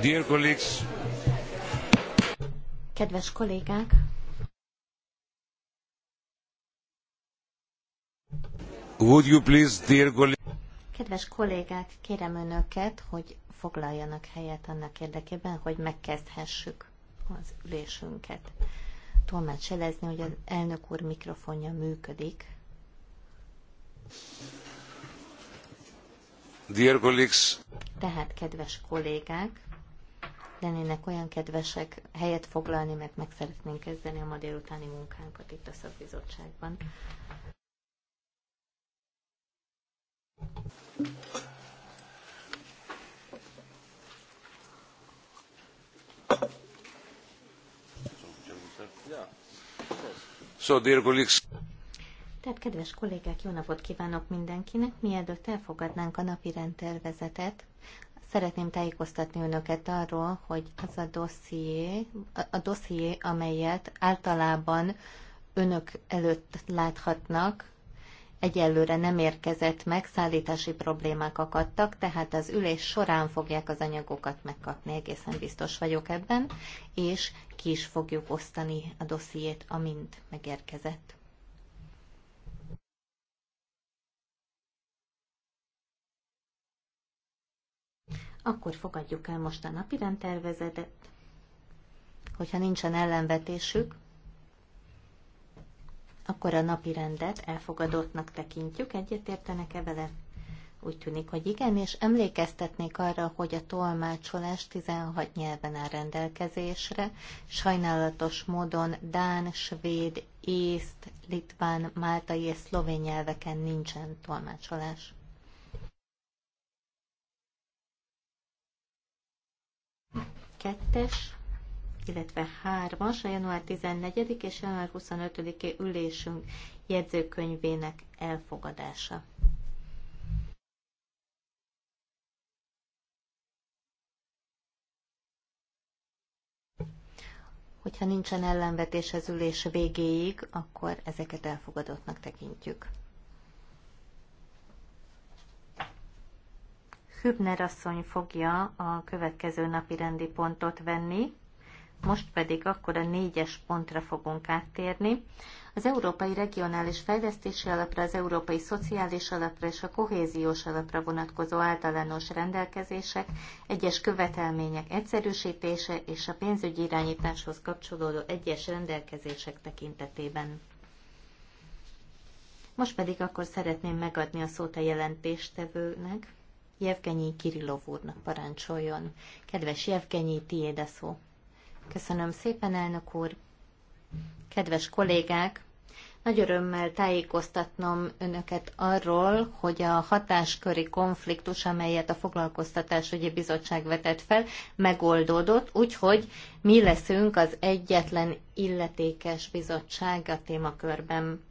Dear colleagues. Kedves kollégák! Would you please, dear colleagues? Kedves kollégák, kérem önöket, hogy foglaljanak helyet annak érdekében, hogy megkezdhessük az ülésünket. Tolmács jelezni, hogy az elnök úr mikrofonja működik. Dear colleagues. Tehát, kedves kollégák, lennének olyan kedvesek helyet foglalni, mert meg szeretnénk kezdeni a ma délutáni munkánkat itt a szakbizottságban. Tehát, kedves kollégák, jó napot kívánok mindenkinek! Mielőtt elfogadnánk a napi rendtervezetet, Szeretném tájékoztatni önöket arról, hogy az a dosszié, a dosszié, amelyet általában önök előtt láthatnak, egyelőre nem érkezett meg, szállítási problémák akadtak, tehát az ülés során fogják az anyagokat megkapni, egészen biztos vagyok ebben, és ki is fogjuk osztani a dossziét, amint megérkezett. akkor fogadjuk el most a napi rendtervezetet, hogyha nincsen ellenvetésük, akkor a napi rendet elfogadottnak tekintjük, egyetértenek-e vele? Úgy tűnik, hogy igen, és emlékeztetnék arra, hogy a tolmácsolás 16 nyelven áll rendelkezésre. Sajnálatos módon Dán, Svéd, Észt, Litván, Máltai és Szlovén nyelveken nincsen tolmácsolás. kettes, illetve 3-as, a január 14 és január 25-i ülésünk jegyzőkönyvének elfogadása. Hogyha nincsen ellenvetés az ülés végéig, akkor ezeket elfogadottnak tekintjük. Hübner asszony fogja a következő napi rendi pontot venni, most pedig akkor a négyes pontra fogunk áttérni. Az Európai Regionális Fejlesztési Alapra, az Európai Szociális Alapra és a Kohéziós Alapra vonatkozó általános rendelkezések, egyes követelmények egyszerűsítése és a pénzügyi irányításhoz kapcsolódó egyes rendelkezések tekintetében. Most pedig akkor szeretném megadni a szót a jelentéstevőnek. Jevgenyi Kirillov úrnak parancsoljon. Kedves Jevgenyi, tiéd a szó. Köszönöm szépen, elnök úr. Kedves kollégák, nagy örömmel tájékoztatnom önöket arról, hogy a hatásköri konfliktus, amelyet a foglalkoztatásügyi bizottság vetett fel, megoldódott, úgyhogy mi leszünk az egyetlen illetékes bizottság a témakörben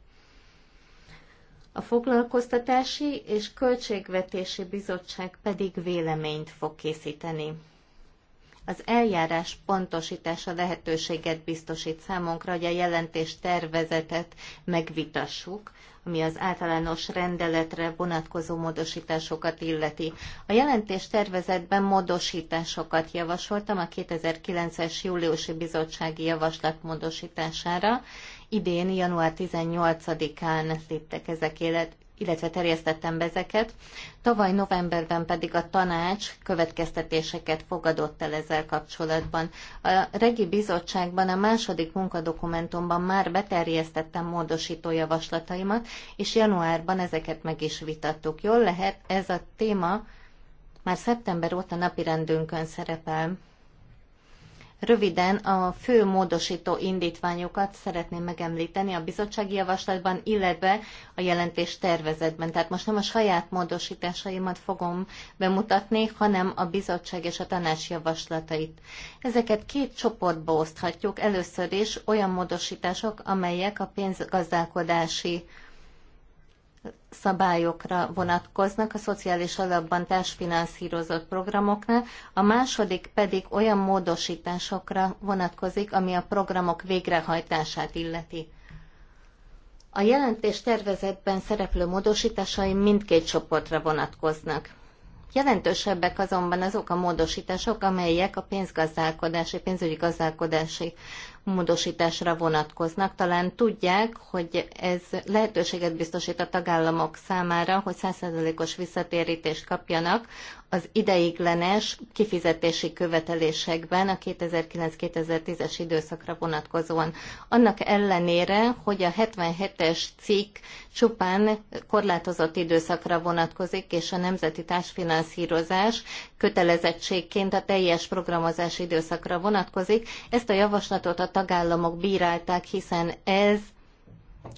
a foglalkoztatási és költségvetési bizottság pedig véleményt fog készíteni. Az eljárás pontosítása lehetőséget biztosít számunkra, hogy a jelentés tervezetet megvitassuk, ami az általános rendeletre vonatkozó módosításokat illeti. A jelentés tervezetben módosításokat javasoltam a 2009-es júliusi bizottsági javaslat módosítására, idén, január 18-án léptek ezek élet, illetve terjesztettem be ezeket. Tavaly novemberben pedig a tanács következtetéseket fogadott el ezzel kapcsolatban. A Regi Bizottságban a második munkadokumentumban már beterjesztettem módosító javaslataimat, és januárban ezeket meg is vitattuk. Jól lehet, ez a téma már szeptember óta napirendünkön szerepel. Röviden a fő módosító indítványokat szeretném megemlíteni a bizottsági javaslatban, illetve a jelentés tervezetben. Tehát most nem a saját módosításaimat fogom bemutatni, hanem a bizottság és a tanács javaslatait. Ezeket két csoportba oszthatjuk. Először is olyan módosítások, amelyek a pénzgazdálkodási szabályokra vonatkoznak a szociális alapban társfinanszírozott programoknál, a második pedig olyan módosításokra vonatkozik, ami a programok végrehajtását illeti. A jelentés tervezetben szereplő módosításai mindkét csoportra vonatkoznak. Jelentősebbek azonban azok a módosítások, amelyek a pénzgazdálkodási, pénzügyi gazdálkodási módosításra vonatkoznak. Talán tudják, hogy ez lehetőséget biztosít a tagállamok számára, hogy 100 visszatérítést kapjanak az ideiglenes kifizetési követelésekben a 2009-2010-es időszakra vonatkozóan. Annak ellenére, hogy a 77-es cikk csupán korlátozott időszakra vonatkozik, és a nemzeti társfinanszírozás kötelezettségként a teljes programozás időszakra vonatkozik, ezt a javaslatot a tagállamok bírálták, hiszen ez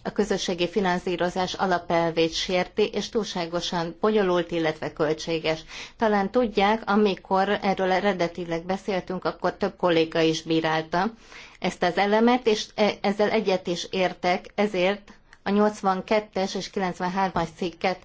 a közösségi finanszírozás alapelvét sérti, és túlságosan bonyolult, illetve költséges. Talán tudják, amikor erről eredetileg beszéltünk, akkor több kolléga is bírálta ezt az elemet, és e, ezzel egyet is értek, ezért a 82-es és 93-as cikket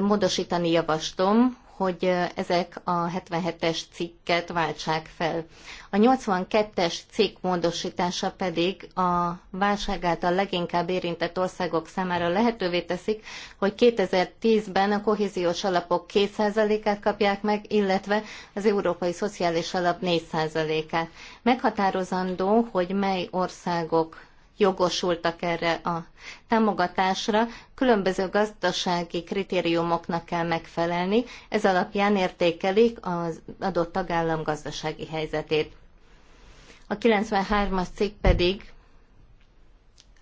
módosítani javaslom, hogy ezek a 77-es cikket váltsák fel. A 82-es cikk módosítása pedig a válság által leginkább érintett országok számára lehetővé teszik, hogy 2010-ben a kohéziós alapok 2%-át kapják meg, illetve az Európai Szociális Alap 4%-át. Meghatározandó, hogy mely országok jogosultak erre a támogatásra, különböző gazdasági kritériumoknak kell megfelelni, ez alapján értékelik az adott tagállam gazdasági helyzetét. A 93-as cikk pedig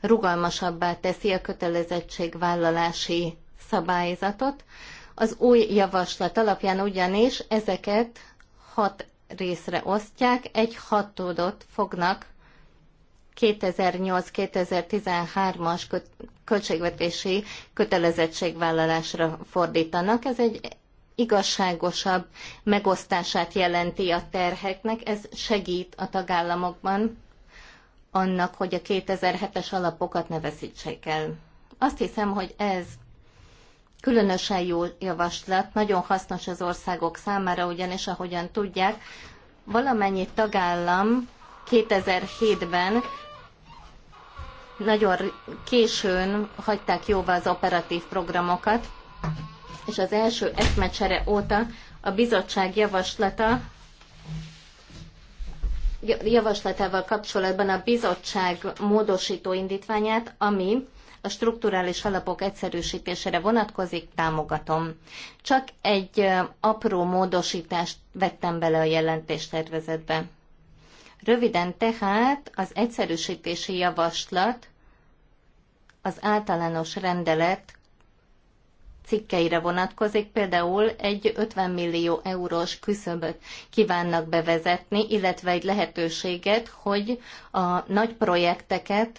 rugalmasabbá teszi a kötelezettségvállalási szabályzatot. Az új javaslat alapján ugyanis ezeket hat részre osztják, egy hatodot fognak 2008-2013-as költségvetési kötelezettségvállalásra fordítanak. Ez egy igazságosabb megosztását jelenti a terheknek, ez segít a tagállamokban annak, hogy a 2007-es alapokat ne veszítsék el. Azt hiszem, hogy ez különösen jó javaslat, nagyon hasznos az országok számára, ugyanis ahogyan tudják, valamennyi tagállam 2007-ben nagyon későn hagyták jóvá az operatív programokat, és az első eszmecsere óta a bizottság javaslata javaslatával kapcsolatban a bizottság módosító indítványát, ami a strukturális alapok egyszerűsítésére vonatkozik, támogatom. Csak egy apró módosítást vettem bele a jelentéstervezetbe. Röviden tehát az egyszerűsítési javaslat az általános rendelet cikkeire vonatkozik, például egy 50 millió eurós küszöböt kívánnak bevezetni, illetve egy lehetőséget, hogy a nagy projekteket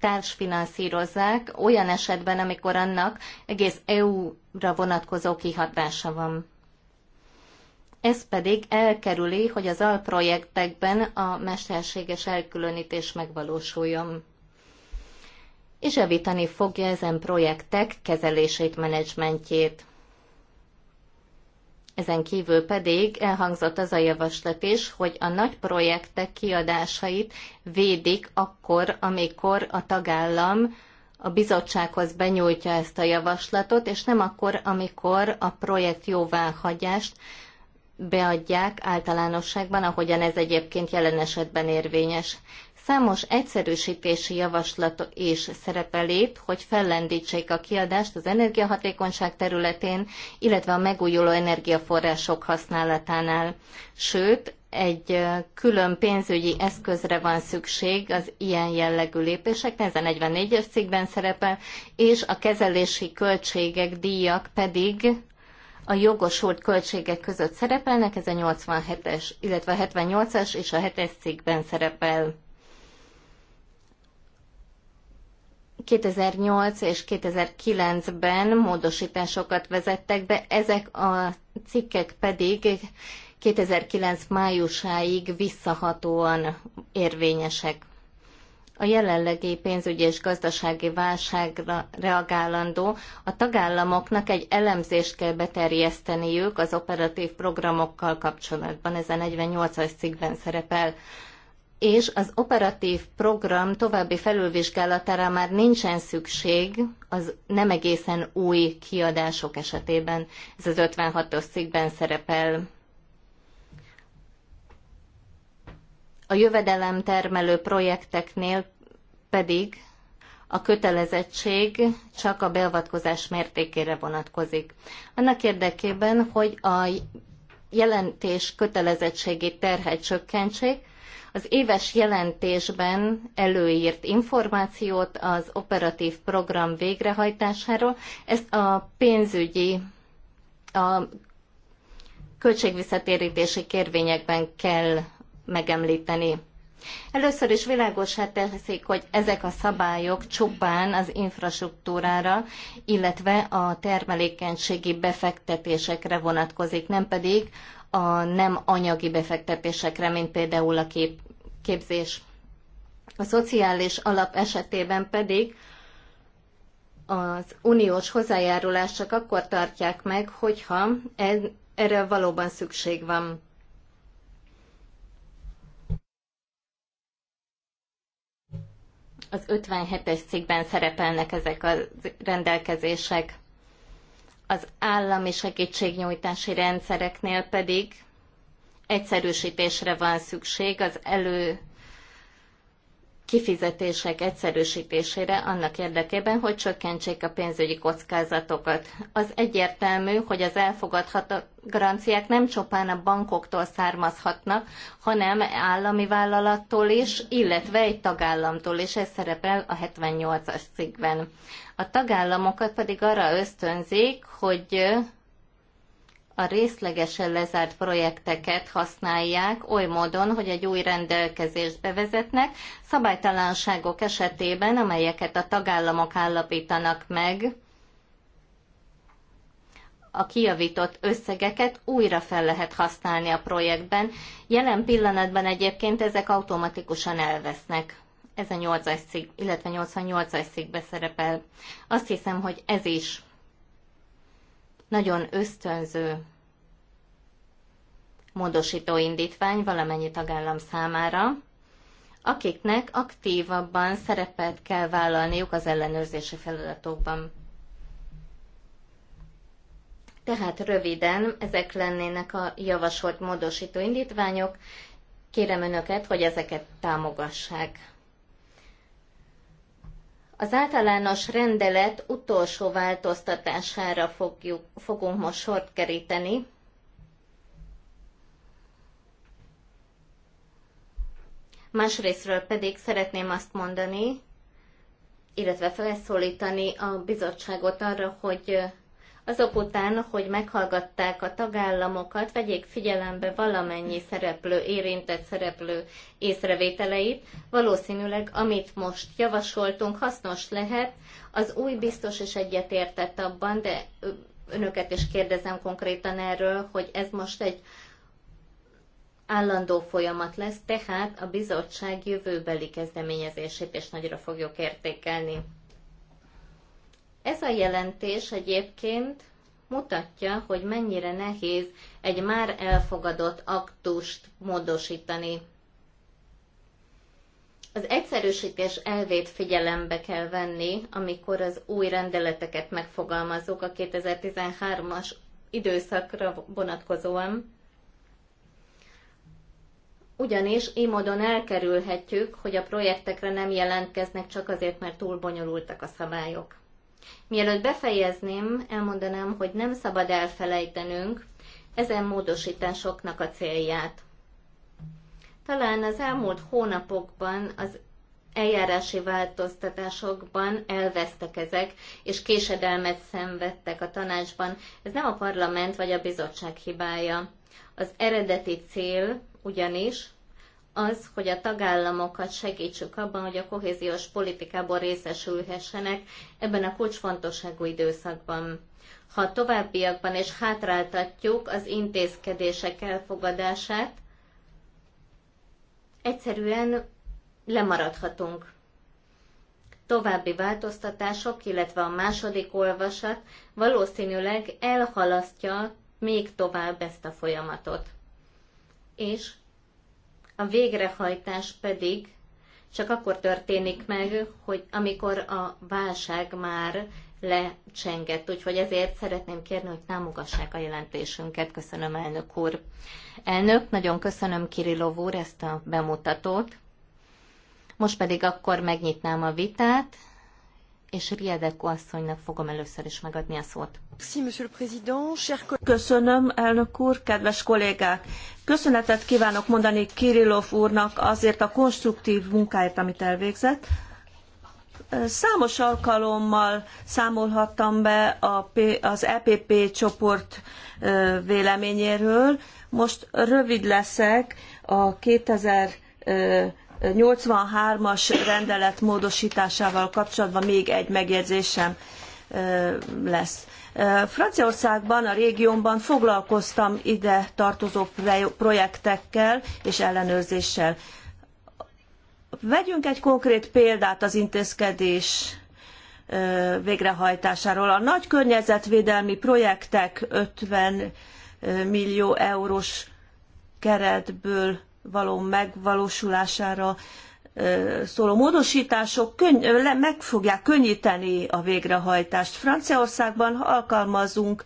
társfinanszírozzák olyan esetben, amikor annak egész EU-ra vonatkozó kihatása van. Ez pedig elkerüli, hogy az alprojektekben a mesterséges elkülönítés megvalósuljon. És javítani fogja ezen projektek kezelését, menedzsmentjét. Ezen kívül pedig elhangzott az a javaslat is, hogy a nagy projektek kiadásait védik akkor, amikor a tagállam a bizottsághoz benyújtja ezt a javaslatot, és nem akkor, amikor a projekt jóváhagyást beadják általánosságban, ahogyan ez egyébként jelen esetben érvényes. Számos egyszerűsítési javaslat is szerepel hogy fellendítsék a kiadást az energiahatékonyság területén, illetve a megújuló energiaforrások használatánál. Sőt, egy külön pénzügyi eszközre van szükség az ilyen jellegű lépések, ez a 44-es cikkben szerepel, és a kezelési költségek, díjak pedig a jogosult költségek között szerepelnek, ez a 87-es, illetve a 78-as és a 7-es cikkben szerepel. 2008 és 2009-ben módosításokat vezettek be, ezek a cikkek pedig 2009 májusáig visszahatóan érvényesek a jelenlegi pénzügyi és gazdasági válságra reagálandó, a tagállamoknak egy elemzést kell beterjeszteniük az operatív programokkal kapcsolatban, ez a 48-as cikkben szerepel és az operatív program további felülvizsgálatára már nincsen szükség az nem egészen új kiadások esetében. Ez az 56-os cikkben szerepel. a jövedelemtermelő projekteknél pedig a kötelezettség csak a beavatkozás mértékére vonatkozik. Annak érdekében, hogy a jelentés kötelezettségi terhet csökkentsék, az éves jelentésben előírt információt az operatív program végrehajtásáról, ezt a pénzügyi, a költségvisszatérítési kérvényekben kell megemlíteni. Először is világosá teszik, hogy ezek a szabályok csupán az infrastruktúrára, illetve a termelékenységi befektetésekre vonatkozik, nem pedig a nem anyagi befektetésekre, mint például a kép- képzés. A szociális alap esetében pedig az uniós hozzájárulást csak akkor tartják meg, hogyha e- erre valóban szükség van. az 57-es cikkben szerepelnek ezek a rendelkezések. Az állami segítségnyújtási rendszereknél pedig egyszerűsítésre van szükség az elő kifizetések egyszerűsítésére annak érdekében, hogy csökkentsék a pénzügyi kockázatokat. Az egyértelmű, hogy az elfogadható garanciák nem csupán a bankoktól származhatnak, hanem állami vállalattól is, illetve egy tagállamtól is, ez szerepel a 78-as cikkben. A tagállamokat pedig arra ösztönzik, hogy a részlegesen lezárt projekteket használják oly módon, hogy egy új rendelkezést bevezetnek, szabálytalanságok esetében, amelyeket a tagállamok állapítanak meg, a kijavított összegeket újra fel lehet használni a projektben. Jelen pillanatban egyébként ezek automatikusan elvesznek. Ez a 8-as cikk, illetve 88-as cikkbe szerepel. Azt hiszem, hogy ez is nagyon ösztönző módosító indítvány valamennyi tagállam számára, akiknek aktívabban szerepet kell vállalniuk az ellenőrzési feladatokban. Tehát röviden ezek lennének a javasolt módosító indítványok. Kérem Önöket, hogy ezeket támogassák. Az általános rendelet utolsó változtatására fogjuk, fogunk most sort keríteni. Másrésztről pedig szeretném azt mondani, illetve felszólítani a bizottságot arra, hogy azok után, hogy meghallgatták a tagállamokat, vegyék figyelembe valamennyi szereplő, érintett szereplő észrevételeit. Valószínűleg, amit most javasoltunk, hasznos lehet. Az új biztos is egyetértett abban, de önöket is kérdezem konkrétan erről, hogy ez most egy állandó folyamat lesz, tehát a bizottság jövőbeli kezdeményezését is nagyra fogjuk értékelni. Ez a jelentés egyébként mutatja, hogy mennyire nehéz egy már elfogadott aktust módosítani. Az egyszerűsítés elvét figyelembe kell venni, amikor az új rendeleteket megfogalmazunk a 2013-as időszakra vonatkozóan, ugyanis így módon elkerülhetjük, hogy a projektekre nem jelentkeznek csak azért, mert túl bonyolultak a szabályok. Mielőtt befejezném, elmondanám, hogy nem szabad elfelejtenünk ezen módosításoknak a célját. Talán az elmúlt hónapokban az eljárási változtatásokban elvesztek ezek, és késedelmet szenvedtek a tanácsban. Ez nem a parlament vagy a bizottság hibája. Az eredeti cél ugyanis az, hogy a tagállamokat segítsük abban, hogy a kohéziós politikából részesülhessenek ebben a kulcsfontosságú időszakban. Ha a továbbiakban is hátráltatjuk az intézkedések elfogadását, egyszerűen lemaradhatunk. További változtatások, illetve a második olvasat valószínűleg elhalasztja még tovább ezt a folyamatot. És a végrehajtás pedig csak akkor történik meg, hogy amikor a válság már lecsengett. Úgyhogy ezért szeretném kérni, hogy támogassák a jelentésünket. Köszönöm, elnök úr. Elnök, nagyon köszönöm Kirillov úr ezt a bemutatót. Most pedig akkor megnyitnám a vitát és Riedeko asszonynak fogom először is megadni a szót. Köszönöm, elnök úr, kedves kollégák! Köszönetet kívánok mondani Kirillov úrnak azért a konstruktív munkáért, amit elvégzett. Számos alkalommal számolhattam be az EPP csoport véleményéről. Most rövid leszek a 2000 83-as rendelet módosításával kapcsolatban még egy megjegyzésem lesz. Franciaországban, a régiómban foglalkoztam ide tartozó projektekkel és ellenőrzéssel. Vegyünk egy konkrét példát az intézkedés végrehajtásáról. A nagy környezetvédelmi projektek 50 millió eurós keretből való megvalósulására szóló módosítások könny- meg fogják könnyíteni a végrehajtást. Franciaországban alkalmazunk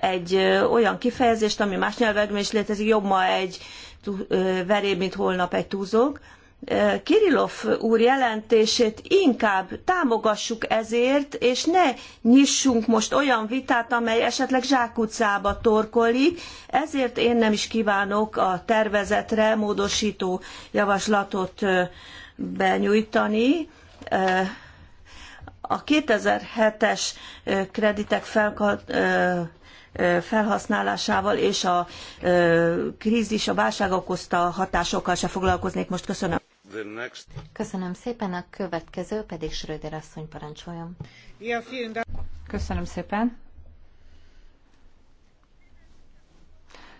egy olyan kifejezést, ami más nyelvekben is létezik, jobb ma egy veréb, mint holnap egy túzog. Kirillov úr jelentését inkább támogassuk ezért, és ne nyissunk most olyan vitát, amely esetleg zsákutcába torkolik, ezért én nem is kívánok a tervezetre módosító javaslatot benyújtani. A 2007-es kreditek felhasználásával és a krízis, a válság okozta hatásokkal se foglalkoznék most. Köszönöm. Köszönöm szépen, a következő pedig Schröder asszony parancsoljon. Köszönöm szépen.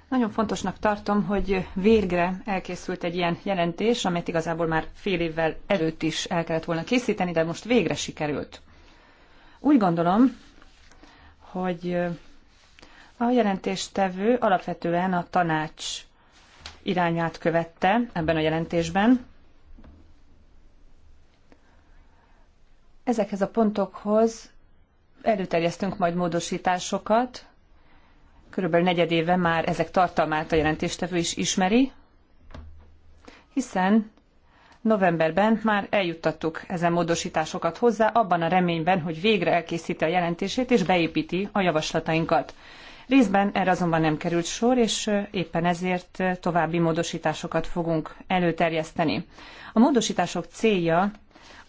Nagyon fontosnak tartom, hogy végre elkészült egy ilyen jelentés, amit igazából már fél évvel előtt is el kellett volna készíteni, de most végre sikerült. Úgy gondolom, hogy a jelentéstevő alapvetően a tanács irányát követte ebben a jelentésben, Ezekhez a pontokhoz előterjesztünk majd módosításokat, körülbelül negyed éve már ezek tartalmát a jelentéstevő is ismeri, hiszen novemberben már eljuttattuk ezen módosításokat hozzá, abban a reményben, hogy végre elkészíti a jelentését és beépíti a javaslatainkat. Részben erre azonban nem került sor, és éppen ezért további módosításokat fogunk előterjeszteni. A módosítások célja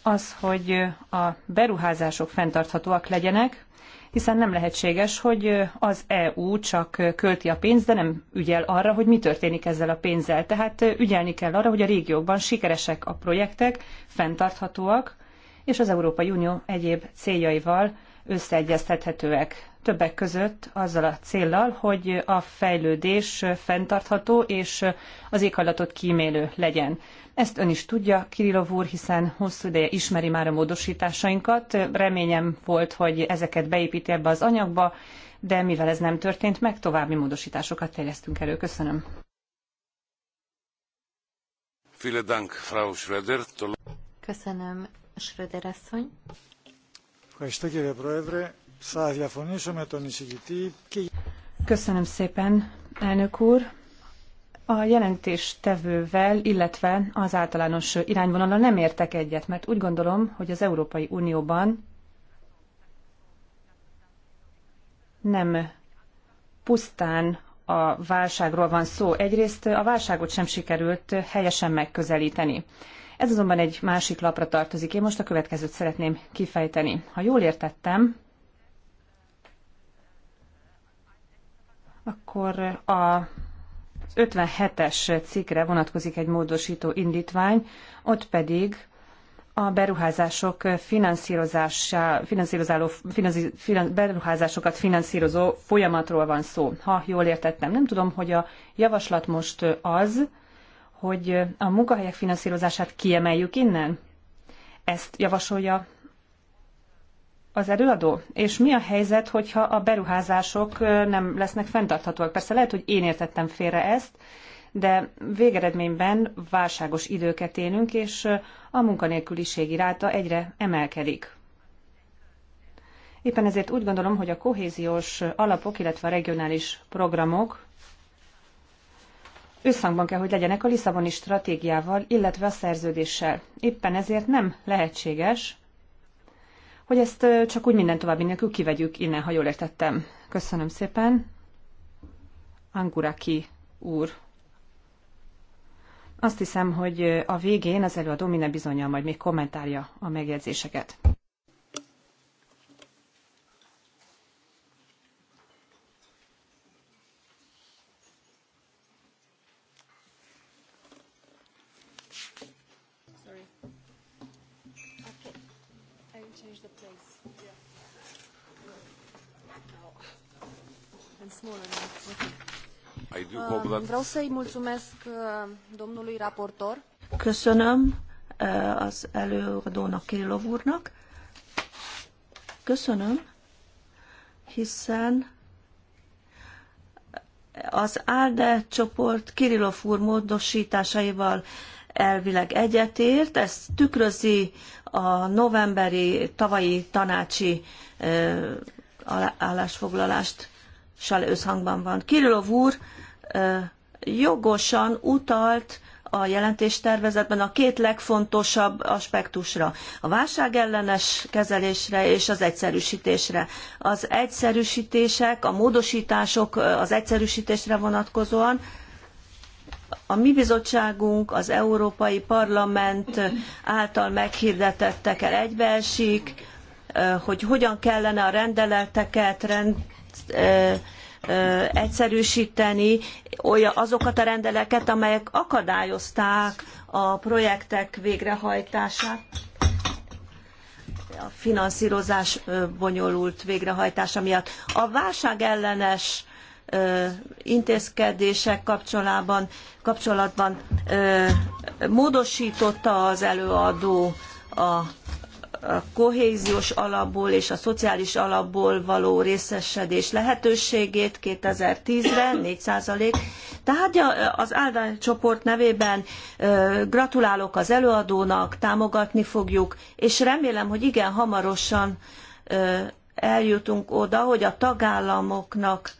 az, hogy a beruházások fenntarthatóak legyenek, hiszen nem lehetséges, hogy az EU csak költi a pénzt, de nem ügyel arra, hogy mi történik ezzel a pénzzel. Tehát ügyelni kell arra, hogy a régiókban sikeresek a projektek, fenntarthatóak, és az Európai Unió egyéb céljaival összeegyeztethetőek. Többek között azzal a céllal, hogy a fejlődés fenntartható és az éghajlatot kímélő legyen. Ezt ön is tudja, Kirillov úr, hiszen hosszú ideje ismeri már a módosításainkat. Reményem volt, hogy ezeket beépíti ebbe az anyagba, de mivel ez nem történt, meg további módosításokat terjesztünk elő. Köszönöm. Köszönöm, Schröder asszony. Köszönöm szépen, elnök úr. A jelentéstevővel, illetve az általános irányvonalon nem értek egyet, mert úgy gondolom, hogy az Európai Unióban nem pusztán a válságról van szó. Egyrészt a válságot sem sikerült helyesen megközelíteni. Ez azonban egy másik lapra tartozik. Én most a következőt szeretném kifejteni. Ha jól értettem, akkor a 57-es cikkre vonatkozik egy módosító indítvány, ott pedig a beruházások finanszírozása, finanszírozáló, beruházásokat finanszírozó folyamatról van szó. Ha jól értettem, nem tudom, hogy a javaslat most az, hogy a munkahelyek finanszírozását kiemeljük innen? Ezt javasolja az előadó? És mi a helyzet, hogyha a beruházások nem lesznek fenntarthatóak? Persze lehet, hogy én értettem félre ezt, de végeredményben válságos időket élünk, és a munkanélküliségi ráta egyre emelkedik. Éppen ezért úgy gondolom, hogy a kohéziós alapok, illetve a regionális programok összhangban kell, hogy legyenek a Lisszaboni stratégiával, illetve a szerződéssel. Éppen ezért nem lehetséges, hogy ezt csak úgy minden további nélkül kivegyük innen, ha jól értettem. Köszönöm szépen. Anguraki úr. Azt hiszem, hogy a végén az előadó minden bizonyal majd még kommentálja a megjegyzéseket. Ehm, vreau să-i mulțumesc ehm, domnului raportor. Köszönöm eh, az előadónak, Kirillov úrnak. Köszönöm, hiszen az ALDE csoport Kirillov úr módosításaival elvileg egyetért, ez tükrözi a novemberi tavalyi tanácsi eh, állásfoglalást, sal összhangban van. Kirillov úr jogosan utalt a jelentéstervezetben a két legfontosabb aspektusra, a válságellenes kezelésre és az egyszerűsítésre. Az egyszerűsítések, a módosítások az egyszerűsítésre vonatkozóan a mi bizottságunk az Európai Parlament által meghirdetettekkel egybeesik, hogy hogyan kellene a rendeleteket rend, egyszerűsíteni azokat a rendeleket, amelyek akadályozták a projektek végrehajtását a finanszírozás bonyolult végrehajtása miatt. A válságellenes intézkedések kapcsolatban, kapcsolatban módosította az előadó a a kohéziós alapból és a szociális alapból való részesedés lehetőségét 2010-re 4%. Tehát az Áldány csoport nevében gratulálok az előadónak, támogatni fogjuk, és remélem, hogy igen hamarosan eljutunk oda, hogy a tagállamoknak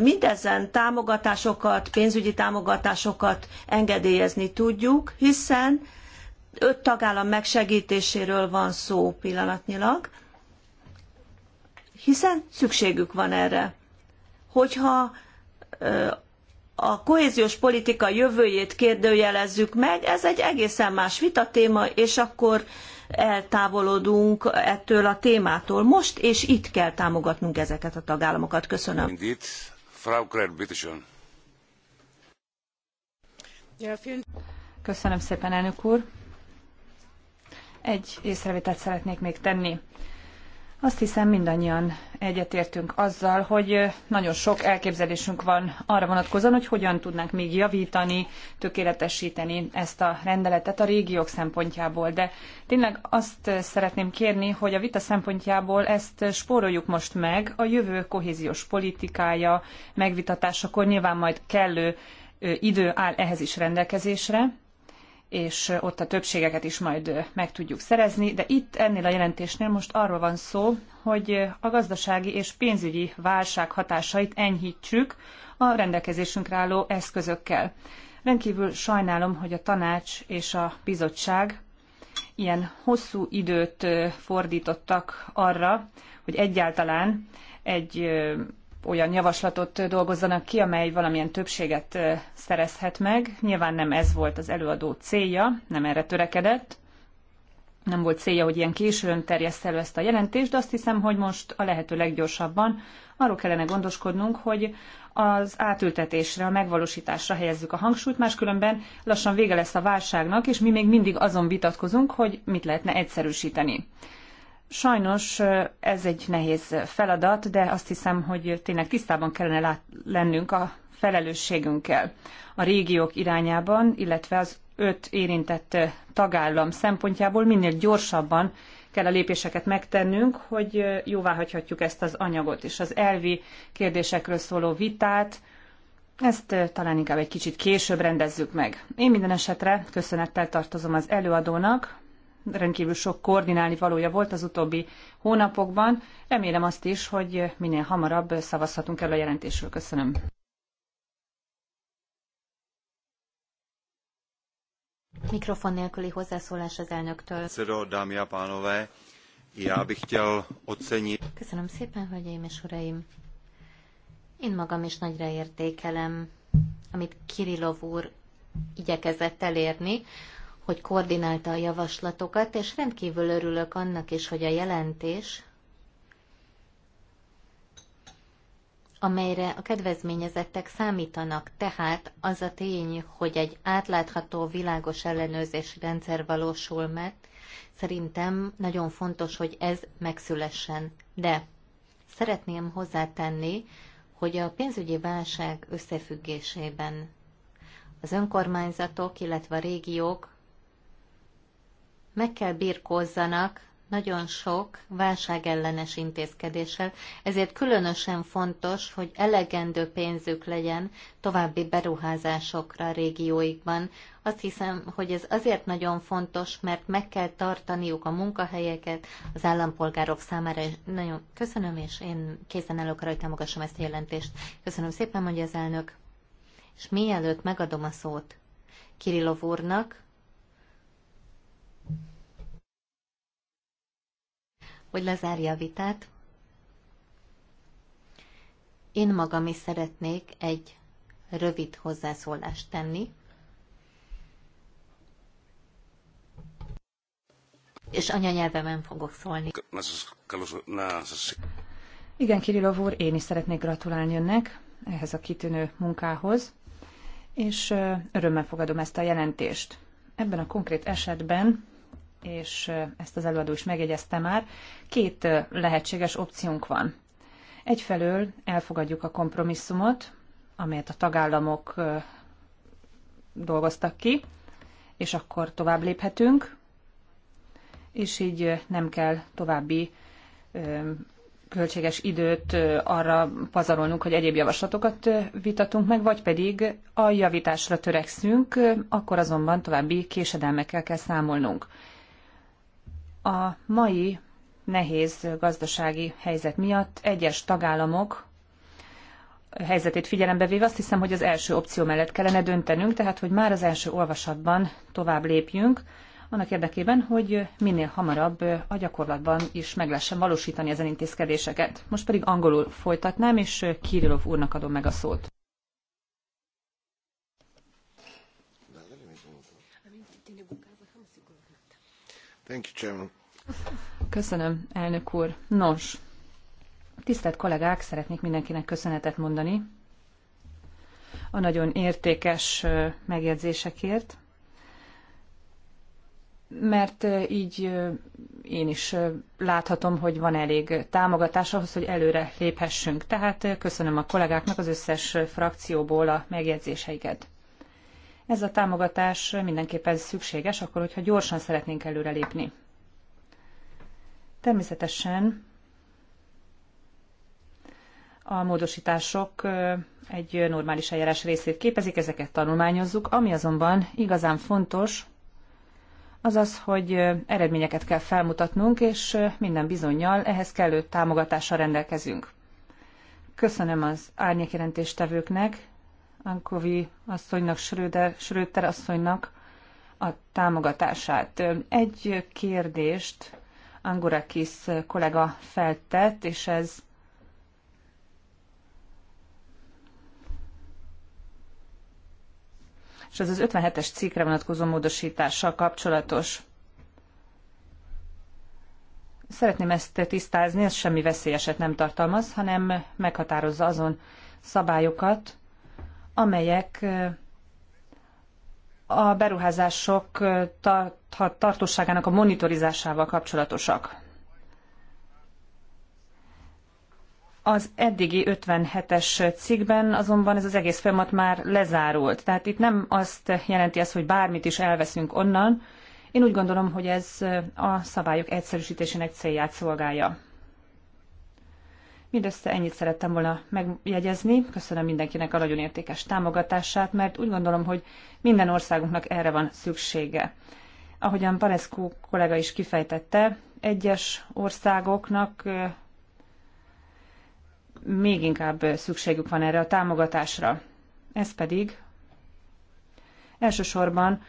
mindezen támogatásokat, pénzügyi támogatásokat engedélyezni tudjuk, hiszen öt tagállam megsegítéséről van szó pillanatnyilag, hiszen szükségük van erre. Hogyha a kohéziós politika jövőjét kérdőjelezzük meg, ez egy egészen más vitatéma, és akkor eltávolodunk ettől a témától. Most és itt kell támogatnunk ezeket a tagállamokat. Köszönöm. Köszönöm szépen, elnök úr. Egy észrevételt szeretnék még tenni. Azt hiszem mindannyian egyetértünk azzal, hogy nagyon sok elképzelésünk van arra vonatkozóan, hogy hogyan tudnánk még javítani, tökéletesíteni ezt a rendeletet a régiók szempontjából. De tényleg azt szeretném kérni, hogy a vita szempontjából ezt spóroljuk most meg, a jövő kohéziós politikája megvitatásakor nyilván majd kellő idő áll ehhez is rendelkezésre, és ott a többségeket is majd meg tudjuk szerezni, de itt ennél a jelentésnél most arról van szó, hogy a gazdasági és pénzügyi válság hatásait enyhítsük a rendelkezésünkre álló eszközökkel. Rendkívül sajnálom, hogy a tanács és a bizottság ilyen hosszú időt fordítottak arra, hogy egyáltalán egy olyan javaslatot dolgozzanak ki, amely valamilyen többséget szerezhet meg. Nyilván nem ez volt az előadó célja, nem erre törekedett. Nem volt célja, hogy ilyen későn terjessze elő ezt a jelentést, de azt hiszem, hogy most a lehető leggyorsabban arról kellene gondoskodnunk, hogy az átültetésre, a megvalósításra helyezzük a hangsúlyt, máskülönben lassan vége lesz a válságnak, és mi még mindig azon vitatkozunk, hogy mit lehetne egyszerűsíteni. Sajnos ez egy nehéz feladat, de azt hiszem, hogy tényleg tisztában kellene lát, lennünk a felelősségünkkel a régiók irányában, illetve az öt érintett tagállam szempontjából minél gyorsabban kell a lépéseket megtennünk, hogy jóváhagyhatjuk ezt az anyagot és az elvi kérdésekről szóló vitát. Ezt talán inkább egy kicsit később rendezzük meg. Én minden esetre köszönettel tartozom az előadónak, rendkívül sok koordinálni valója volt az utóbbi hónapokban. Remélem azt is, hogy minél hamarabb szavazhatunk el a jelentésről. Köszönöm. Mikrofon nélküli hozzászólás az elnöktől. Köszönöm szépen, hölgyeim és uraim. Én magam is nagyra értékelem, amit Kirilov úr igyekezett elérni, hogy koordinálta a javaslatokat, és rendkívül örülök annak is, hogy a jelentés, amelyre a kedvezményezettek számítanak, tehát az a tény, hogy egy átlátható, világos ellenőrzési rendszer valósul meg, szerintem nagyon fontos, hogy ez megszülessen. De szeretném hozzátenni, hogy a pénzügyi válság összefüggésében az önkormányzatok, illetve a régiók meg kell birkózzanak nagyon sok válságellenes intézkedéssel, ezért különösen fontos, hogy elegendő pénzük legyen további beruházásokra a régióikban. Azt hiszem, hogy ez azért nagyon fontos, mert meg kell tartaniuk a munkahelyeket az állampolgárok számára. Nagyon köszönöm, és én készen állok arra, hogy támogassam ezt a jelentést. Köszönöm szépen, mondja az elnök. És mielőtt megadom a szót Kirilov úrnak, hogy lezárja a vitát. Én magam is szeretnék egy rövid hozzászólást tenni. És anyanyelvemen fogok szólni. Igen, Kirillov úr, én is szeretnék gratulálni önnek ehhez a kitűnő munkához, és örömmel fogadom ezt a jelentést. Ebben a konkrét esetben és ezt az előadó is megjegyezte már, két lehetséges opciónk van. Egyfelől elfogadjuk a kompromisszumot, amelyet a tagállamok dolgoztak ki, és akkor tovább léphetünk, és így nem kell további költséges időt arra pazarolnunk, hogy egyéb javaslatokat vitatunk meg, vagy pedig a javításra törekszünk, akkor azonban további késedelmekkel kell számolnunk. A mai nehéz gazdasági helyzet miatt egyes tagállamok helyzetét figyelembe véve azt hiszem, hogy az első opció mellett kellene döntenünk, tehát hogy már az első olvasatban tovább lépjünk, annak érdekében, hogy minél hamarabb a gyakorlatban is meg lehessen valósítani ezen intézkedéseket. Most pedig angolul folytatnám, és Kirillov úrnak adom meg a szót. Köszönöm, elnök úr. Nos, tisztelt kollégák, szeretnék mindenkinek köszönetet mondani a nagyon értékes megjegyzésekért, mert így én is láthatom, hogy van elég támogatás ahhoz, hogy előre léphessünk. Tehát köszönöm a kollégáknak az összes frakcióból a megjegyzéseiket. Ez a támogatás mindenképpen szükséges, akkor, hogyha gyorsan szeretnénk előrelépni. Természetesen a módosítások egy normális eljárás részét képezik, ezeket tanulmányozzuk. Ami azonban igazán fontos, az az, hogy eredményeket kell felmutatnunk, és minden bizonyal ehhez kellő támogatással rendelkezünk. Köszönöm az árnyékjelentéstevőknek, Ankovi asszonynak, Schröder, Schröter asszonynak a támogatását. Egy kérdést Angurakis kollega feltett, és ez és ez az 57-es cikkre vonatkozó módosítással kapcsolatos. Szeretném ezt tisztázni, ez semmi veszélyeset nem tartalmaz, hanem meghatározza azon szabályokat, amelyek a beruházások tartóságának a monitorizásával kapcsolatosak. Az eddigi 57-es cikkben azonban ez az egész folyamat már lezárult. Tehát itt nem azt jelenti ez, hogy bármit is elveszünk onnan. Én úgy gondolom, hogy ez a szabályok egyszerűsítésének célját szolgálja. Mindössze ennyit szerettem volna megjegyezni. Köszönöm mindenkinek a nagyon értékes támogatását, mert úgy gondolom, hogy minden országunknak erre van szüksége. Ahogyan Panescu kollega is kifejtette, egyes országoknak még inkább szükségük van erre a támogatásra. Ez pedig elsősorban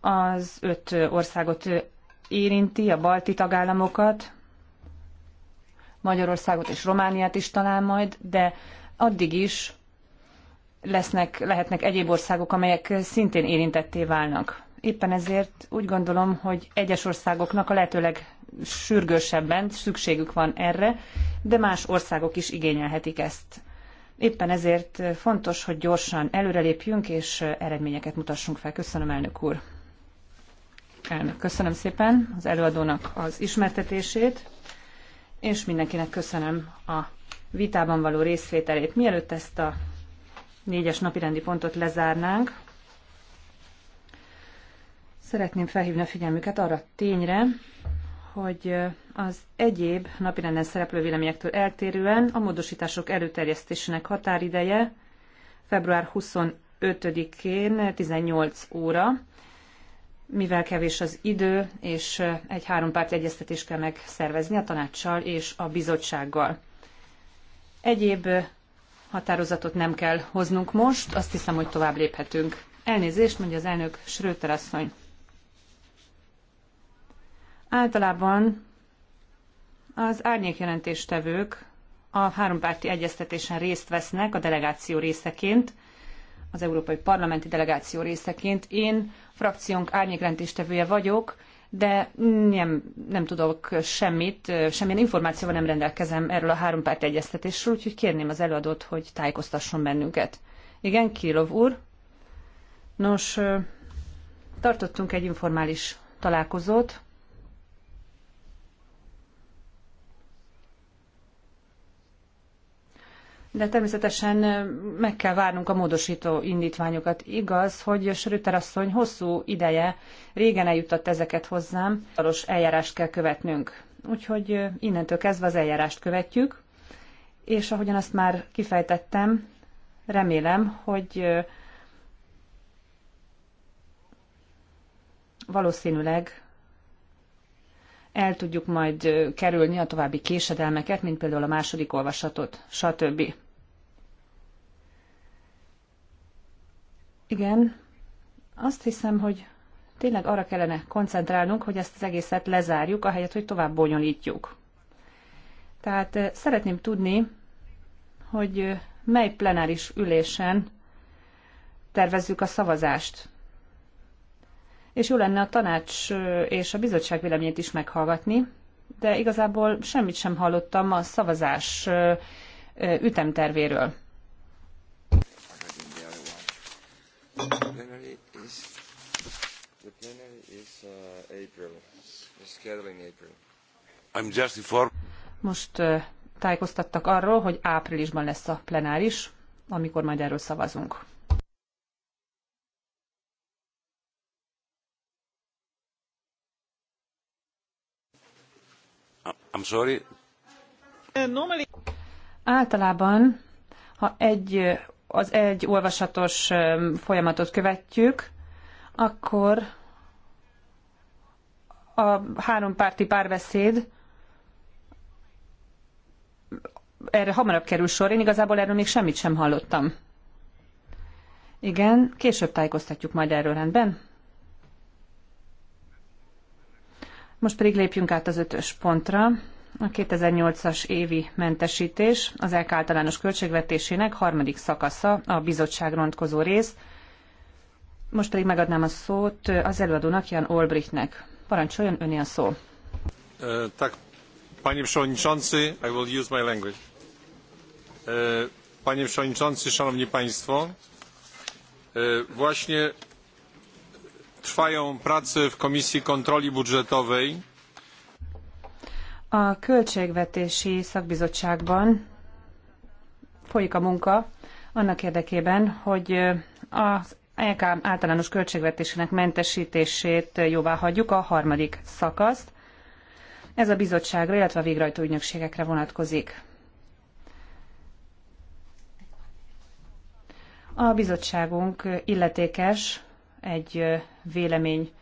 az öt országot érinti, a balti tagállamokat, Magyarországot és Romániát is talán majd, de addig is lesznek, lehetnek egyéb országok, amelyek szintén érintetté válnak. Éppen ezért úgy gondolom, hogy egyes országoknak a lehetőleg sürgősebben szükségük van erre, de más országok is igényelhetik ezt. Éppen ezért fontos, hogy gyorsan előrelépjünk és eredményeket mutassunk fel. Köszönöm, elnök úr! Elnök, köszönöm szépen az előadónak az ismertetését és mindenkinek köszönöm a vitában való részvételét. Mielőtt ezt a négyes napirendi pontot lezárnánk, szeretném felhívni a figyelmüket arra tényre, hogy az egyéb napirenden szereplő véleményektől eltérően a módosítások előterjesztésének határideje február 25-én 18 óra, mivel kevés az idő, és egy hárompárti egyeztetést kell megszervezni a tanácssal és a bizottsággal. Egyéb határozatot nem kell hoznunk most, azt hiszem, hogy tovább léphetünk. Elnézést, mondja az elnök Schröter asszony. Általában az árnyékjelentéstevők a hárompárti egyeztetésen részt vesznek a delegáció részeként, az Európai Parlamenti Delegáció részeként. Én frakciónk árnyékrendtéstevője vagyok, de nem, nem tudok semmit, semmilyen információval nem rendelkezem erről a három párt egyeztetésről, úgyhogy kérném az előadót, hogy tájékoztasson bennünket. Igen, Kirov úr. Nos, tartottunk egy informális találkozót, de természetesen meg kell várnunk a módosító indítványokat. Igaz, hogy Sörüter asszony hosszú ideje régen eljutott ezeket hozzám, valós eljárást kell követnünk. Úgyhogy innentől kezdve az eljárást követjük, és ahogyan azt már kifejtettem, remélem, hogy valószínűleg el tudjuk majd kerülni a további késedelmeket, mint például a második olvasatot, stb. Igen, azt hiszem, hogy tényleg arra kellene koncentrálnunk, hogy ezt az egészet lezárjuk, ahelyett, hogy tovább bonyolítjuk. Tehát szeretném tudni, hogy mely plenáris ülésen tervezzük a szavazást és jó lenne a tanács és a bizottság véleményét is meghallgatni, de igazából semmit sem hallottam a szavazás ütemtervéről. Most tájékoztattak arról, hogy áprilisban lesz a plenáris, amikor majd erről szavazunk. I'm sorry. Eh, Általában, ha egy, az egy olvasatos eh, folyamatot követjük, akkor a hárompárti párbeszéd erre hamarabb kerül sor. Én igazából erről még semmit sem hallottam. Igen, később tájékoztatjuk majd erről rendben. Most pedig lépjünk át az ötös pontra. A 2008-as évi mentesítés az ELK általános költségvetésének harmadik szakasza, a bizottság rontkozó rész. Most pedig megadnám a szót az előadónak, Jan Olbrichtnek. Parancsoljon öné a szó. tak, panie przewodniczący, I will use my language. panie przewodniczący, szanowni państwo, właśnie Trwają prace w Komisji Kontroli Budżetowej. A Költségvetési Szakbizottságban folyik a munka annak érdekében, hogy az EK általános költségvetésének mentesítését jóvá hagyjuk a harmadik szakaszt. Ez a bizottságra, illetve a végrehajtó ügynökségekre vonatkozik. A bizottságunk illetékes egy vélemény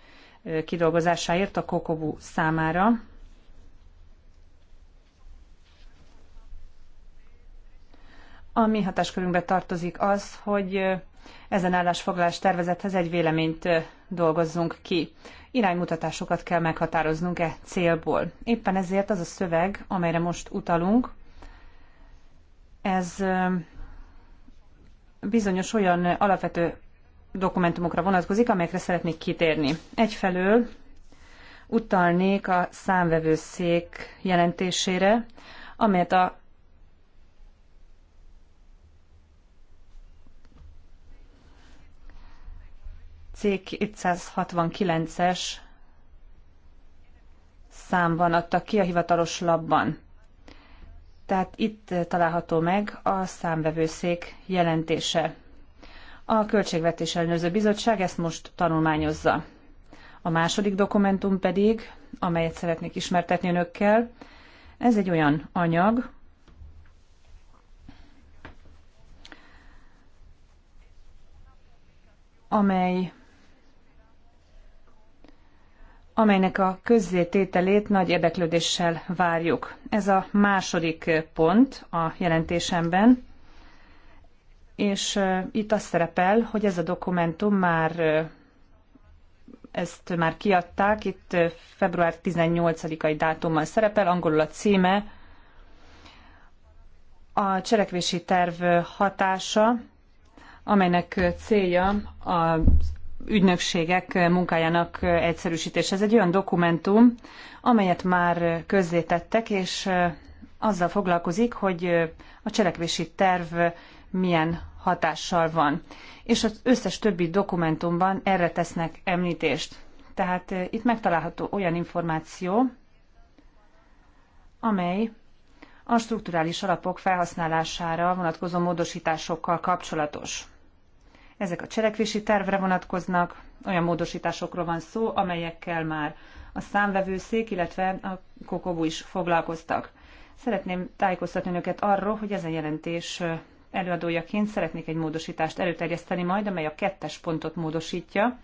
kidolgozásáért a Kokobu számára. A mi hatáskörünkbe tartozik az, hogy ezen állásfoglalás tervezethez egy véleményt dolgozzunk ki. Iránymutatásokat kell meghatároznunk e célból. Éppen ezért az a szöveg, amelyre most utalunk, ez bizonyos olyan alapvető dokumentumokra vonatkozik, amelyekre szeretnék kitérni. Egyfelől utalnék a számvevőszék jelentésére, amelyet a c 269-es számban adtak ki a hivatalos labban. Tehát itt található meg a számvevőszék jelentése. A Költségvetés Ellenőrző Bizottság ezt most tanulmányozza. A második dokumentum pedig, amelyet szeretnék ismertetni önökkel, ez egy olyan anyag, amely amelynek a közzétételét nagy érdeklődéssel várjuk. Ez a második pont a jelentésemben és itt az szerepel, hogy ez a dokumentum már ezt már kiadták, itt február 18-ai dátummal szerepel, angolul a címe, a cselekvési terv hatása, amelynek célja az ügynökségek munkájának egyszerűsítése. Ez egy olyan dokumentum, amelyet már közzétettek, és azzal foglalkozik, hogy a cselekvési terv milyen hatással van. És az összes többi dokumentumban erre tesznek említést. Tehát eh, itt megtalálható olyan információ, amely a strukturális alapok felhasználására vonatkozó módosításokkal kapcsolatos. Ezek a cselekvési tervre vonatkoznak, olyan módosításokról van szó, amelyekkel már a számvevőszék, illetve a Kokobu is foglalkoztak. Szeretném tájékoztatni önöket arról, hogy ez a jelentés eh, előadójaként szeretnék egy módosítást előterjeszteni majd, amely a kettes pontot módosítja,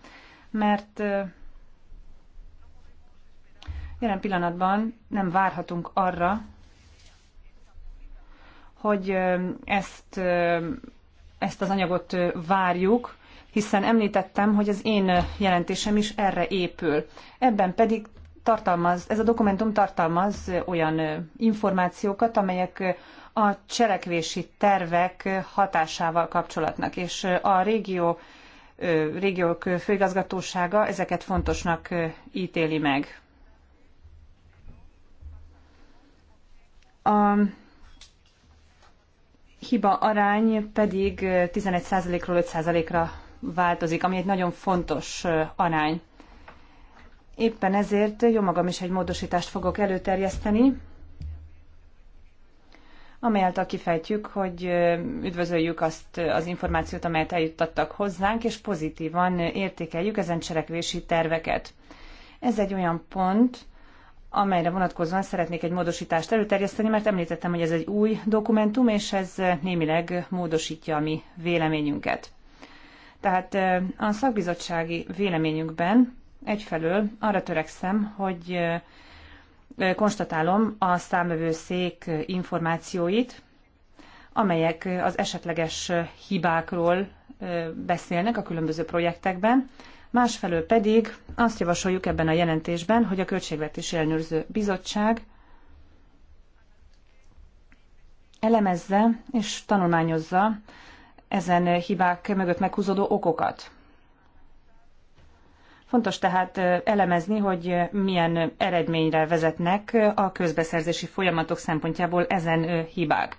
mert jelen pillanatban nem várhatunk arra, hogy ezt, ezt az anyagot várjuk, hiszen említettem, hogy az én jelentésem is erre épül. Ebben pedig tartalmaz, ez a dokumentum tartalmaz olyan információkat, amelyek a cselekvési tervek hatásával kapcsolatnak, és a régió régiók főigazgatósága ezeket fontosnak ítéli meg. A hiba arány pedig 11%-ról 5%-ra változik, ami egy nagyon fontos arány. Éppen ezért jó magam is egy módosítást fogok előterjeszteni, amelyet kifejtjük, hogy üdvözöljük azt az információt, amelyet eljuttattak hozzánk, és pozitívan értékeljük ezen cselekvési terveket. Ez egy olyan pont, amelyre vonatkozóan szeretnék egy módosítást előterjeszteni, mert említettem, hogy ez egy új dokumentum, és ez némileg módosítja a mi véleményünket. Tehát a szakbizottsági véleményünkben egyfelől arra törekszem, hogy konstatálom a számövőszék információit, amelyek az esetleges hibákról beszélnek a különböző projektekben, másfelől pedig azt javasoljuk ebben a jelentésben, hogy a Költségvetési Ellenőrző Bizottság elemezze és tanulmányozza ezen hibák mögött meghúzódó okokat. Fontos tehát elemezni, hogy milyen eredményre vezetnek a közbeszerzési folyamatok szempontjából ezen hibák.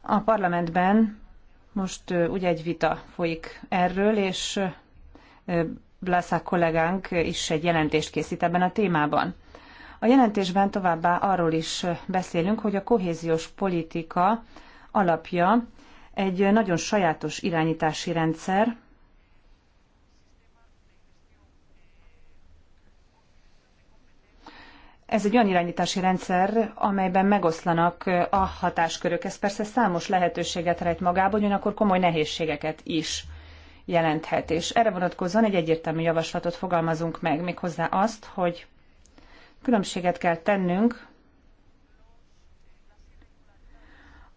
A parlamentben most ugye egy vita folyik erről, és Blaszák kollégánk is egy jelentést készít ebben a témában. A jelentésben továbbá arról is beszélünk, hogy a kohéziós politika alapja egy nagyon sajátos irányítási rendszer, ez egy olyan irányítási rendszer, amelyben megoszlanak eh, a hatáskörök. Ez persze számos lehetőséget rejt magában, ugyanakkor komoly nehézségeket is jelenthet. És erre vonatkozóan egy egyértelmű javaslatot fogalmazunk meg, méghozzá azt, hogy különbséget kell tennünk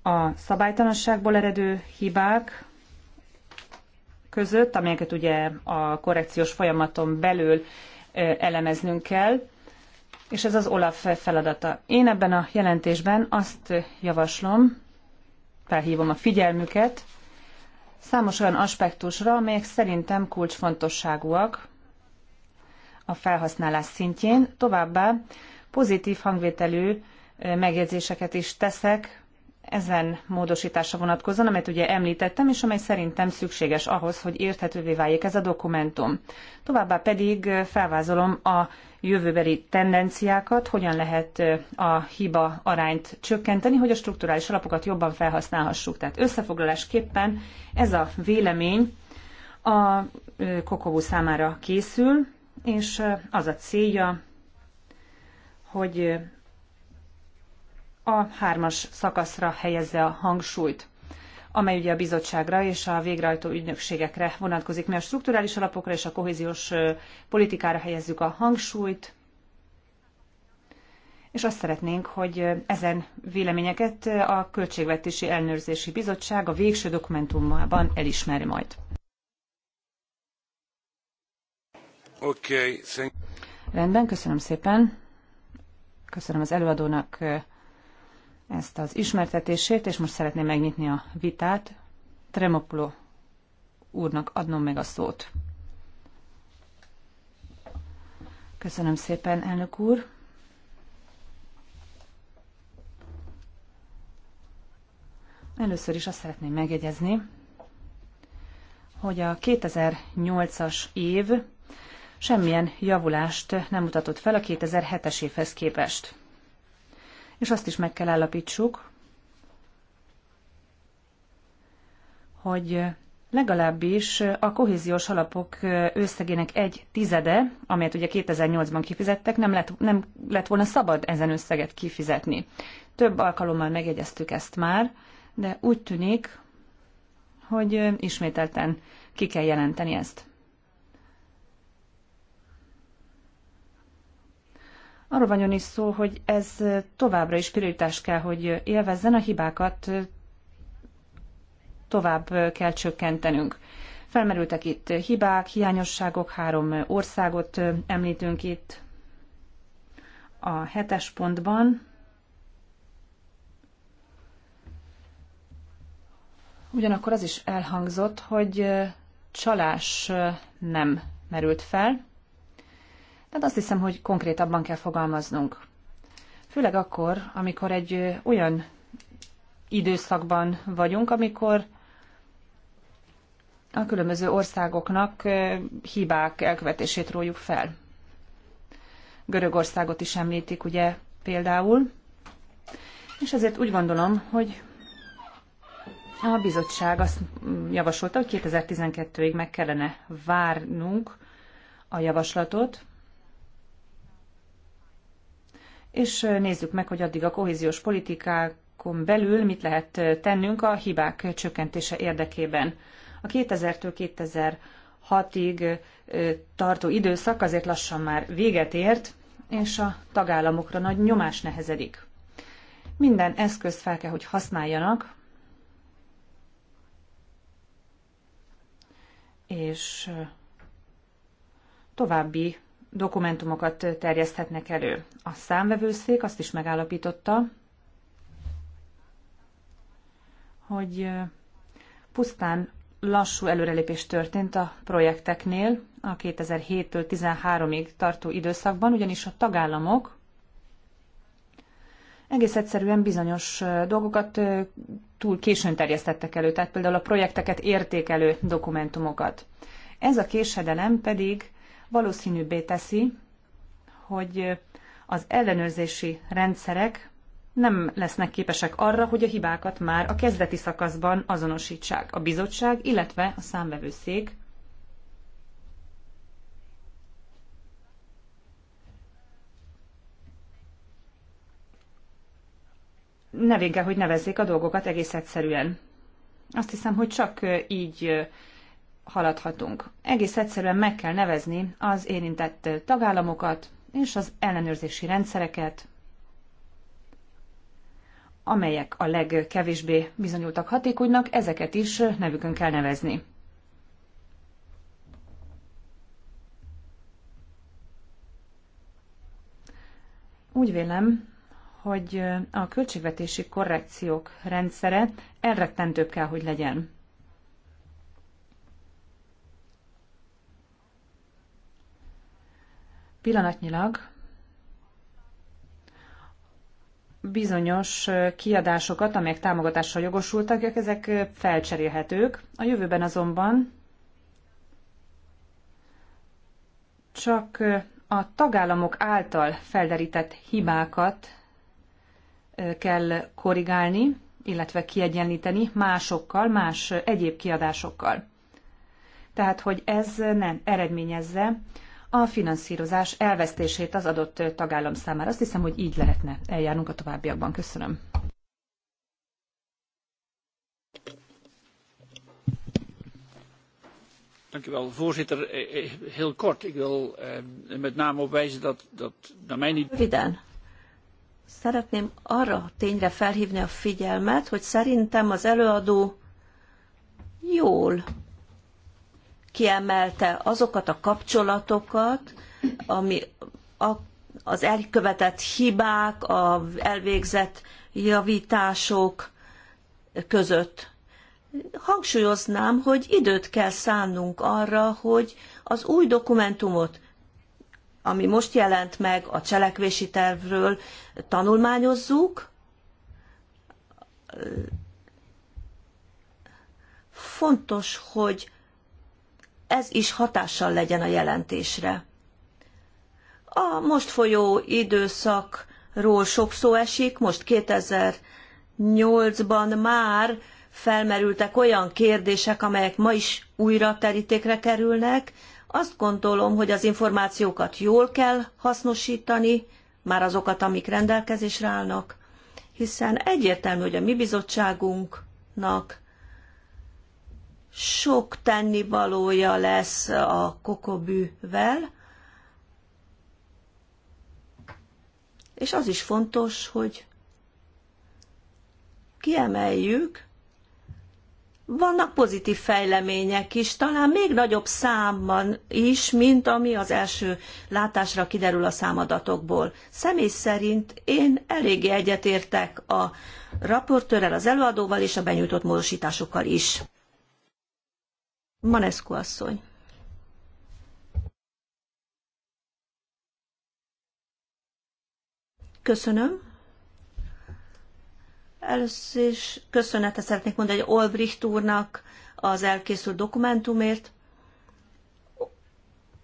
a szabálytalanságból eredő hibák között, amelyeket ugye a korrekciós folyamaton belül eh, elemeznünk kell, és ez az Olaf feladata. Én ebben a jelentésben azt javaslom, felhívom a figyelmüket, számos olyan aspektusra, amelyek szerintem kulcsfontosságúak a felhasználás szintjén. Továbbá pozitív hangvételű megjegyzéseket is teszek ezen módosítása vonatkozóan, amelyet ugye említettem, és amely szerintem szükséges ahhoz, hogy érthetővé váljék ez a dokumentum. Továbbá pedig felvázolom a jövőbeli tendenciákat, hogyan lehet a hiba arányt csökkenteni, hogy a strukturális alapokat jobban felhasználhassuk. Tehát összefoglalásképpen ez a vélemény a Kokovú számára készül, és az a célja, hogy a hármas szakaszra helyezze a hangsúlyt amely ugye a bizottságra és a végrehajtó ügynökségekre vonatkozik. Mi a strukturális alapokra és a kohéziós politikára helyezzük a hangsúlyt, és azt szeretnénk, hogy ezen véleményeket a Költségvetési Elnőrzési Bizottság a végső dokumentumában elismeri majd. Okay, Rendben, köszönöm szépen. Köszönöm az előadónak ezt az ismertetését, és most szeretném megnyitni a vitát. Tremopulo úrnak adnom meg a szót. Köszönöm szépen, elnök úr. Először is azt szeretném megjegyezni, hogy a 2008-as év semmilyen javulást nem mutatott fel a 2007-es évhez képest és azt is meg kell állapítsuk, hogy legalábbis a kohéziós alapok összegének egy tizede, amelyet ugye 2008-ban kifizettek, nem lett, nem lett volna szabad ezen összeget kifizetni. Több alkalommal megjegyeztük ezt már, de úgy tűnik, hogy ismételten ki kell jelenteni ezt. Arról van is szó, hogy ez továbbra is prioritás kell, hogy élvezzen, a hibákat tovább kell csökkentenünk. Felmerültek itt hibák, hiányosságok, három országot említünk itt a hetes pontban. Ugyanakkor az is elhangzott, hogy csalás nem merült fel, Hát azt hiszem, hogy konkrétabban kell fogalmaznunk. Főleg akkor, amikor egy olyan időszakban vagyunk, amikor a különböző országoknak hibák elkövetését rójuk fel. Görögországot is említik, ugye például. És ezért úgy gondolom, hogy a bizottság azt javasolta, hogy 2012-ig meg kellene várnunk a javaslatot, és nézzük meg, hogy addig a kohéziós politikákon belül mit lehet tennünk a hibák csökkentése érdekében. A 2000-től 2006-ig tartó időszak azért lassan már véget ért, és a tagállamokra nagy nyomás nehezedik. Minden eszközt fel kell, hogy használjanak, és további dokumentumokat terjeszthetnek elő. A számvevőszék azt is megállapította, hogy pusztán lassú előrelépés történt a projekteknél a 2007-től 2013 ig tartó időszakban, ugyanis a tagállamok egész egyszerűen bizonyos dolgokat túl későn terjesztettek elő, tehát például a projekteket értékelő dokumentumokat. Ez a késedelem pedig valószínűbbé teszi, hogy az ellenőrzési rendszerek nem lesznek képesek arra, hogy a hibákat már a kezdeti szakaszban azonosítsák a bizottság, illetve a számvevőszék. Ne végre, hogy nevezzék a dolgokat egész egyszerűen. Azt hiszem, hogy csak így haladhatunk. Egész egyszerűen meg kell nevezni az érintett tagállamokat és az ellenőrzési rendszereket, amelyek a legkevésbé bizonyultak hatékonynak, ezeket is nevükön kell nevezni. Úgy vélem, hogy a költségvetési korrekciók rendszere elrettentőbb kell, hogy legyen. Pillanatnyilag bizonyos kiadásokat, amelyek támogatásra jogosultak, ezek felcserélhetők. A jövőben azonban csak a tagállamok által felderített hibákat kell korrigálni, illetve kiegyenlíteni másokkal, más egyéb kiadásokkal. Tehát, hogy ez nem eredményezze a finanszírozás elvesztését az adott tagállam számára. Azt hiszem, hogy így lehetne eljárnunk a továbbiakban. Köszönöm. voorzitter eh, eh, heel kort ik wil eh, met name opwijzen dat dat naar mij niet... röviden szeretném arra tényre felhívni a figyelmet hogy szerintem az előadó jól kiemelte azokat a kapcsolatokat, ami a, az elkövetett hibák, az elvégzett javítások között. Hangsúlyoznám, hogy időt kell szánnunk arra, hogy az új dokumentumot, ami most jelent meg a cselekvési tervről, tanulmányozzuk, fontos, hogy ez is hatással legyen a jelentésre. A most folyó időszakról sok szó esik, most 2008-ban már felmerültek olyan kérdések, amelyek ma is újra terítékre kerülnek. Azt gondolom, hogy az információkat jól kell hasznosítani, már azokat, amik rendelkezésre állnak, hiszen egyértelmű, hogy a mi bizottságunknak sok tennivalója lesz a kokobűvel, és az is fontos, hogy kiemeljük, vannak pozitív fejlemények is, talán még nagyobb számban is, mint ami az első látásra kiderül a számadatokból. Személy szerint én eléggé egyetértek a raportőrrel, az előadóval és a benyújtott módosításokkal is. Manescu asszony. Köszönöm. Először is köszönetet szeretnék mondani egy Olbricht úrnak az elkészült dokumentumért.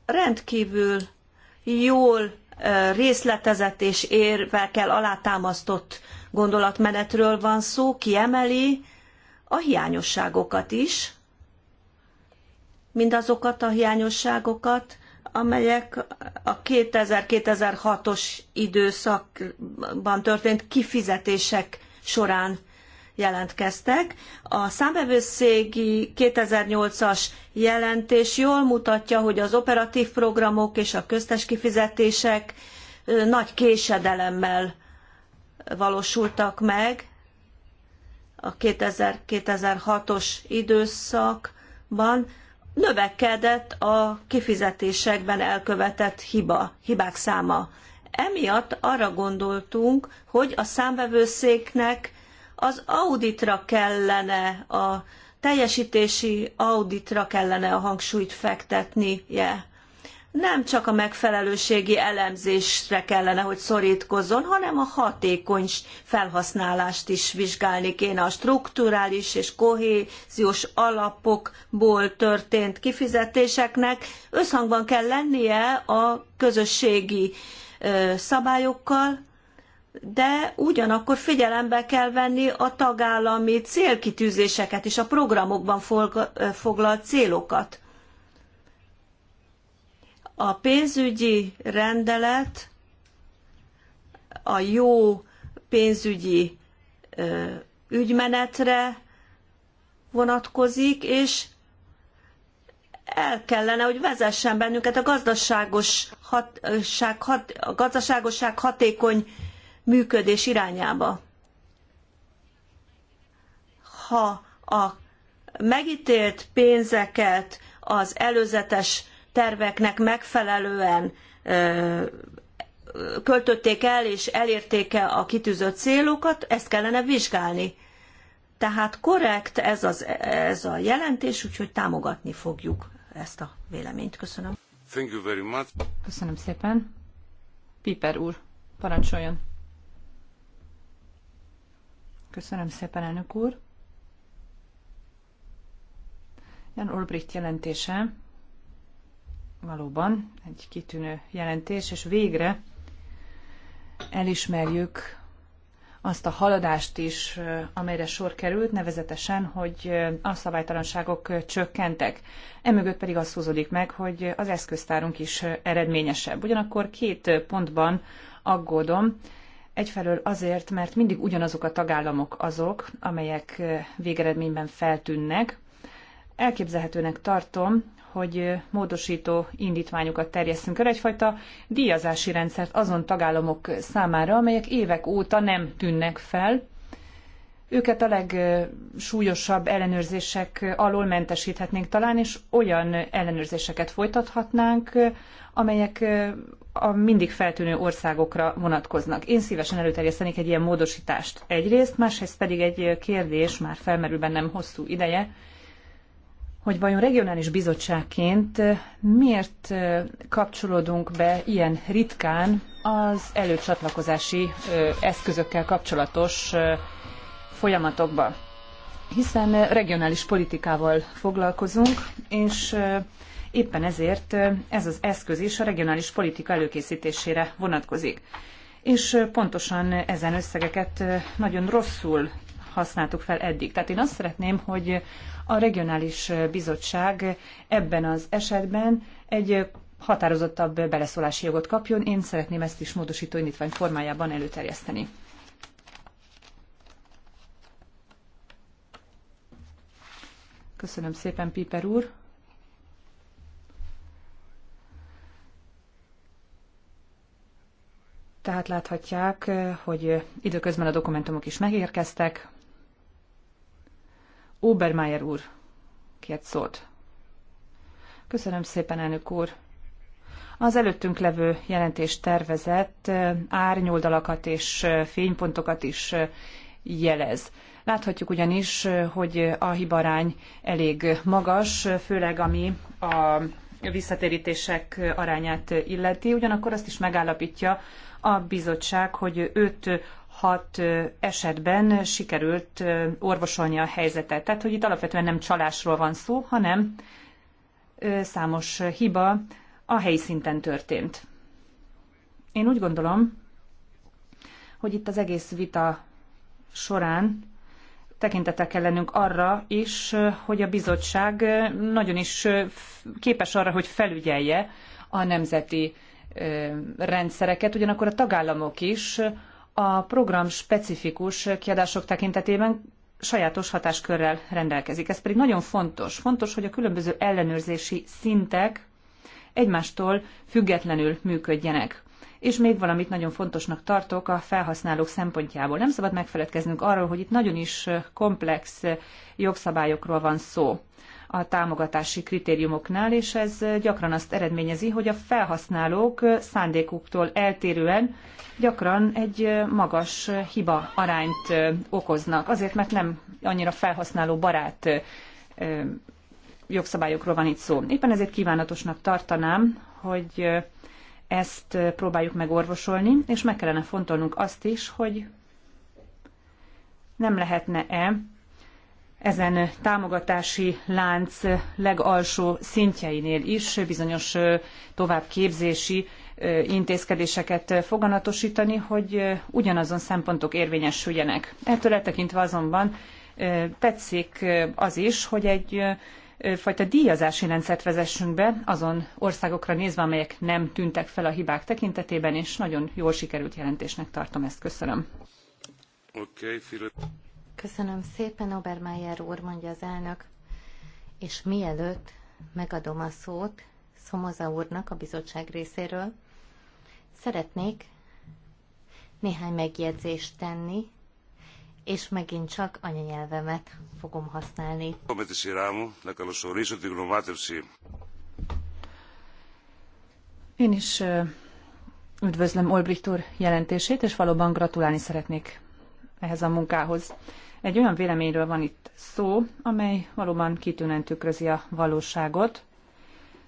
Rendkívül jól részletezett és érvekkel alátámasztott gondolatmenetről van szó, kiemeli a hiányosságokat is, mindazokat a hiányosságokat, amelyek a 2000-2006-os időszakban történt kifizetések során jelentkeztek. A számbevőszégi 2008-as jelentés jól mutatja, hogy az operatív programok és a köztes kifizetések nagy késedelemmel valósultak meg a 2000-2006-os időszakban növekedett a kifizetésekben elkövetett hiba, hibák száma. Emiatt arra gondoltunk, hogy a számvevőszéknek az auditra kellene, a teljesítési auditra kellene a hangsúlyt fektetnie nem csak a megfelelőségi elemzésre kellene, hogy szorítkozzon, hanem a hatékony felhasználást is vizsgálni kéne. A strukturális és kohéziós alapokból történt kifizetéseknek összhangban kell lennie a közösségi szabályokkal, de ugyanakkor figyelembe kell venni a tagállami célkitűzéseket és a programokban foglalt célokat a pénzügyi rendelet a jó pénzügyi ügymenetre vonatkozik, és el kellene, hogy vezessen bennünket a gazdaságos hatság, hat, a gazdaságosság hatékony működés irányába. Ha a megítélt pénzeket az előzetes terveknek megfelelően költötték el és elérték a kitűzött célokat, ezt kellene vizsgálni. Tehát korrekt ez, az, ez a jelentés, úgyhogy támogatni fogjuk ezt a véleményt. Köszönöm. Thank you very much. Köszönöm szépen. Piper úr, parancsoljon. Köszönöm szépen, elnök úr. Jan Olbricht jelentése Valóban egy kitűnő jelentés, és végre elismerjük azt a haladást is, amelyre sor került, nevezetesen, hogy a szabálytalanságok csökkentek. Emögött pedig az húzódik meg, hogy az eszköztárunk is eredményesebb. Ugyanakkor két pontban aggódom, Egyfelől azért, mert mindig ugyanazok a tagállamok azok, amelyek végeredményben feltűnnek. Elképzelhetőnek tartom, hogy módosító indítványokat terjesszünk el, egyfajta díjazási rendszert azon tagállamok számára, amelyek évek óta nem tűnnek fel. Őket a legsúlyosabb ellenőrzések alól mentesíthetnénk talán, és olyan ellenőrzéseket folytathatnánk, amelyek a mindig feltűnő országokra vonatkoznak. Én szívesen előterjesztenék egy ilyen módosítást egyrészt, másrészt pedig egy kérdés már felmerül bennem hosszú ideje, hogy vajon regionális bizottságként miért kapcsolódunk be ilyen ritkán az előcsatlakozási eszközökkel kapcsolatos folyamatokba. Hiszen regionális politikával foglalkozunk, és éppen ezért ez az eszköz is a regionális politika előkészítésére vonatkozik. És pontosan ezen összegeket nagyon rosszul használtuk fel eddig. Tehát én azt szeretném, hogy a regionális bizottság ebben az esetben egy határozottabb beleszólási jogot kapjon. Én szeretném ezt is módosító indítvány formájában előterjeszteni. Köszönöm szépen, Piper úr. Tehát láthatják, hogy időközben a dokumentumok is megérkeztek. Obermeier úr kért szót. Köszönöm szépen, elnök úr. Az előttünk levő jelentés tervezett árnyoldalakat és fénypontokat is jelez. Láthatjuk ugyanis, hogy a hibarány elég magas, főleg ami a visszatérítések arányát illeti, ugyanakkor azt is megállapítja a bizottság, hogy 5 hat esetben sikerült orvosolni a helyzetet. Tehát, hogy itt alapvetően nem csalásról van szó, hanem számos hiba a helyi szinten történt. Én úgy gondolom, hogy itt az egész vita során tekintettel kell lennünk arra is, hogy a bizottság nagyon is képes arra, hogy felügyelje a nemzeti rendszereket, ugyanakkor a tagállamok is a program specifikus kiadások tekintetében sajátos hatáskörrel rendelkezik. Ez pedig nagyon fontos. Fontos, hogy a különböző ellenőrzési szintek egymástól függetlenül működjenek. És még valamit nagyon fontosnak tartok a felhasználók szempontjából. Nem szabad megfeledkeznünk arról, hogy itt nagyon is komplex jogszabályokról van szó a támogatási kritériumoknál, és ez gyakran azt eredményezi, hogy a felhasználók szándékuktól eltérően gyakran egy magas hiba arányt okoznak, azért mert nem annyira felhasználó barát jogszabályokról van itt szó. Éppen ezért kívánatosnak tartanám, hogy ezt próbáljuk megorvosolni, és meg kellene fontolnunk azt is, hogy nem lehetne-e ezen támogatási lánc legalsó szintjeinél is bizonyos továbbképzési intézkedéseket foganatosítani, hogy ugyanazon szempontok érvényesüljenek. Ettől eltekintve azonban tetszik az is, hogy egy fajta díjazási rendszert vezessünk be azon országokra nézve, amelyek nem tűntek fel a hibák tekintetében, és nagyon jól sikerült jelentésnek tartom ezt. Köszönöm. Okay, Köszönöm szépen, Obermeyer úr, mondja az elnök. És mielőtt megadom a szót Szomoza úrnak a bizottság részéről, szeretnék néhány megjegyzést tenni, és megint csak anyanyelvemet fogom használni. Én is üdvözlöm Olbricht úr jelentését, és valóban gratulálni szeretnék ehhez a munkához. Egy olyan véleményről van itt szó, amely valóban kitűnően tükrözi a valóságot.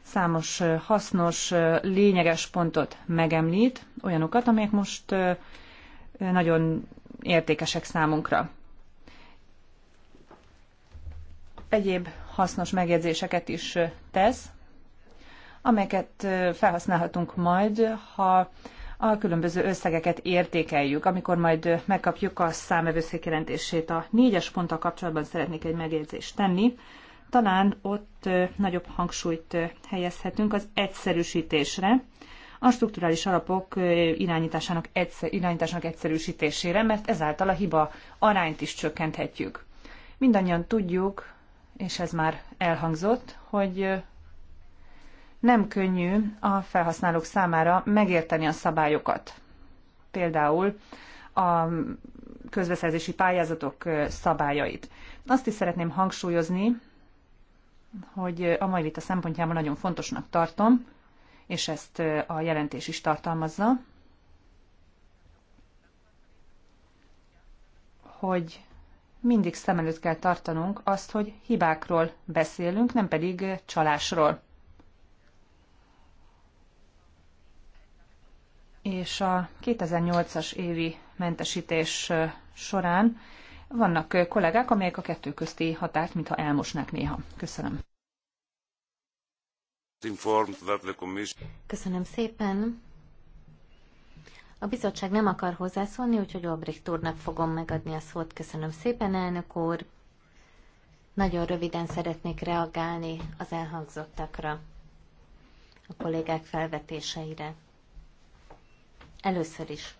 Számos hasznos, lényeges pontot megemlít, olyanokat, amelyek most nagyon értékesek számunkra. Egyéb hasznos megjegyzéseket is tesz, amelyeket felhasználhatunk majd, ha a különböző összegeket értékeljük, amikor majd megkapjuk a számvevőszék jelentését. A négyes ponttal kapcsolatban szeretnék egy megjegyzést tenni. Talán ott nagyobb hangsúlyt helyezhetünk az egyszerűsítésre, a strukturális alapok irányításának, egyszer, irányításának egyszerűsítésére, mert ezáltal a hiba arányt is csökkenthetjük. Mindannyian tudjuk, és ez már elhangzott, hogy nem könnyű a felhasználók számára megérteni a szabályokat. Például a közbeszerzési pályázatok szabályait. Azt is szeretném hangsúlyozni, hogy a mai vita szempontjából nagyon fontosnak tartom, és ezt a jelentés is tartalmazza, hogy mindig szem előtt kell tartanunk azt, hogy hibákról beszélünk, nem pedig csalásról. és a 2008-as évi mentesítés során vannak kollégák, amelyek a kettő közti határt, mintha elmosnák néha. Köszönöm. Köszönöm szépen. A bizottság nem akar hozzászólni, úgyhogy Albrecht úrnak fogom megadni a szót. Köszönöm szépen, elnök úr. Nagyon röviden szeretnék reagálni az elhangzottakra, a kollégák felvetéseire. Először is.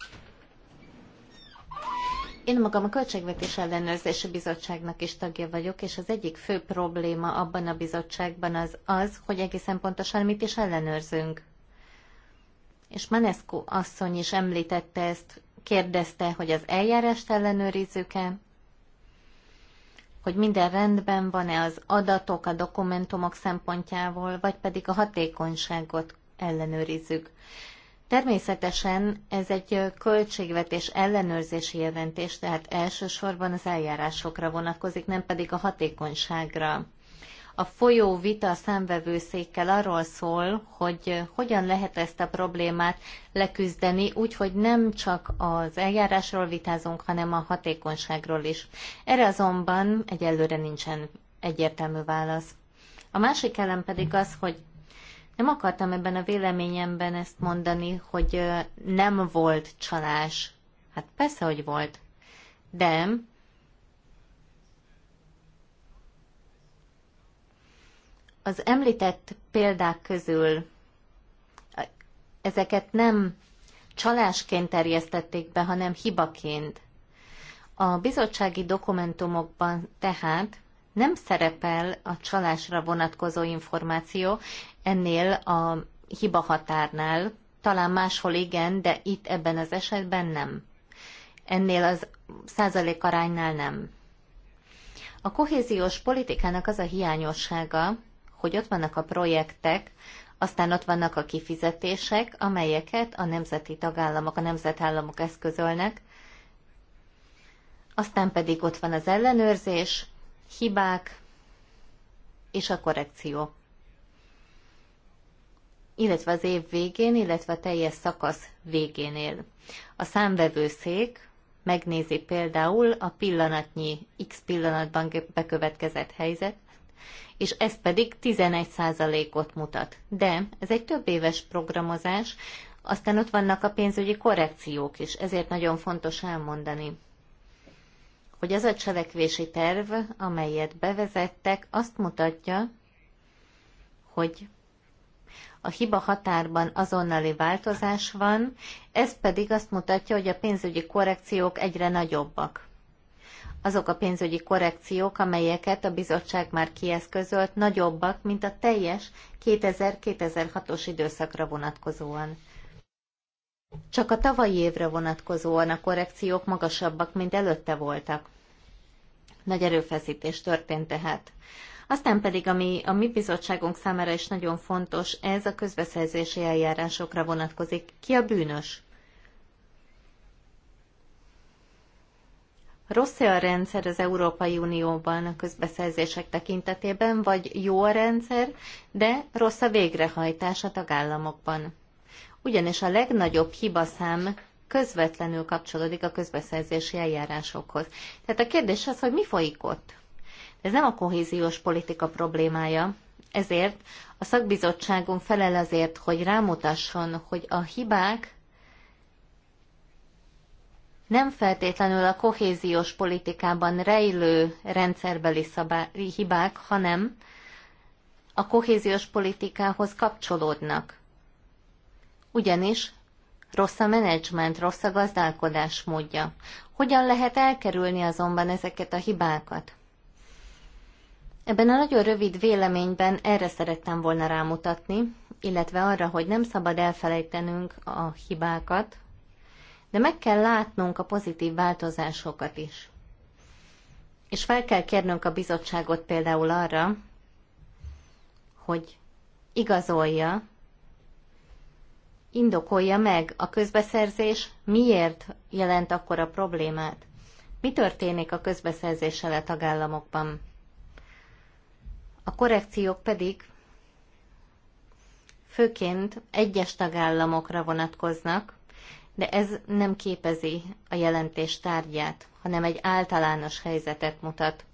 Én magam a Költségvetés Ellenőrzési Bizottságnak is tagja vagyok, és az egyik fő probléma abban a bizottságban az az, hogy egészen pontosan mit is ellenőrzünk. És Manescu asszony is említette ezt, kérdezte, hogy az eljárást ellenőrizzük-e, hogy minden rendben van-e az adatok, a dokumentumok szempontjából, vagy pedig a hatékonyságot ellenőrizzük. Természetesen ez egy költségvetés ellenőrzési jelentés, tehát elsősorban az eljárásokra vonatkozik, nem pedig a hatékonyságra. A folyó vita számvevőszékkel arról szól, hogy hogyan lehet ezt a problémát leküzdeni, úgyhogy nem csak az eljárásról vitázunk, hanem a hatékonyságról is. Erre azonban egyelőre nincsen egyértelmű válasz. A másik elem pedig az, hogy nem akartam ebben a véleményemben ezt mondani, hogy nem volt csalás. Hát persze, hogy volt. De az említett példák közül ezeket nem csalásként terjesztették be, hanem hibaként. A bizottsági dokumentumokban tehát nem szerepel a csalásra vonatkozó információ, ennél a hiba határnál, talán máshol igen, de itt ebben az esetben nem. Ennél az százalék aránynál nem. A kohéziós politikának az a hiányossága, hogy ott vannak a projektek, aztán ott vannak a kifizetések, amelyeket a nemzeti tagállamok, a nemzetállamok eszközölnek, aztán pedig ott van az ellenőrzés, hibák és a korrekció illetve az év végén, illetve a teljes szakasz végén él. A számvevőszék megnézi például a pillanatnyi X pillanatban bekövetkezett helyzet, és ez pedig 11%-ot mutat. De ez egy több éves programozás, aztán ott vannak a pénzügyi korrekciók is, ezért nagyon fontos elmondani, hogy az a cselekvési terv, amelyet bevezettek, azt mutatja, hogy a hiba határban azonnali változás van, ez pedig azt mutatja, hogy a pénzügyi korrekciók egyre nagyobbak. Azok a pénzügyi korrekciók, amelyeket a bizottság már kieszközölt, nagyobbak, mint a teljes 2000-2006-os időszakra vonatkozóan. Csak a tavalyi évre vonatkozóan a korrekciók magasabbak, mint előtte voltak. Nagy erőfeszítés történt tehát. Aztán pedig, ami a mi bizottságunk számára is nagyon fontos, ez a közbeszerzési eljárásokra vonatkozik. Ki a bűnös? rossz -e a rendszer az Európai Unióban a közbeszerzések tekintetében, vagy jó a rendszer, de rossz a végrehajtás a tagállamokban? Ugyanis a legnagyobb hibaszám közvetlenül kapcsolódik a közbeszerzési eljárásokhoz. Tehát a kérdés az, hogy mi folyik ott? Ez nem a kohéziós politika problémája, ezért a szakbizottságunk felel azért, hogy rámutasson, hogy a hibák nem feltétlenül a kohéziós politikában rejlő rendszerbeli szabály, hibák, hanem a kohéziós politikához kapcsolódnak. Ugyanis rossz a menedzsment, rossz a gazdálkodás módja. Hogyan lehet elkerülni azonban ezeket a hibákat? Ebben a nagyon rövid véleményben erre szerettem volna rámutatni, illetve arra, hogy nem szabad elfelejtenünk a hibákat, de meg kell látnunk a pozitív változásokat is. És fel kell kérnünk a bizottságot például arra, hogy igazolja, indokolja meg a közbeszerzés, miért jelent akkor a problémát. Mi történik a közbeszerzéssel a tagállamokban? A korrekciók pedig főként egyes tagállamokra vonatkoznak, de ez nem képezi a jelentés tárgyát, hanem egy általános helyzetet mutat.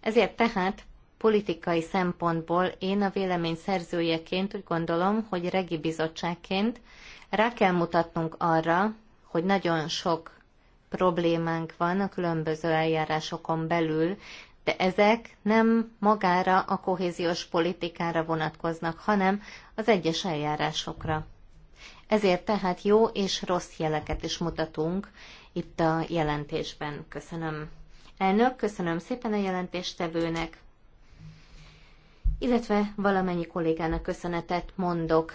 Ezért tehát politikai szempontból én a vélemény szerzőjeként úgy gondolom, hogy regi bizottságként rá kell mutatnunk arra, hogy nagyon sok problémánk van a különböző eljárásokon belül, de ezek nem magára a kohéziós politikára vonatkoznak, hanem az egyes eljárásokra. Ezért tehát jó és rossz jeleket is mutatunk itt a jelentésben. Köszönöm. Elnök, köszönöm szépen a jelentéstevőnek, illetve valamennyi kollégának köszönetet mondok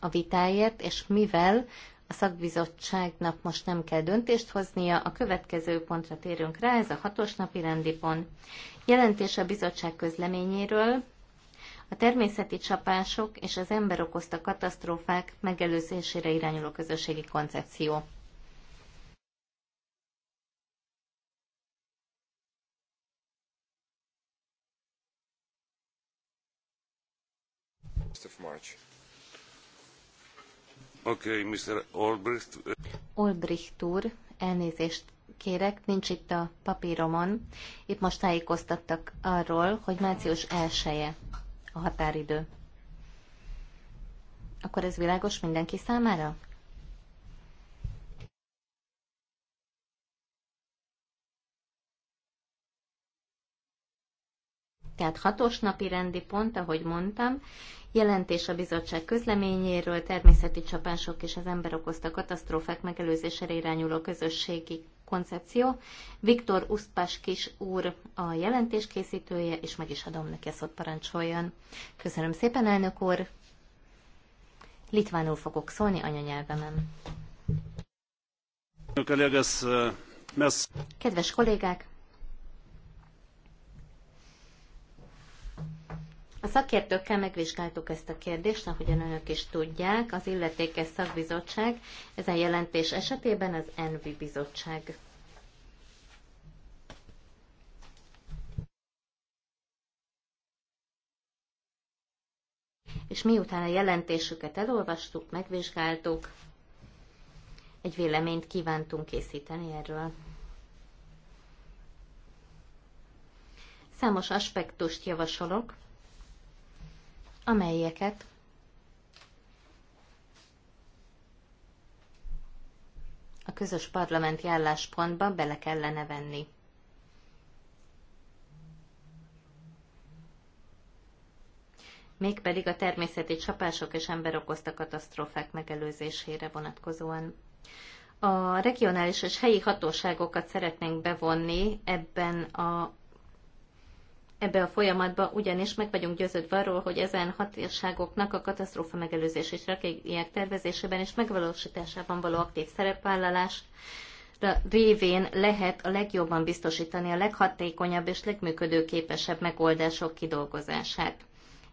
a vitáért, és mivel szakbizottságnak most nem kell döntést hoznia, a következő pontra térünk rá, ez a hatos napi rendi pont. Jelentés a bizottság közleményéről, a természeti csapások és az ember okozta katasztrófák megelőzésére irányuló közösségi koncepció. March. Okay, Mr. Olbricht. Olbricht úr, elnézést kérek, nincs itt a papíromon. Itt most tájékoztattak arról, hogy március 1 -e a határidő. Akkor ez világos mindenki számára? Tehát hatos napi rendi pont, ahogy mondtam, jelentés a bizottság közleményéről, természeti csapások és az ember okozta katasztrófák megelőzésére irányuló közösségi koncepció. Viktor kis úr a jelentés készítője, és meg is adom neki a ott parancsoljon. Köszönöm szépen, elnök úr! Litvánul fogok szólni anyanyelvemen. Kedves kollégák! A szakértőkkel megvizsgáltuk ezt a kérdést, ahogyan önök is tudják, az illetékes szakbizottság, ezen jelentés esetében az ENVI bizottság. És miután a jelentésüket elolvastuk, megvizsgáltuk, egy véleményt kívántunk készíteni erről. Számos aspektust javasolok, amelyeket a közös parlamenti álláspontba bele kellene venni. mégpedig a természeti csapások és ember okozta katasztrófák megelőzésére vonatkozóan. A regionális és helyi hatóságokat szeretnénk bevonni ebben a ebbe a folyamatba, ugyanis meg vagyunk győződve arról, hogy ezen hatóságoknak a katasztrófa megelőzés és stratégiák tervezésében és megvalósításában való aktív szerepvállalás révén lehet a legjobban biztosítani a leghatékonyabb és legműködőképesebb megoldások kidolgozását.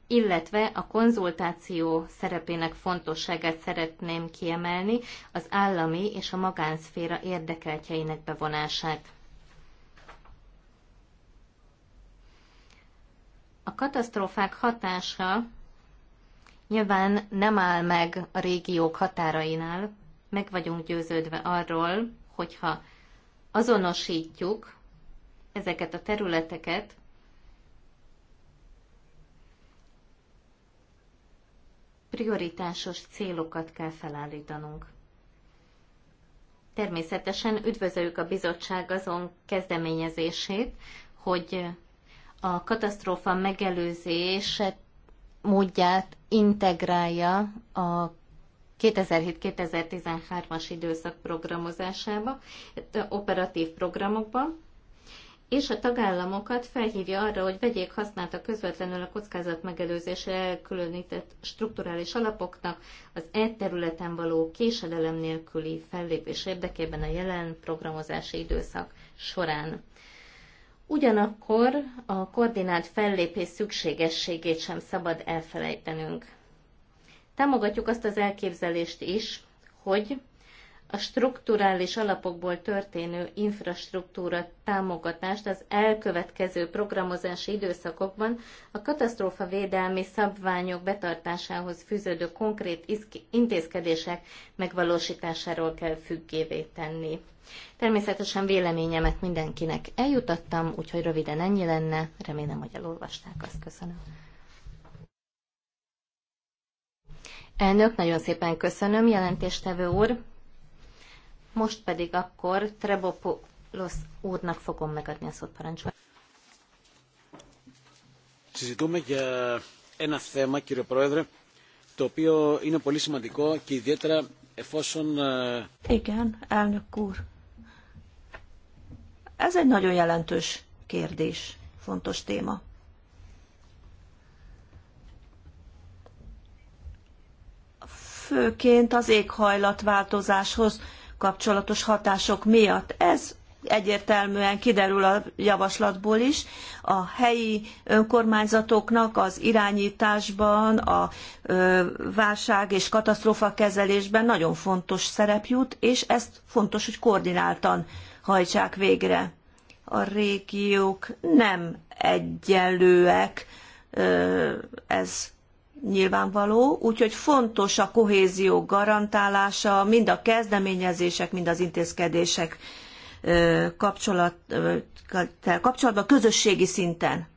Illetve a konzultáció szerepének fontosságát szeretném kiemelni, az állami és a magánszféra érdekeltjeinek bevonását. A katasztrófák hatása nyilván nem áll meg a régiók határainál. Meg vagyunk győződve arról, hogyha azonosítjuk ezeket a területeket, prioritásos célokat kell felállítanunk. Természetesen üdvözöljük a bizottság azon kezdeményezését, hogy a katasztrófa megelőzés módját integrálja a 2007-2013-as időszak programozásába, operatív programokba, és a tagállamokat felhívja arra, hogy vegyék a közvetlenül a kockázat megelőzésre elkülönített strukturális alapoknak az e területen való késedelem nélküli fellépés érdekében a jelen programozási időszak során. Ugyanakkor a koordinált fellépés szükségességét sem szabad elfelejtenünk. Támogatjuk azt az elképzelést is, hogy a strukturális alapokból történő infrastruktúra támogatást az elkövetkező programozási időszakokban a katasztrófa védelmi szabványok betartásához fűződő konkrét intézkedések megvalósításáról kell függévé tenni. Természetesen véleményemet mindenkinek eljutattam, úgyhogy röviden ennyi lenne. Remélem, hogy elolvasták azt. Köszönöm. Elnök, nagyon szépen köszönöm, jelentéstevő úr. Most pedig akkor Trebopoulos úrnak fogom megadni a szót parancsolat. Συζητούμε για ένα θέμα, κύριε Πρόεδρε, το οποίο είναι πολύ σημαντικό και ιδιαίτερα εφόσον... Igen, elnök úr. Ez egy nagyon jelentős kérdés, fontos téma. Főként az éghajlatváltozáshoz kapcsolatos hatások miatt. Ez egyértelműen kiderül a javaslatból is, a helyi önkormányzatoknak az irányításban, a válság és katasztrófa kezelésben nagyon fontos szerep jut, és ezt fontos, hogy koordináltan hajtsák végre. A régiók nem egyenlőek, ez nyilvánvaló, úgyhogy fontos a kohézió garantálása, mind a kezdeményezések, mind az intézkedések kapcsolat, kapcsolatban közösségi szinten.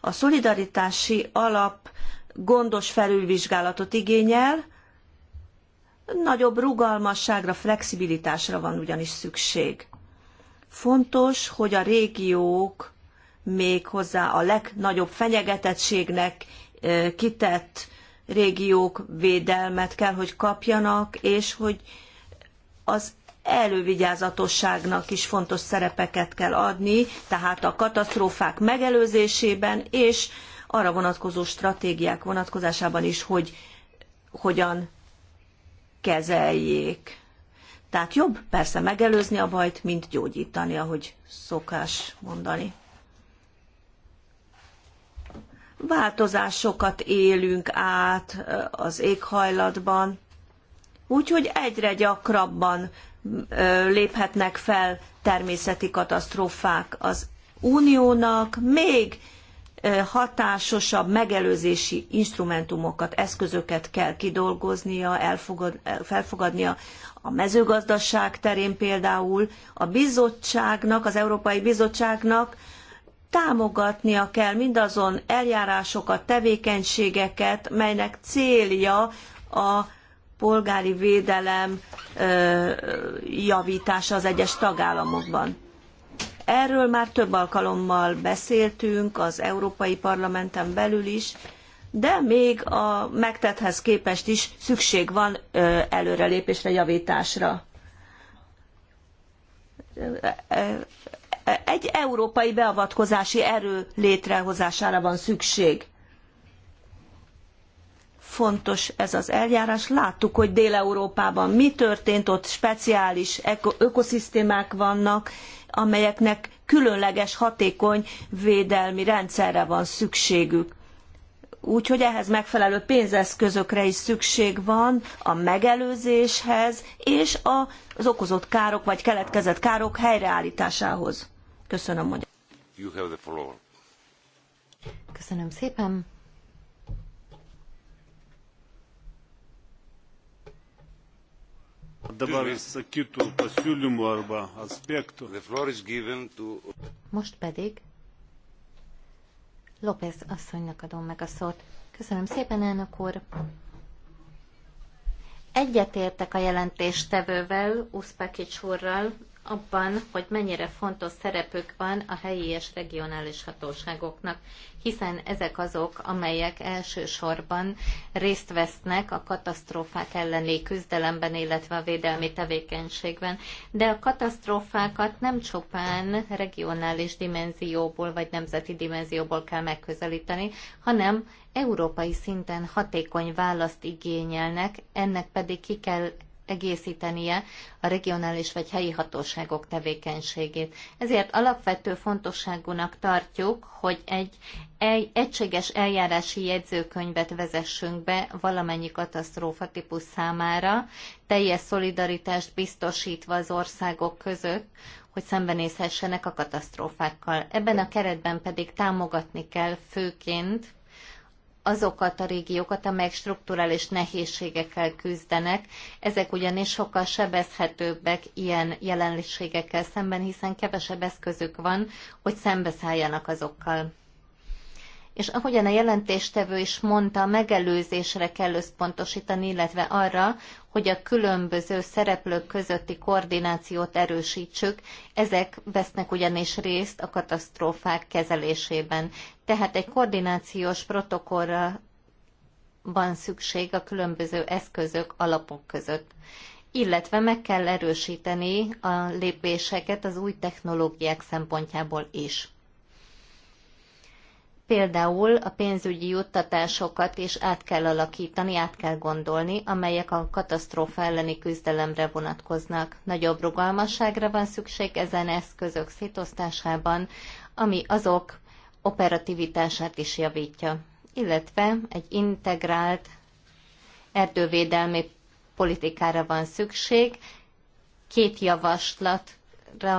A szolidaritási alap gondos felülvizsgálatot igényel, nagyobb rugalmasságra, flexibilitásra van ugyanis szükség. Fontos, hogy a régiók még hozzá a legnagyobb fenyegetettségnek kitett régiók védelmet kell, hogy kapjanak, és hogy az elővigyázatosságnak is fontos szerepeket kell adni, tehát a katasztrófák megelőzésében és arra vonatkozó stratégiák vonatkozásában is, hogy hogyan kezeljék. Tehát jobb persze megelőzni a bajt, mint gyógyítani, ahogy szokás mondani változásokat élünk át az éghajlatban, úgyhogy egyre gyakrabban léphetnek fel természeti katasztrófák. Az uniónak még hatásosabb megelőzési instrumentumokat, eszközöket kell kidolgoznia, elfogad, felfogadnia a mezőgazdaság terén például. A bizottságnak, az Európai Bizottságnak támogatnia kell mindazon eljárásokat, tevékenységeket, melynek célja a polgári védelem javítása az egyes tagállamokban. Erről már több alkalommal beszéltünk az Európai Parlamenten belül is, de még a megtethez képest is szükség van előrelépésre, javításra egy európai beavatkozási erő létrehozására van szükség. Fontos ez az eljárás. Láttuk, hogy Dél-Európában mi történt, ott speciális ökoszisztémák vannak, amelyeknek különleges, hatékony védelmi rendszerre van szükségük. Úgyhogy ehhez megfelelő pénzeszközökre is szükség van a megelőzéshez és az okozott károk vagy keletkezett károk helyreállításához. Köszönöm, hogy... You have the floor. Köszönöm szépen. Dabar sakytų pasiūlymų arba aspektų. Most pedig López asszonynak adom meg a szót. Köszönöm szépen, elnök úr. Egyetértek a jelentéstevővel, Uszpekics úrral, abban, hogy mennyire fontos szerepük van a helyi és regionális hatóságoknak, hiszen ezek azok, amelyek elsősorban részt vesznek a katasztrófák elleni küzdelemben, illetve a védelmi tevékenységben. De a katasztrófákat nem csupán regionális dimenzióból vagy nemzeti dimenzióból kell megközelíteni, hanem európai szinten hatékony választ igényelnek, ennek pedig ki kell egészítenie a regionális vagy helyi hatóságok tevékenységét. Ezért alapvető fontosságúnak tartjuk, hogy egy egységes eljárási jegyzőkönyvet vezessünk be valamennyi katasztrófa típus számára, teljes szolidaritást biztosítva az országok között, hogy szembenézhessenek a katasztrófákkal. Ebben a keretben pedig támogatni kell főként azokat a régiókat, amelyek strukturális nehézségekkel küzdenek. Ezek ugyanis sokkal sebezhetőbbek ilyen jelenségekkel szemben, hiszen kevesebb eszközük van, hogy szembeszálljanak azokkal és ahogyan a jelentéstevő is mondta, a megelőzésre kell összpontosítani, illetve arra, hogy a különböző szereplők közötti koordinációt erősítsük, ezek vesznek ugyanis részt a katasztrófák kezelésében. Tehát egy koordinációs protokollra van szükség a különböző eszközök, alapok között illetve meg kell erősíteni a lépéseket az új technológiák szempontjából is. Például a pénzügyi juttatásokat is át kell alakítani, át kell gondolni, amelyek a katasztrófa elleni küzdelemre vonatkoznak. Nagyobb rugalmasságra van szükség ezen eszközök szétosztásában, ami azok operativitását is javítja, illetve egy integrált erdővédelmi politikára van szükség. Két javaslat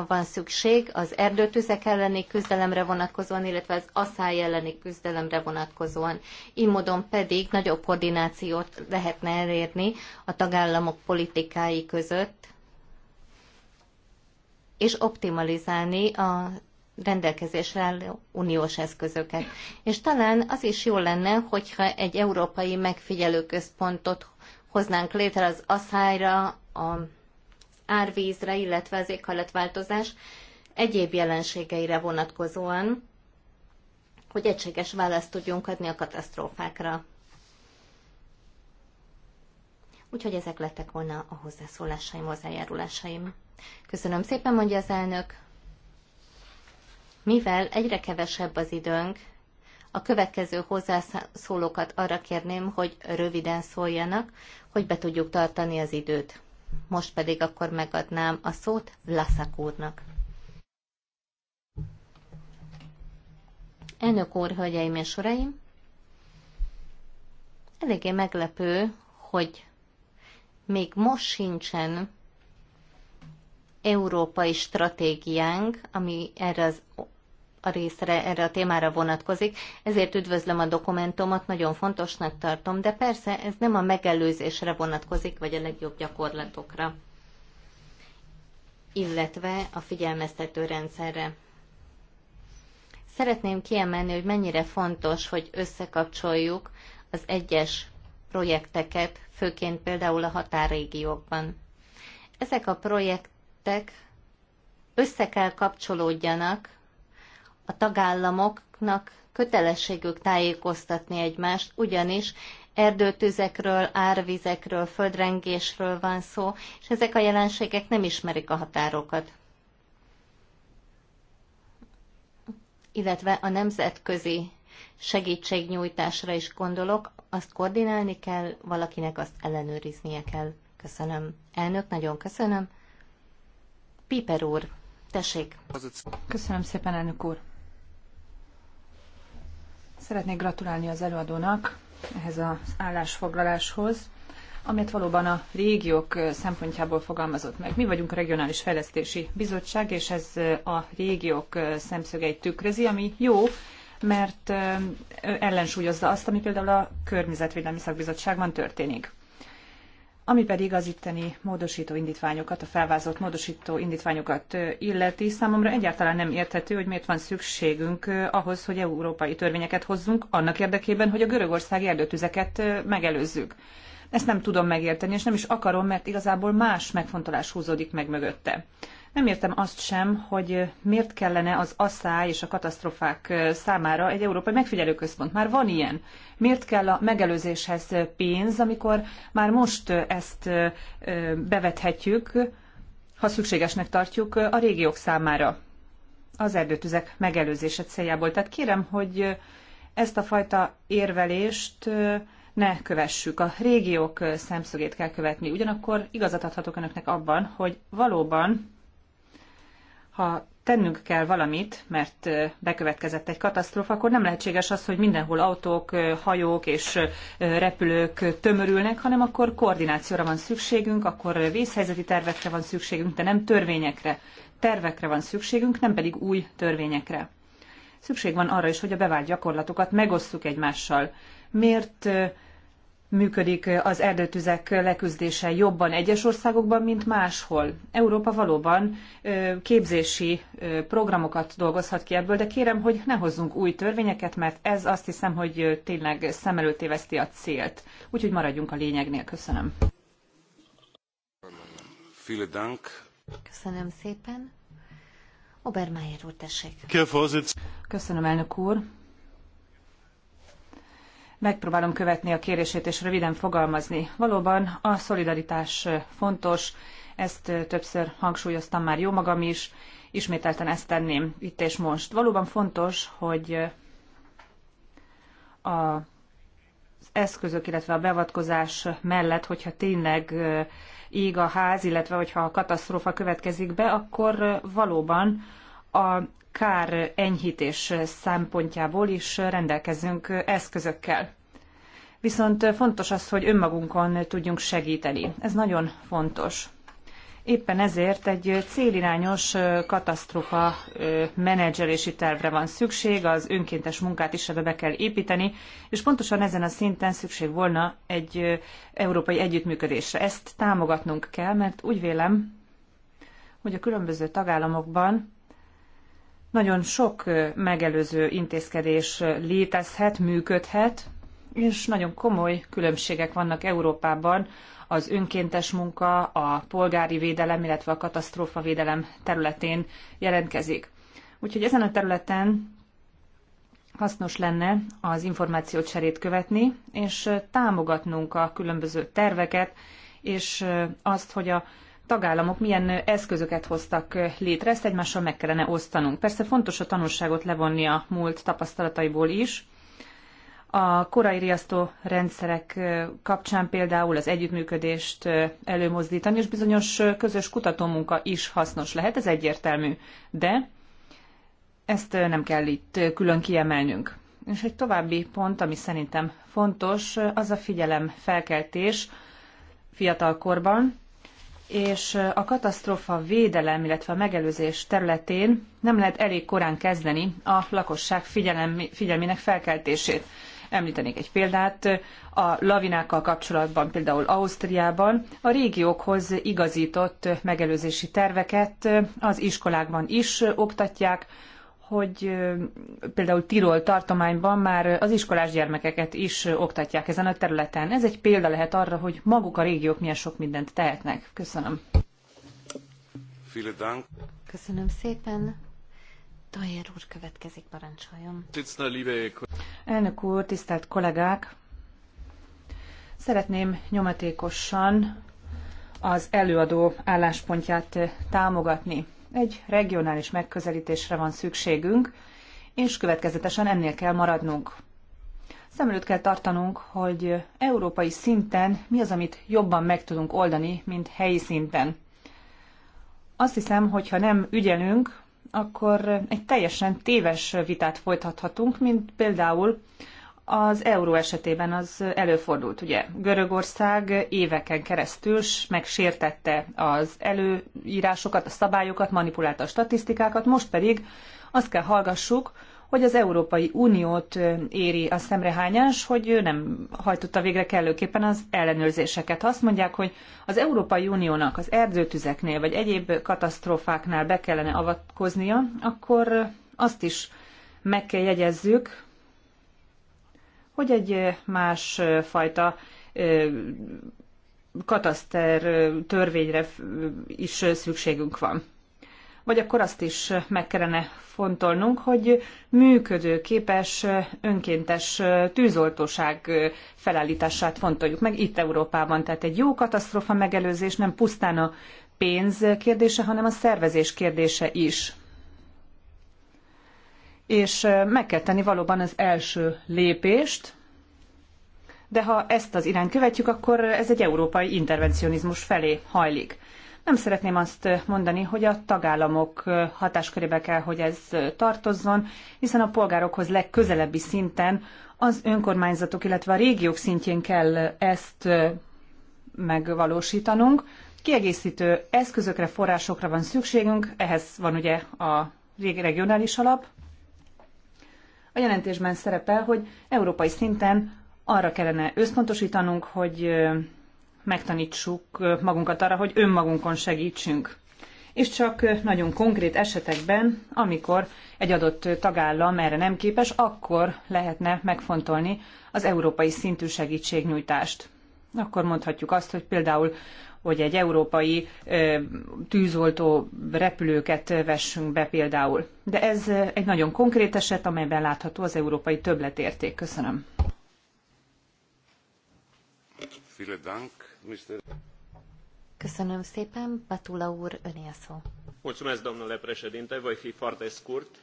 van szükség az erdőtüzek elleni küzdelemre vonatkozóan, illetve az asszály elleni küzdelemre vonatkozóan. Így módon pedig nagyobb koordinációt lehetne elérni a tagállamok politikái között, és optimalizálni a rendelkezésre álló uniós eszközöket. És talán az is jó lenne, hogyha egy európai megfigyelőközpontot hoznánk létre az asszályra, a árvízre, illetve az éghajlatváltozás egyéb jelenségeire vonatkozóan, hogy egységes választ tudjunk adni a katasztrófákra. Úgyhogy ezek lettek volna a hozzászólásaim, hozzájárulásaim. Köszönöm szépen, mondja az elnök. Mivel egyre kevesebb az időnk, a következő hozzászólókat arra kérném, hogy röviden szóljanak, hogy be tudjuk tartani az időt. Most pedig akkor megadnám a szót Vlaszak úrnak. Elnök úr, hölgyeim és uraim! Eléggé meglepő, hogy még most sincsen európai stratégiánk, ami erre az a részre erre a témára vonatkozik, ezért üdvözlöm a dokumentumot, nagyon fontosnak tartom, de persze ez nem a megelőzésre vonatkozik, vagy a legjobb gyakorlatokra, illetve a figyelmeztető rendszerre. Szeretném kiemelni, hogy mennyire fontos, hogy összekapcsoljuk az egyes projekteket, főként például a határrégiókban. Ezek a projektek össze kell kapcsolódjanak a tagállamoknak kötelességük tájékoztatni egymást, ugyanis erdőtüzekről, árvizekről, földrengésről van szó, és ezek a jelenségek nem ismerik a határokat. Illetve a nemzetközi segítségnyújtásra is gondolok, azt koordinálni kell, valakinek azt ellenőriznie kell. Köszönöm. Elnök, nagyon köszönöm. Piper úr, tessék. Köszönöm szépen, elnök úr. Szeretnék gratulálni az előadónak ehhez az állásfoglaláshoz, amit valóban a régiók szempontjából fogalmazott meg. Mi vagyunk a Regionális Fejlesztési Bizottság, és ez a régiók szemszögeit tükrözi, ami jó, mert ellensúlyozza azt, ami például a Környezetvédelmi Szakbizottságban történik. Ami pedig az itteni módosító indítványokat, a felvázolt módosító indítványokat illeti, számomra egyáltalán nem érthető, hogy miért van szükségünk ahhoz, hogy európai törvényeket hozzunk annak érdekében, hogy a görögország erdőtüzeket megelőzzük. Ezt nem tudom megérteni, és nem is akarom, mert igazából más megfontolás húzódik meg mögötte. Nem értem azt sem, hogy miért kellene az asszály és a katasztrofák számára egy európai megfigyelőközpont. Már van ilyen. Miért kell a megelőzéshez pénz, amikor már most ezt bevethetjük, ha szükségesnek tartjuk a régiók számára az erdőtüzek megelőzése céljából. Tehát kérem, hogy ezt a fajta érvelést ne kövessük. A régiók szemszögét kell követni. Ugyanakkor igazat adhatok önöknek abban, hogy valóban ha tennünk kell valamit, mert bekövetkezett egy katasztrófa, akkor nem lehetséges az, hogy mindenhol autók, hajók és repülők tömörülnek, hanem akkor koordinációra van szükségünk, akkor vészhelyzeti tervekre van szükségünk, de nem törvényekre. Tervekre van szükségünk, nem pedig új törvényekre. Szükség van arra is, hogy a bevált gyakorlatokat megosszuk egymással. Miért működik az erdőtüzek leküzdése jobban egyes országokban, mint máshol. Európa valóban képzési programokat dolgozhat ki ebből, de kérem, hogy ne hozzunk új törvényeket, mert ez azt hiszem, hogy tényleg szem előtt téveszti a célt. Úgyhogy maradjunk a lényegnél. Köszönöm. Köszönöm szépen. Obermeier úr, tessék. Köszönöm, elnök úr. Megpróbálom követni a kérését és röviden fogalmazni. Valóban a szolidaritás fontos, ezt többször hangsúlyoztam már jó magam is, ismételten ezt tenném itt és most. Valóban fontos, hogy az eszközök, illetve a beavatkozás mellett, hogyha tényleg ég a ház, illetve hogyha a katasztrófa következik be, akkor valóban a kár enyhítés szempontjából is rendelkezünk eszközökkel. Viszont fontos az, hogy önmagunkon tudjunk segíteni. Ez nagyon fontos. Éppen ezért egy célirányos katasztrófa menedzselési tervre van szükség, az önkéntes munkát is ebbe be kell építeni, és pontosan ezen a szinten szükség volna egy európai együttműködésre. Ezt támogatnunk kell, mert úgy vélem, hogy a különböző tagállamokban nagyon sok megelőző intézkedés létezhet, működhet, és nagyon komoly különbségek vannak Európában az önkéntes munka, a polgári védelem, illetve a katasztrófa védelem területén jelentkezik. Úgyhogy ezen a területen hasznos lenne az információt cserét követni, és támogatnunk a különböző terveket, és azt, hogy a tagállamok milyen eszközöket hoztak létre, ezt egymással meg kellene osztanunk. Persze fontos a tanulságot levonni a múlt tapasztalataiból is. A korai riasztó rendszerek kapcsán például az együttműködést előmozdítani, és bizonyos közös kutatómunka is hasznos lehet, ez egyértelmű, de ezt nem kell itt külön kiemelnünk. És egy további pont, ami szerintem fontos, az a figyelem felkeltés fiatalkorban, és a katasztrófa védelem, illetve a megelőzés területén nem lehet elég korán kezdeni a lakosság figyelem, figyelmének felkeltését. Említenék egy példát, a lavinákkal kapcsolatban például Ausztriában a régiókhoz igazított megelőzési terveket az iskolákban is oktatják, hogy például Tirol tartományban már az iskolás gyermekeket is oktatják ezen a területen. Ez egy példa lehet arra, hogy maguk a régiók milyen sok mindent tehetnek. Köszönöm. Köszönöm szépen. Tajer úr következik, parancsoljon. Elnök úr, tisztelt kollégák! Szeretném nyomatékosan az előadó álláspontját támogatni. Egy regionális megközelítésre van szükségünk, és következetesen ennél kell maradnunk. Szem előtt kell tartanunk, hogy európai szinten mi az, amit jobban meg tudunk oldani, mint helyi szinten. Azt hiszem, hogy ha nem ügyelünk, akkor egy teljesen téves vitát folytathatunk, mint például az euró esetében az előfordult, ugye? Görögország éveken keresztül megsértette az előírásokat, a szabályokat, manipulálta a statisztikákat, most pedig azt kell hallgassuk, hogy az Európai Uniót éri a szemrehányás, hogy ő nem hajtotta végre kellőképpen az ellenőrzéseket. Azt mondják, hogy az Európai Uniónak az erdőtüzeknél vagy egyéb katasztrófáknál be kellene avatkoznia, akkor azt is meg kell jegyezzük, hogy egy más fajta kataszter törvényre is szükségünk van. Vagy akkor azt is meg kellene fontolnunk, hogy működőképes önkéntes tűzoltóság felállítását fontoljuk meg itt Európában. Tehát egy jó katasztrófa megelőzés nem pusztán a pénz kérdése, hanem a szervezés kérdése is és meg kell tenni valóban az első lépést, de ha ezt az irányt követjük, akkor ez egy európai intervencionizmus felé hajlik. Nem szeretném azt mondani, hogy a tagállamok hatáskörébe kell, hogy ez tartozzon, hiszen a polgárokhoz legközelebbi szinten az önkormányzatok, illetve a régiók szintjén kell ezt megvalósítanunk. Kiegészítő eszközökre, forrásokra van szükségünk, ehhez van ugye a regionális alap, a jelentésben szerepel, hogy európai szinten arra kellene összpontosítanunk, hogy megtanítsuk magunkat arra, hogy önmagunkon segítsünk. És csak nagyon konkrét esetekben, amikor egy adott tagállam erre nem képes, akkor lehetne megfontolni az európai szintű segítségnyújtást. Akkor mondhatjuk azt, hogy például hogy egy európai tűzoltó repülőket vessünk be például. De ez egy nagyon konkrét eset, amelyben látható az európai többletérték. Köszönöm. Köszönöm szépen, Batula úr, öné a szó. Mulțumesc, domnule președinte, voi fi foarte scurt.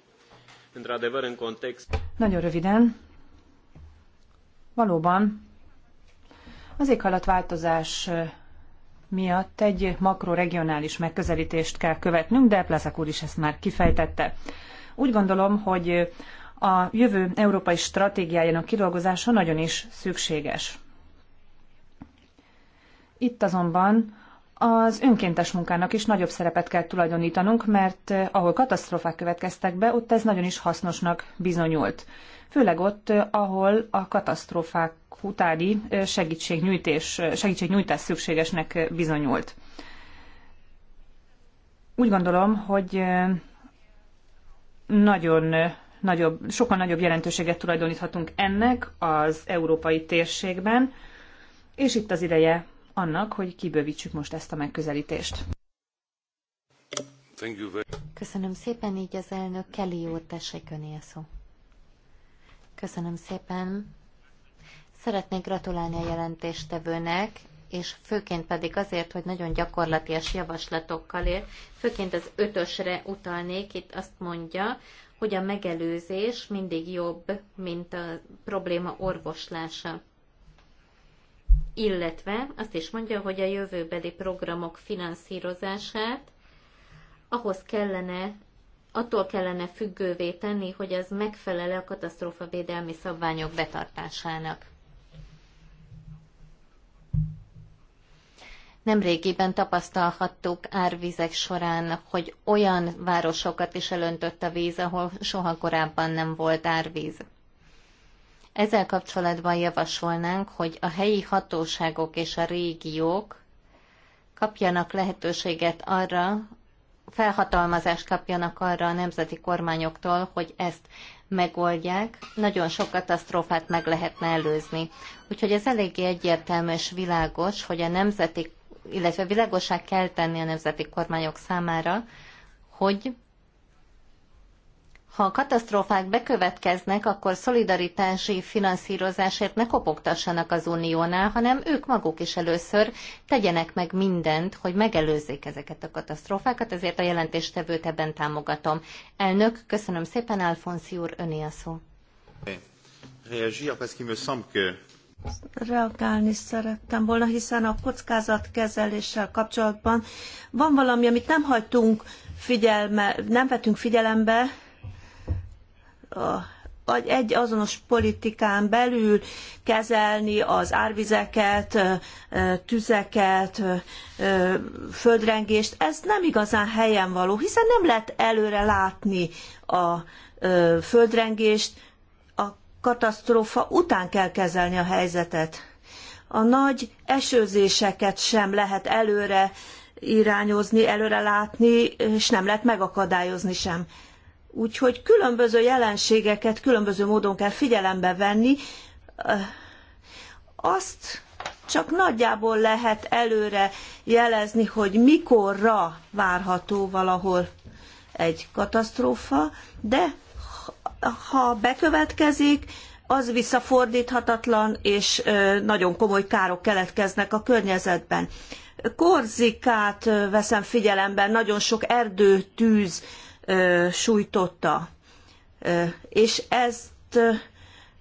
Într-adevăr, în context... Nagyon röviden. Valóban, az éghajlatváltozás miatt egy makroregionális megközelítést kell követnünk, de Plezak úr is ezt már kifejtette. Úgy gondolom, hogy a jövő európai stratégiájának kidolgozása nagyon is szükséges. Itt azonban az önkéntes munkának is nagyobb szerepet kell tulajdonítanunk, mert ahol katasztrófák következtek be, ott ez nagyon is hasznosnak bizonyult főleg ott, eh, ahol a katasztrófák utáni eh, segítségnyújtás, eh, segítségnyújtás szükségesnek bizonyult. Úgy gondolom, hogy nagyon nagyobb, sokkal nagyobb jelentőséget tulajdoníthatunk ennek az európai térségben, és itt az ideje annak, hogy kibővítsük most ezt a megközelítést. Köszönöm szépen, így az elnök Kelly úr, tessék a szó. Köszönöm szépen. Szeretnék gratulálni a jelentéstevőnek, és főként pedig azért, hogy nagyon gyakorlatias javaslatokkal él. Főként az ötösre utalnék, itt azt mondja, hogy a megelőzés mindig jobb, mint a probléma orvoslása. Illetve azt is mondja, hogy a jövőbeli programok finanszírozását ahhoz kellene attól kellene függővé tenni, hogy az megfelele a katasztrófavédelmi szabványok betartásának. Nemrégiben tapasztalhattuk árvizek során, hogy olyan városokat is elöntött a víz, ahol soha korábban nem volt árvíz. Ezzel kapcsolatban javasolnánk, hogy a helyi hatóságok és a régiók kapjanak lehetőséget arra, felhatalmazást kapjanak arra a nemzeti kormányoktól, hogy ezt megoldják, nagyon sok katasztrófát meg lehetne előzni. Úgyhogy ez eléggé egyértelmű és világos, hogy a nemzeti, illetve világosság kell tenni a nemzeti kormányok számára, hogy ha a katasztrófák bekövetkeznek, akkor szolidaritási finanszírozásért ne kopogtassanak az uniónál, hanem ők maguk is először tegyenek meg mindent, hogy megelőzzék ezeket a katasztrófákat, ezért a jelentéstevőt ebben támogatom. Elnök, köszönöm szépen, Alfonszi úr, öné a szó. Reagálni szerettem volna, hiszen a kockázatkezeléssel kapcsolatban van valami, amit nem hagytunk figyelme, nem vetünk figyelembe, a, egy azonos politikán belül kezelni az árvizeket, tüzeket, földrengést, ez nem igazán helyen való, hiszen nem lehet előre látni a földrengést, a katasztrófa után kell kezelni a helyzetet. A nagy esőzéseket sem lehet előre irányozni, előre látni, és nem lehet megakadályozni sem. Úgyhogy különböző jelenségeket különböző módon kell figyelembe venni. Azt csak nagyjából lehet előre jelezni, hogy mikorra várható valahol egy katasztrófa, de ha bekövetkezik, az visszafordíthatatlan, és nagyon komoly károk keletkeznek a környezetben. Korzikát veszem figyelembe, nagyon sok erdőtűz sújtotta. És ezt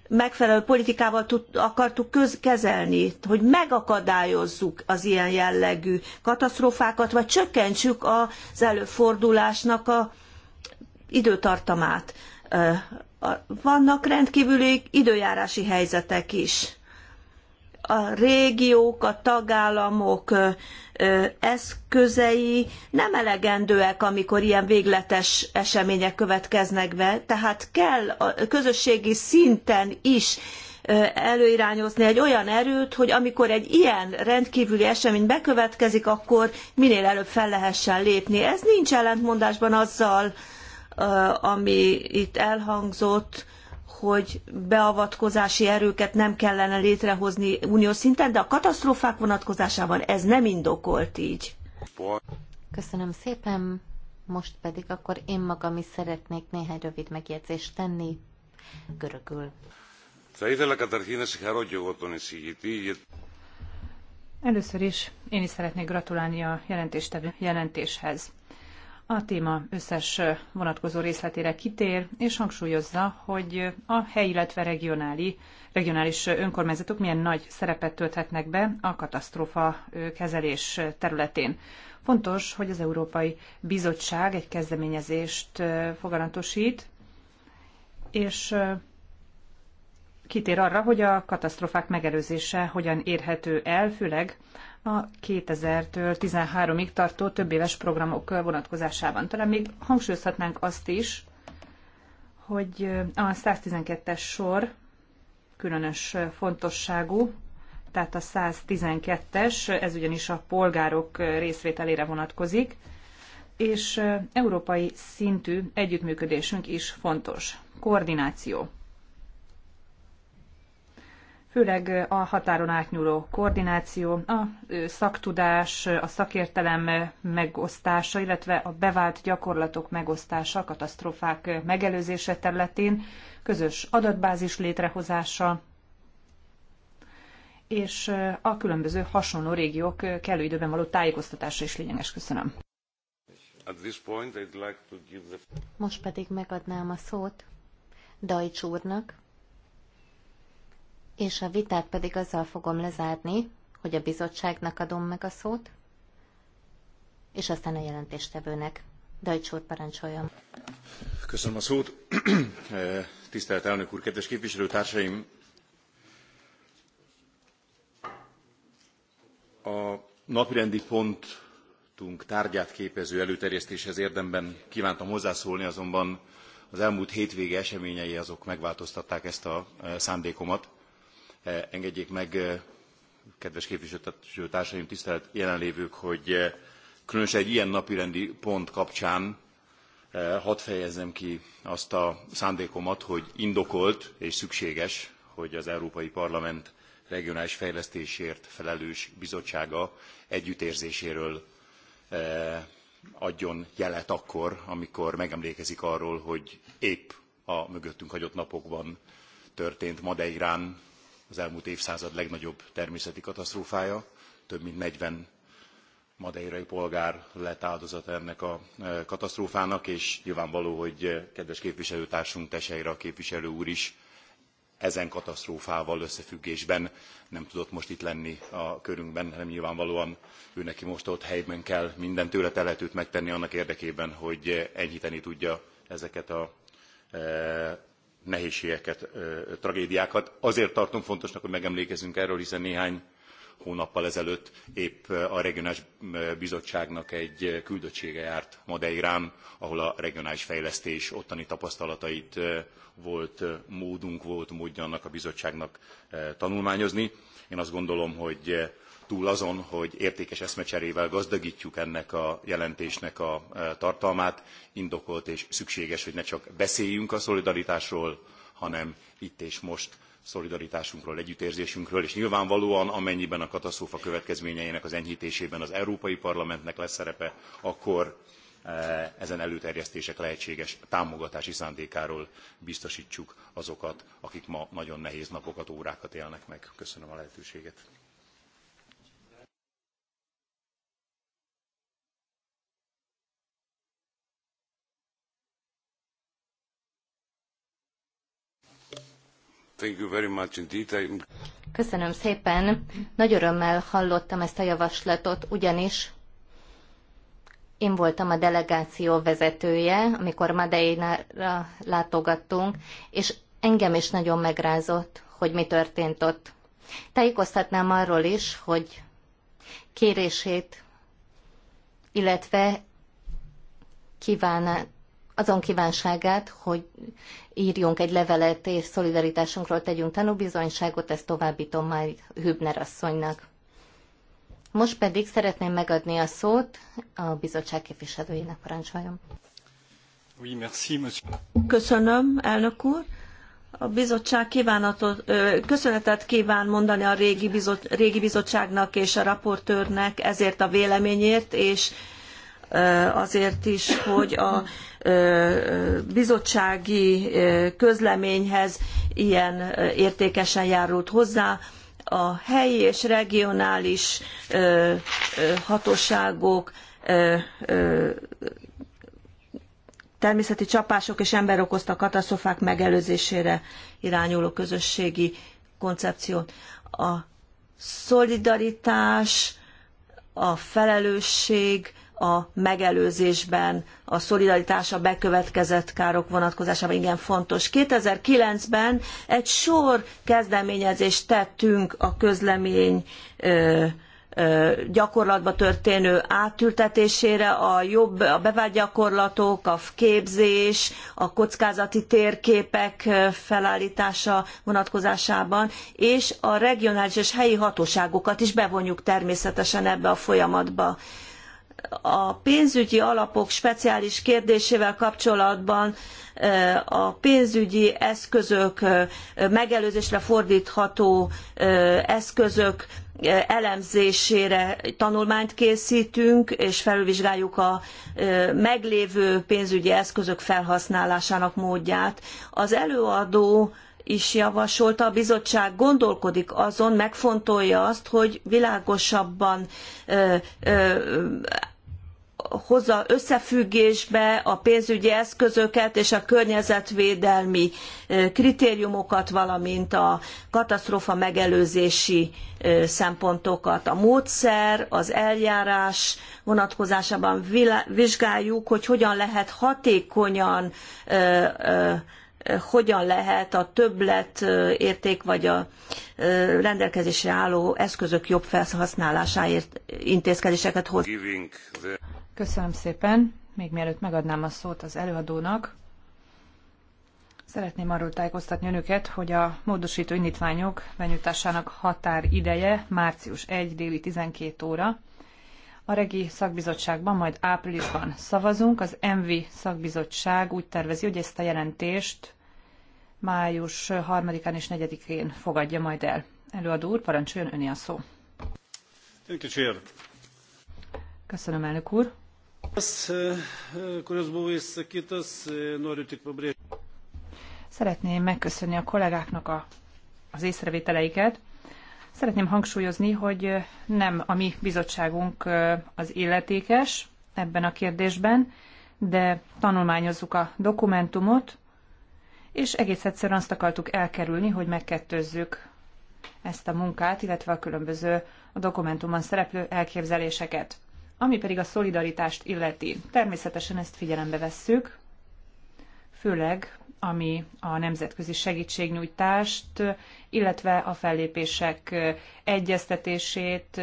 megfelelő politikával tud, akartuk köz, kezelni, hogy megakadályozzuk az ilyen jellegű katasztrófákat, vagy csökkentsük az előfordulásnak a időtartamát. Vannak rendkívüli időjárási helyzetek is a régiók, a tagállamok eszközei nem elegendőek, amikor ilyen végletes események következnek be, tehát kell a közösségi szinten is előirányozni egy olyan erőt, hogy amikor egy ilyen rendkívüli esemény bekövetkezik, akkor minél előbb fel lehessen lépni. Ez nincs ellentmondásban azzal, ami itt elhangzott, hogy beavatkozási erőket nem kellene létrehozni uniós szinten, de a katasztrófák vonatkozásában ez nem indokolt így. Köszönöm szépen, most pedig akkor én magam is szeretnék néhány rövid megjegyzést tenni görögül. Először is én is szeretnék gratulálni a jelentéstevő jelentéshez a téma összes vonatkozó részletére kitér, és hangsúlyozza, hogy a helyi, illetve regionális, regionális önkormányzatok milyen nagy szerepet tölthetnek be a katasztrófa kezelés területén. Fontos, hogy az Európai Bizottság egy kezdeményezést fogalatosít, és kitér arra, hogy a katasztrofák megelőzése hogyan érhető el, főleg a 2000-től 13-ig tartó több éves programok vonatkozásában. Talán még hangsúlyozhatnánk azt is, hogy a 112-es sor különös fontosságú, tehát a 112-es, ez ugyanis a polgárok részvételére vonatkozik, és európai szintű együttműködésünk is fontos. Koordináció főleg a határon átnyúló koordináció, a szaktudás, a szakértelem megosztása, illetve a bevált gyakorlatok megosztása, a katasztrófák megelőzése területén, közös adatbázis létrehozása, és a különböző hasonló régiók kellő időben való tájékoztatása is lényeges. Köszönöm. Most pedig megadnám a szót Dajcs úrnak, és a vitát pedig azzal fogom lezárni, hogy a bizottságnak adom meg a szót, és aztán a jelentéstevőnek. Dajcs úr, parancsoljon. Köszönöm a szót. Eh, tisztelt elnök úr, kedves képviselőtársaim! A napirendi pontunk tárgyát képező előterjesztéshez érdemben kívántam hozzászólni, azonban az elmúlt hétvége eseményei azok megváltoztatták ezt a eh, szándékomat Eh, engedjék meg, eh, kedves képviselőtársaim, tisztelt jelenlévők, hogy eh, különösen egy ilyen napirendi pont kapcsán hadd fejezzem ki azt a szándékomat, hogy indokolt és szükséges, hogy az Európai Parlament regionális fejlesztésért felelős bizottsága együttérzéséről adjon jelet akkor, amikor megemlékezik arról, hogy épp a mögöttünk hagyott napokban történt Madeirán az elmúlt évszázad legnagyobb természeti katasztrófája. Több mint 40 madeirai polgár lett áldozata ennek a e, katasztrófának, és nyilvánvaló, hogy e, kedves képviselőtársunk Teseira képviselő úr is ezen katasztrófával összefüggésben nem tudott most itt lenni a körünkben, hanem nyilvánvalóan ő neki most ott helyben kell minden tőle telhetőt megtenni annak érdekében, hogy enyhíteni tudja ezeket a e, nehézségeket, tragédiákat. Azért tartom fontosnak, hogy megemlékezünk erről, hiszen néhány hónappal ezelőtt épp a regionális bizottságnak egy küldöttsége járt Madeirán, ahol a regionális fejlesztés ottani tapasztalatait volt módunk, volt módja annak a bizottságnak tanulmányozni. Én azt gondolom, hogy túl azon, hogy értékes eszmecserével gazdagítjuk ennek a jelentésnek a e, tartalmát, indokolt és szükséges, hogy ne csak beszéljünk a szolidaritásról, hanem itt és most szolidaritásunkról, együttérzésünkről, és nyilvánvalóan amennyiben a katasztrófa következményeinek az enyhítésében az Európai Parlamentnek lesz szerepe, akkor e, ezen előterjesztések lehetséges támogatási szándékáról biztosítsuk azokat, akik ma nagyon nehéz napokat, órákat élnek meg. Köszönöm a lehetőséget. Köszönöm szépen. Nagy örömmel hallottam ezt a javaslatot, ugyanis én voltam a delegáció vezetője, amikor Madeinára látogattunk, és engem is nagyon megrázott, hogy mi történt ott. Tájékoztatnám arról is, hogy kérését, illetve kívánát azon kívánságát, hogy írjunk egy levelet és szolidaritásunkról tegyünk tanúbizonyságot, ezt továbbítom majd Hübner asszonynak. Most pedig szeretném megadni a szót a bizottság képviselőjének, parancsoljon. Köszönöm, elnök úr. A bizottság kívánatot, köszönetet kíván mondani a régi, bizot, régi bizottságnak és a raportőrnek ezért a véleményért, és azért is, hogy a bizottsági közleményhez ilyen értékesen járult hozzá. A helyi és regionális hatóságok természeti csapások és ember okozta katasztrofák megelőzésére irányuló közösségi koncepciót. A szolidaritás, a felelősség, a megelőzésben, a szolidaritás a bekövetkezett károk vonatkozásában igen fontos. 2009-ben egy sor kezdeményezést tettünk a közlemény ö, gyakorlatba történő átültetésére, a jobb, a bevált gyakorlatok, a képzés, a kockázati térképek felállítása vonatkozásában, és a regionális és helyi hatóságokat is bevonjuk természetesen ebbe a folyamatba a pénzügyi alapok speciális kérdésével kapcsolatban eh, a pénzügyi eszközök, eh, megelőzésre fordítható eh, eszközök elemzésére tanulmányt készítünk, és felülvizsgáljuk a meglévő pénzügyi eszközök felhasználásának módját. Az előadó is javasolta, a bizottság gondolkodik azon, megfontolja azt, hogy világosabban hozza összefüggésbe a pénzügyi eszközöket és a környezetvédelmi kritériumokat, valamint a katasztrófa megelőzési szempontokat. A módszer, az eljárás vonatkozásában vizsgáljuk, hogy hogyan lehet hatékonyan, hogyan lehet a többlet érték vagy a rendelkezésre álló eszközök jobb felhasználásáért intézkedéseket hozni. Köszönöm szépen. Még mielőtt megadnám a szót az előadónak, szeretném arról tájékoztatni önöket, hogy a módosító indítványok benyújtásának határideje március 1 déli 12 óra. A regi szakbizottságban majd áprilisban szavazunk. Az MV szakbizottság úgy tervezi, hogy ezt a jelentést május 3-án és 4-én fogadja majd el. Előadó úr, parancsoljon öné a szó. Köszönöm, elnök úr. E, e, e, Szeretném megköszönni a kollégáknak a, az észrevételeiket. Szeretném hangsúlyozni, hogy nem a mi bizottságunk az illetékes ebben a kérdésben, de tanulmányozzuk a dokumentumot, és egész egyszerűen azt akartuk elkerülni, hogy megkettőzzük ezt a munkát, illetve a különböző a dokumentumban szereplő elképzeléseket. Ami pedig a szolidaritást illeti, természetesen ezt figyelembe vesszük, főleg ami a nemzetközi segítségnyújtást, illetve a fellépések egyeztetését,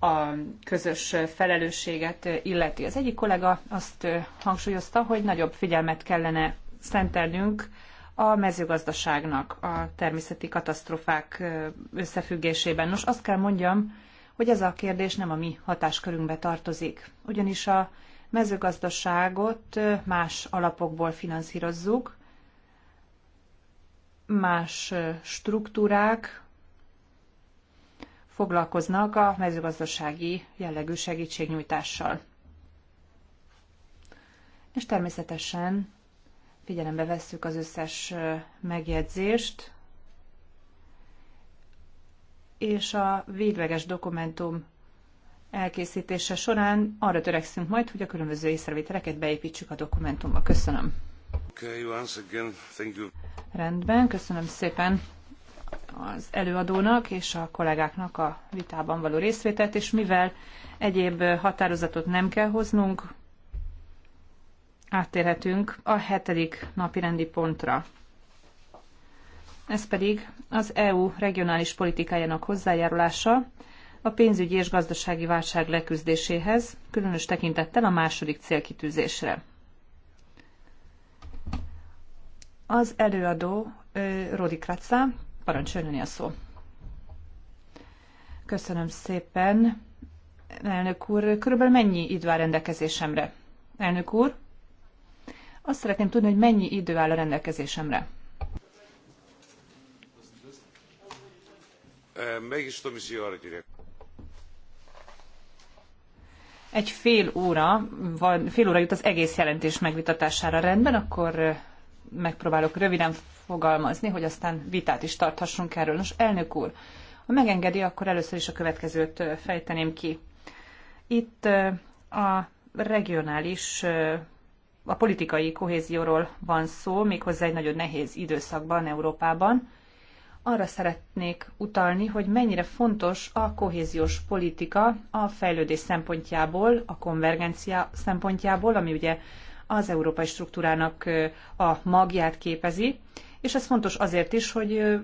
a közös felelősséget illeti. Az egyik kollega azt hangsúlyozta, hogy nagyobb figyelmet kellene szentelnünk a mezőgazdaságnak a természeti katasztrofák összefüggésében. Nos, azt kell mondjam, hogy ez a kérdés nem a mi hatáskörünkbe tartozik. Ugyanis a mezőgazdaságot más alapokból finanszírozzuk, más struktúrák foglalkoznak a mezőgazdasági jellegű segítségnyújtással. És természetesen figyelembe vesszük az összes megjegyzést, és a végleges dokumentum elkészítése során arra törekszünk majd, hogy a különböző észrevételeket beépítsük a dokumentumba. Köszönöm. Okay, again. Thank you. Rendben, köszönöm szépen az előadónak és a kollégáknak a vitában való részvételt, és mivel egyéb határozatot nem kell hoznunk, áttérhetünk a hetedik napi rendi pontra ez pedig az EU regionális politikájának hozzájárulása a pénzügyi és gazdasági válság leküzdéséhez, különös tekintettel a második célkitűzésre. Az előadó Rodi Kratza, parancsoljon a szó. Köszönöm szépen. Elnök úr, körülbelül mennyi idő áll rendelkezésemre? Elnök úr, azt szeretném tudni, hogy mennyi idő áll a rendelkezésemre. μέγιστο μισή ώρα, κύριε. Egy fél óra, van, fél óra jut az egész jelentés megvitatására rendben, akkor megpróbálok röviden fogalmazni, hogy aztán vitát is tarthassunk erről. Nos, elnök úr, ha megengedi, akkor először is a következőt fejteném ki. Itt a regionális, a politikai kohézióról van szó, méghozzá egy nagyon nehéz időszakban Európában arra szeretnék utalni, hogy mennyire fontos a kohéziós politika a fejlődés szempontjából, a konvergencia szempontjából, ami ugye az európai struktúrának a magját képezi, és ez fontos azért is, hogy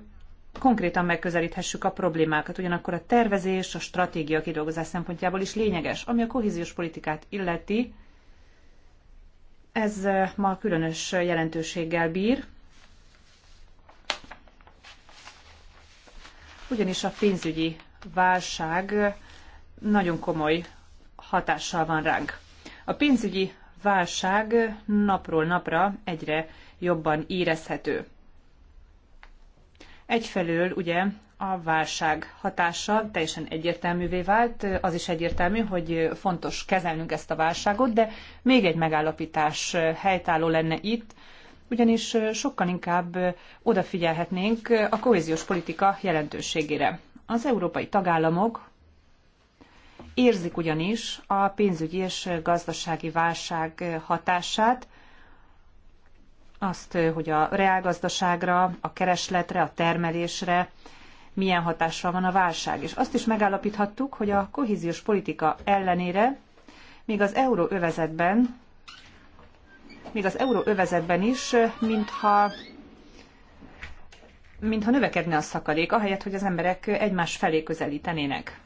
konkrétan megközelíthessük a problémákat. Ugyanakkor a tervezés, a stratégia kidolgozás szempontjából is lényeges. Ami a kohéziós politikát illeti, ez ma különös jelentőséggel bír, ugyanis a pénzügyi válság nagyon komoly hatással van ránk. A pénzügyi válság napról napra egyre jobban érezhető. Egyfelől ugye a válság hatása teljesen egyértelművé vált, az is egyértelmű, hogy fontos kezelnünk ezt a válságot, de még egy megállapítás helytálló lenne itt, ugyanis sokkal inkább odafigyelhetnénk a kohéziós politika jelentőségére. Az európai tagállamok érzik ugyanis a pénzügyi és gazdasági válság hatását, azt, hogy a reálgazdaságra, a keresletre, a termelésre milyen hatással van a válság. És azt is megállapíthattuk, hogy a kohéziós politika ellenére még az euróövezetben még az euróövezetben is, mintha mintha növekedne a szakadék, ahelyett, hogy az emberek egymás felé közelítenének.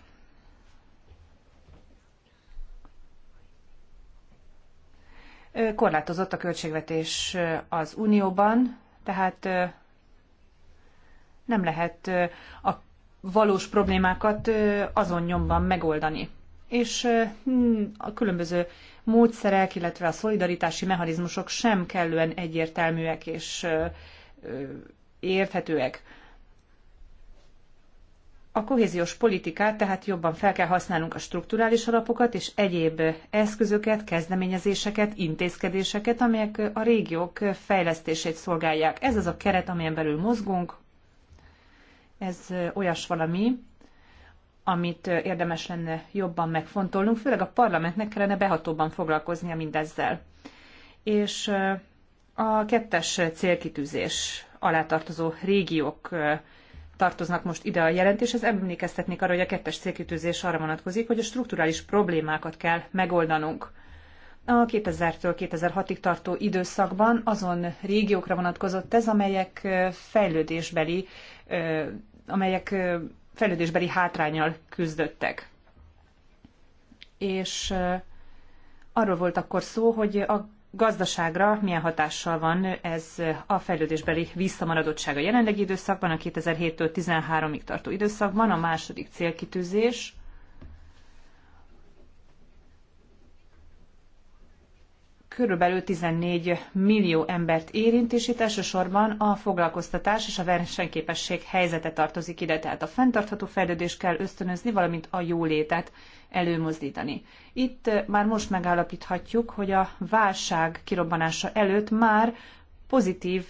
Korlátozott a költségvetés az Unióban, tehát nem lehet a valós problémákat azon nyomban megoldani és hmm, a különböző módszerek, illetve a szolidaritási mechanizmusok sem kellően egyértelműek és érthetőek. A kohéziós politikát tehát jobban fel kell használnunk a strukturális alapokat és egyéb eszközöket, kezdeményezéseket, intézkedéseket, amelyek a régiók fejlesztését szolgálják. Ez az a keret, amelyen belül mozgunk. Ez olyas valami, amit érdemes lenne jobban megfontolnunk, főleg a parlamentnek kellene behatóban foglalkoznia mindezzel. És a kettes célkitűzés alá tartozó régiók tartoznak most ide a jelentéshez. Emlékeztetnék arra, hogy a kettes célkitűzés arra vonatkozik, hogy a strukturális problémákat kell megoldanunk. A 2000-től 2006-ig tartó időszakban azon régiókra vonatkozott ez, amelyek fejlődésbeli, amelyek fejlődésbeli hátrányjal küzdöttek. És arról volt akkor szó, hogy a gazdaságra milyen hatással van ez a fejlődésbeli visszamaradottság a jelenlegi időszakban, a 2007-től 13-ig tartó időszakban, a második célkitűzés körülbelül 14 millió embert érint, és itt elsősorban a foglalkoztatás és a versenyképesség helyzete tartozik ide, tehát a fenntartható fejlődést kell ösztönözni, valamint a jólétet előmozdítani. Itt már most megállapíthatjuk, hogy a válság kirobbanása előtt már pozitív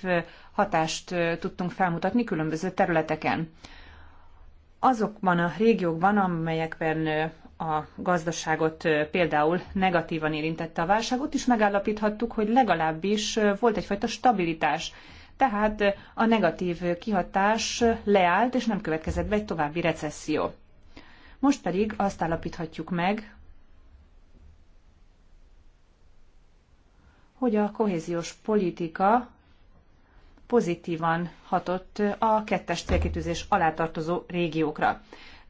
hatást tudtunk felmutatni különböző területeken azokban a régiókban, amelyekben a gazdaságot például negatívan érintette a válság, ott is megállapíthattuk, hogy legalábbis volt egyfajta stabilitás. Tehát a negatív kihatás leállt, és nem következett be egy további recesszió. Most pedig azt állapíthatjuk meg, hogy a kohéziós politika pozitívan hatott a kettes célkitűzés alátartozó régiókra.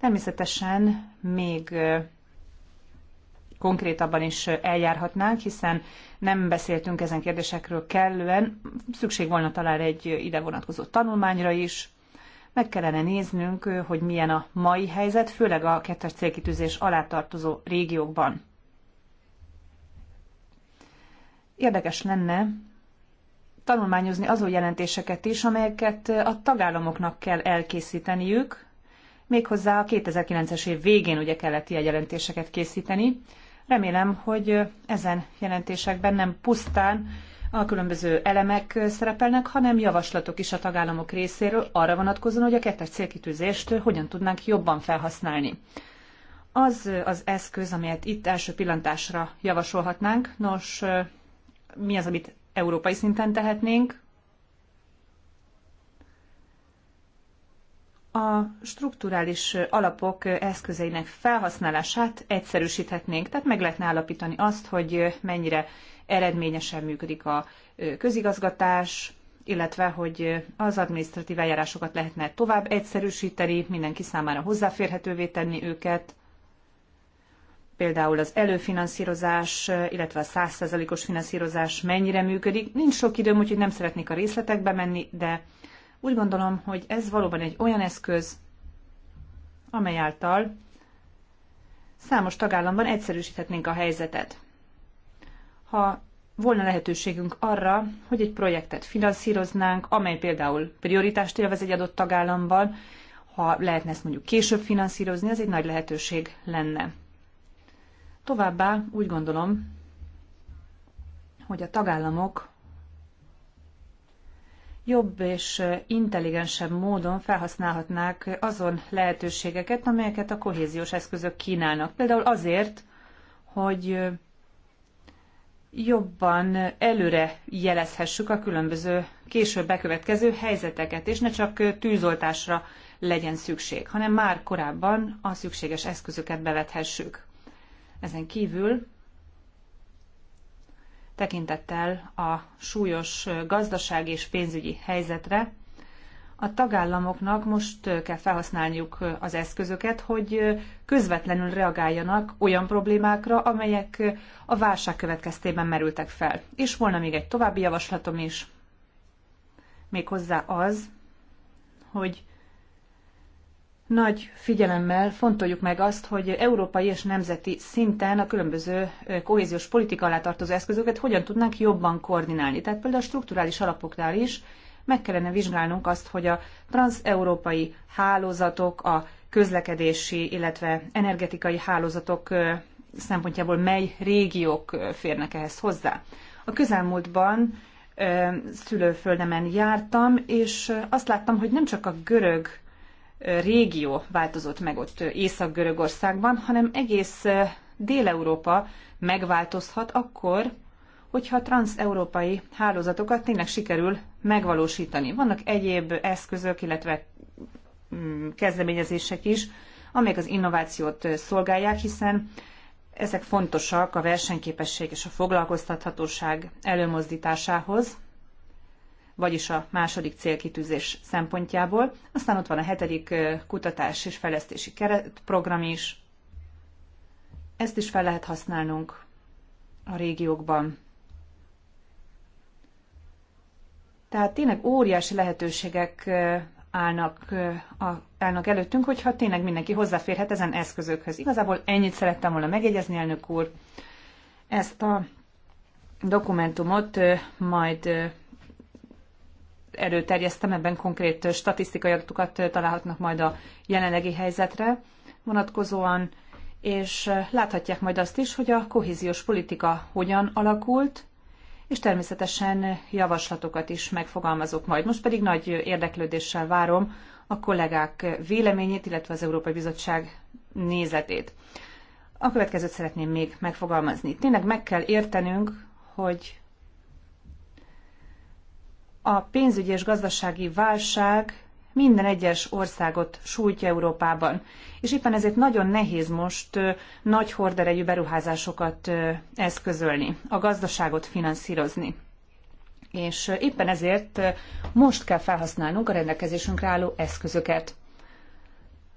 Természetesen még konkrétabban is eljárhatnánk, hiszen nem beszéltünk ezen kérdésekről kellően. Szükség volna talán egy ide vonatkozó tanulmányra is. Meg kellene néznünk, hogy milyen a mai helyzet, főleg a kettes célkitűzés alá tartozó régiókban. Érdekes lenne tanulmányozni azon jelentéseket is, amelyeket a tagállamoknak kell elkészíteniük, Méghozzá a 2009-es év végén ugye kellett ilyen jelentéseket készíteni. Remélem, hogy ezen jelentésekben nem pusztán a különböző elemek szerepelnek, hanem javaslatok is a tagállamok részéről arra vonatkozóan, hogy a kettes célkitűzést hogyan tudnánk jobban felhasználni. Az az eszköz, amelyet itt első pillantásra javasolhatnánk, nos, mi az, amit európai szinten tehetnénk, a strukturális alapok eszközeinek felhasználását egyszerűsíthetnénk, tehát meg lehetne állapítani azt, hogy mennyire eredményesen működik a közigazgatás, illetve hogy az adminisztratív eljárásokat lehetne tovább egyszerűsíteni, mindenki számára hozzáférhetővé tenni őket, például az előfinanszírozás, illetve a százszerzalékos finanszírozás mennyire működik. Nincs sok időm, úgyhogy nem szeretnék a részletekbe menni, de úgy gondolom, hogy ez valóban egy olyan eszköz, amely által számos tagállamban egyszerűsíthetnénk a helyzetet. Ha volna lehetőségünk arra, hogy egy projektet finanszíroznánk, amely például prioritást élvez egy adott tagállamban, ha lehetne ezt mondjuk később finanszírozni, az egy nagy lehetőség lenne. Továbbá úgy gondolom, hogy a tagállamok jobb és intelligensebb módon felhasználhatnák azon lehetőségeket, amelyeket a kohéziós eszközök kínálnak. Például azért, hogy jobban előre jelezhessük a különböző később bekövetkező helyzeteket, és ne csak tűzoltásra legyen szükség, hanem már korábban a szükséges eszközöket bevethessük. Ezen kívül tekintettel a súlyos gazdaság és pénzügyi helyzetre, a tagállamoknak most kell felhasználniuk az eszközöket, hogy közvetlenül reagáljanak olyan problémákra, amelyek a válság következtében merültek fel. És volna még egy további javaslatom is, méghozzá az, hogy nagy figyelemmel fontoljuk meg azt, hogy európai és nemzeti szinten a különböző kohéziós politika alá tartozó eszközöket hogyan tudnánk jobban koordinálni. Tehát például a strukturális alapoknál is meg kellene vizsgálnunk azt, hogy a transeurópai hálózatok, a közlekedési, illetve energetikai hálózatok szempontjából mely régiók férnek ehhez hozzá. A közelmúltban szülőföldemen jártam, és azt láttam, hogy nem csak a görög régió változott meg ott Észak-Görögországban, hanem egész Dél-Európa megváltozhat akkor, hogyha a transeurópai hálózatokat tényleg sikerül megvalósítani. Vannak egyéb eszközök, illetve mm, kezdeményezések is, amelyek az innovációt szolgálják, hiszen ezek fontosak a versenyképesség és a foglalkoztathatóság előmozdításához, vagyis a második célkitűzés szempontjából. Aztán ott van a hetedik kutatás és fejlesztési keretprogram is. Ezt is fel lehet használnunk a régiókban. Tehát tényleg óriási lehetőségek állnak, a, állnak előttünk, hogyha tényleg mindenki hozzáférhet ezen eszközökhöz. Igazából ennyit szerettem volna megjegyezni, elnök úr. Ezt a dokumentumot majd előterjesztem, ebben konkrét statisztikai adatokat találhatnak majd a jelenlegi helyzetre vonatkozóan, és láthatják majd azt is, hogy a kohéziós politika hogyan alakult, és természetesen javaslatokat is megfogalmazok majd. Most pedig nagy érdeklődéssel várom a kollégák véleményét, illetve az Európai Bizottság nézetét. A következőt szeretném még megfogalmazni. Tényleg meg kell értenünk, hogy a pénzügyi és gazdasági válság minden egyes országot sújtja Európában. És éppen ezért nagyon nehéz most nagy horderejű beruházásokat eszközölni, a gazdaságot finanszírozni. És éppen ezért most kell felhasználnunk a rendelkezésünkre álló eszközöket.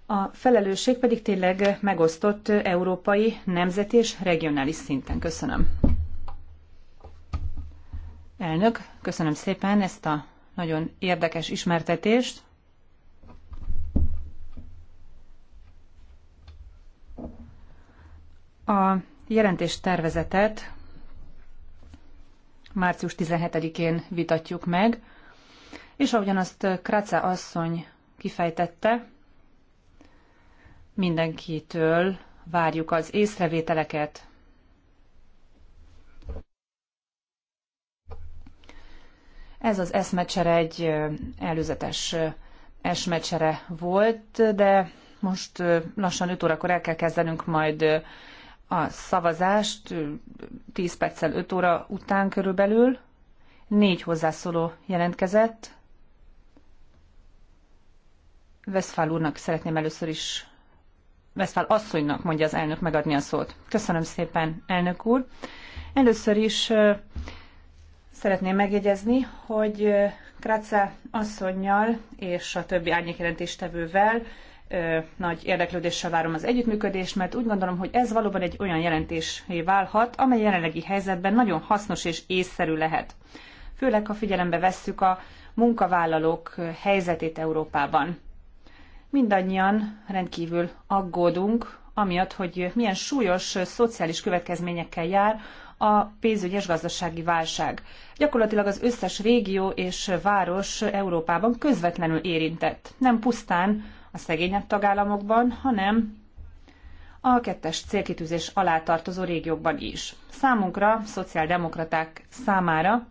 A felelősség pedig tényleg megosztott európai, nemzeti és regionális szinten. Köszönöm. Elnök, köszönöm szépen ezt a nagyon érdekes ismertetést. A jelentés tervezetet március 17-én vitatjuk meg, és ahogyan azt Kráce asszony kifejtette, mindenkitől várjuk az észrevételeket, Ez az eszmecsere egy előzetes esmecsere volt, de most lassan 5 órakor el kell kezdenünk majd a szavazást, 10 perccel 5 óra után körülbelül. Négy hozzászóló jelentkezett. Veszfál úrnak szeretném először is, Veszfál asszonynak mondja az elnök megadni a szót. Köszönöm szépen, elnök úr. Először is Szeretném megjegyezni, hogy Kratza asszonynal és a többi árnyékjelentéstevővel nagy érdeklődéssel várom az együttműködést, mert úgy gondolom, hogy ez valóban egy olyan jelentésé válhat, amely jelenlegi helyzetben nagyon hasznos és észszerű lehet. Főleg, ha figyelembe vesszük a munkavállalók helyzetét Európában. Mindannyian rendkívül aggódunk, amiatt, hogy milyen súlyos szociális következményekkel jár a pénzügyi és gazdasági válság. Gyakorlatilag az összes régió és város Európában közvetlenül érintett. Nem pusztán a szegényebb tagállamokban, hanem a kettes célkitűzés alá tartozó régiókban is. Számunkra, szociáldemokraták számára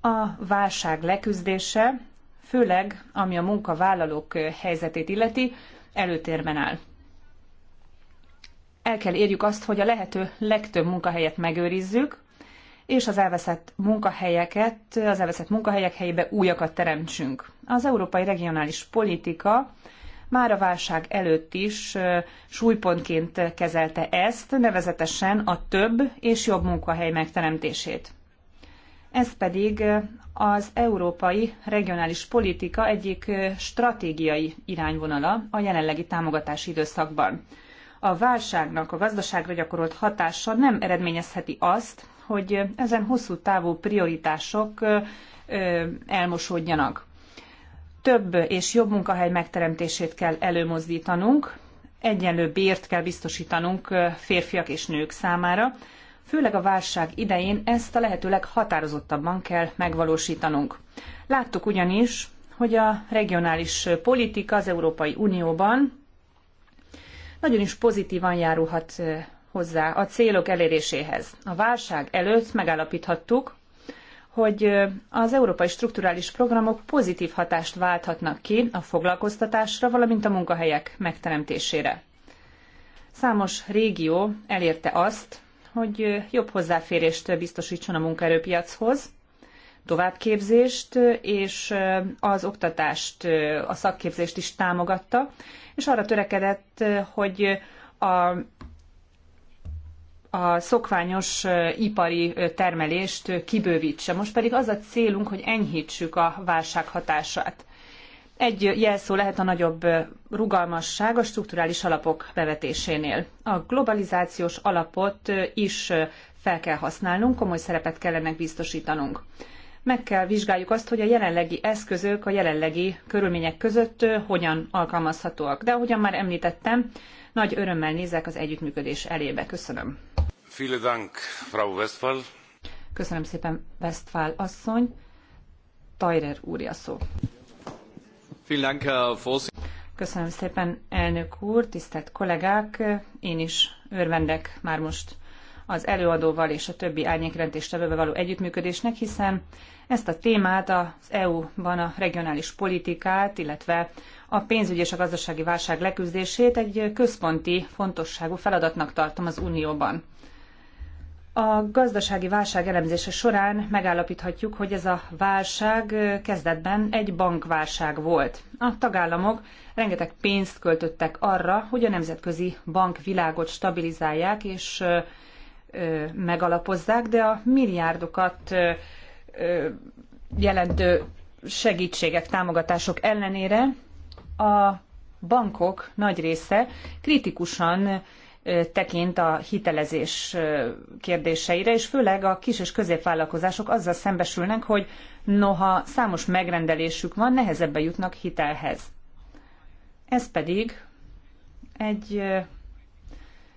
a válság leküzdése, főleg ami a munkavállalók helyzetét illeti, előtérben áll el kell érjük azt, hogy a lehető legtöbb munkahelyet megőrizzük, és az elveszett munkahelyeket, az elveszett munkahelyek helyébe újakat teremtsünk. Az európai regionális politika már a válság előtt is súlypontként kezelte ezt, nevezetesen a több és jobb munkahely megteremtését. Ez pedig az európai regionális politika egyik stratégiai irányvonala a jelenlegi támogatási időszakban a válságnak a gazdaságra gyakorolt hatása nem eredményezheti azt, hogy ezen hosszú távú prioritások elmosódjanak. Több és jobb munkahely megteremtését kell előmozdítanunk, egyenlő bért kell biztosítanunk férfiak és nők számára, főleg a válság idején ezt a lehető leghatározottabban kell megvalósítanunk. Láttuk ugyanis, hogy a regionális politika az Európai Unióban nagyon is pozitívan járulhat hozzá a célok eléréséhez. A válság előtt megállapíthattuk, hogy az európai strukturális programok pozitív hatást válthatnak ki a foglalkoztatásra, valamint a munkahelyek megteremtésére. Számos régió elérte azt, hogy jobb hozzáférést biztosítson a munkaerőpiachoz, továbbképzést és az oktatást, a szakképzést is támogatta, és arra törekedett, eh, hogy a a szokványos eh, ipari eh, termelést kibővítse. Most pedig az a célunk, hogy enyhítsük a válság hatását. Egy jelszó lehet a nagyobb rugalmasság a strukturális alapok bevetésénél. A globalizációs alapot is fel kell használnunk, komoly szerepet kellene biztosítanunk meg kell vizsgáljuk azt, hogy a jelenlegi eszközök a jelenlegi körülmények között hogyan alkalmazhatóak. De ahogyan már említettem, nagy örömmel nézek az együttműködés elébe. Köszönöm. Vielen Dank, Frau Westphal. Köszönöm szépen, Westphal asszony. Tajrer úr a szó. Vielen Dank, Köszönöm szépen, elnök úr, tisztelt kollégák! Én is örvendek már most az előadóval és a többi árnyékrendéstevővel való együttműködésnek, hiszen ezt a témát az EU-ban a regionális politikát, illetve a pénzügyi és a gazdasági válság leküzdését egy központi fontosságú feladatnak tartom az Unióban. A gazdasági válság elemzése során megállapíthatjuk, hogy ez a válság kezdetben egy bankválság volt. A tagállamok rengeteg pénzt költöttek arra, hogy a nemzetközi bankvilágot stabilizálják és megalapozzák, de a milliárdokat jelentő segítségek, támogatások ellenére a bankok nagy része kritikusan tekint a hitelezés kérdéseire, és főleg a kis és középvállalkozások azzal szembesülnek, hogy noha számos megrendelésük van, nehezebben jutnak hitelhez. Ez pedig egy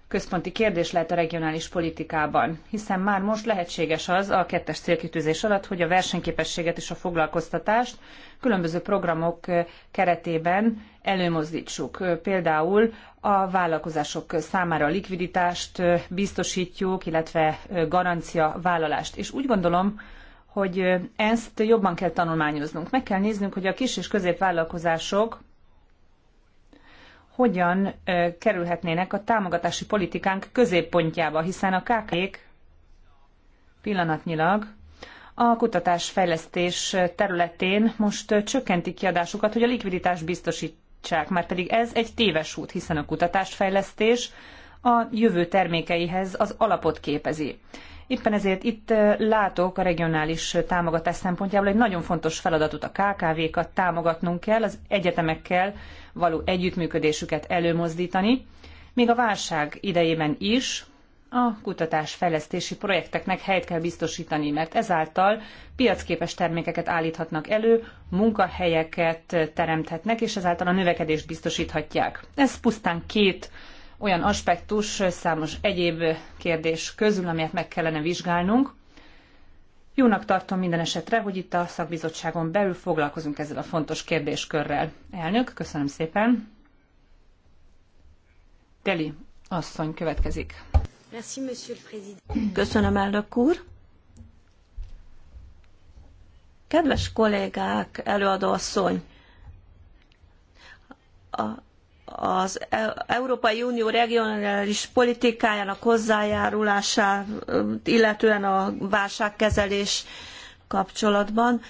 központi kérdés lehet a regionális politikában, hiszen már most lehetséges az a kettes célkitűzés alatt, hogy a versenyképességet és a foglalkoztatást különböző programok keretében előmozdítsuk. Például a vállalkozások számára a likviditást biztosítjuk, illetve garancia vállalást. És úgy gondolom, hogy ezt jobban kell tanulmányoznunk. Meg kell néznünk, hogy a kis és középvállalkozások hogyan kerülhetnének a támogatási politikánk középpontjába, hiszen a KKV-k pillanatnyilag a kutatásfejlesztés területén most csökkentik kiadásukat, hogy a likviditást biztosítsák, mert pedig ez egy téves út, hiszen a kutatásfejlesztés a jövő termékeihez az alapot képezi. Éppen ezért itt látok a regionális támogatás szempontjából egy nagyon fontos feladatot a KKV-kat támogatnunk kell, az egyetemekkel való együttműködésüket előmozdítani, még a válság idejében is a kutatásfejlesztési projekteknek helyet kell biztosítani, mert ezáltal piacképes termékeket állíthatnak elő, munkahelyeket teremthetnek, és ezáltal a növekedést biztosíthatják. Ez pusztán két olyan aspektus számos egyéb kérdés közül, amelyet meg kellene vizsgálnunk. Jónak tartom minden esetre, hogy itt a szakbizottságon belül foglalkozunk ezzel a fontos kérdéskörrel. Elnök, köszönöm szépen. Deli asszony következik. Köszönöm, elnök úr. Kedves kollégák, előadó asszony, a az e- Európai Unió regionális politikájának hozzájárulását, illetően a válságkezelés kapcsolatban.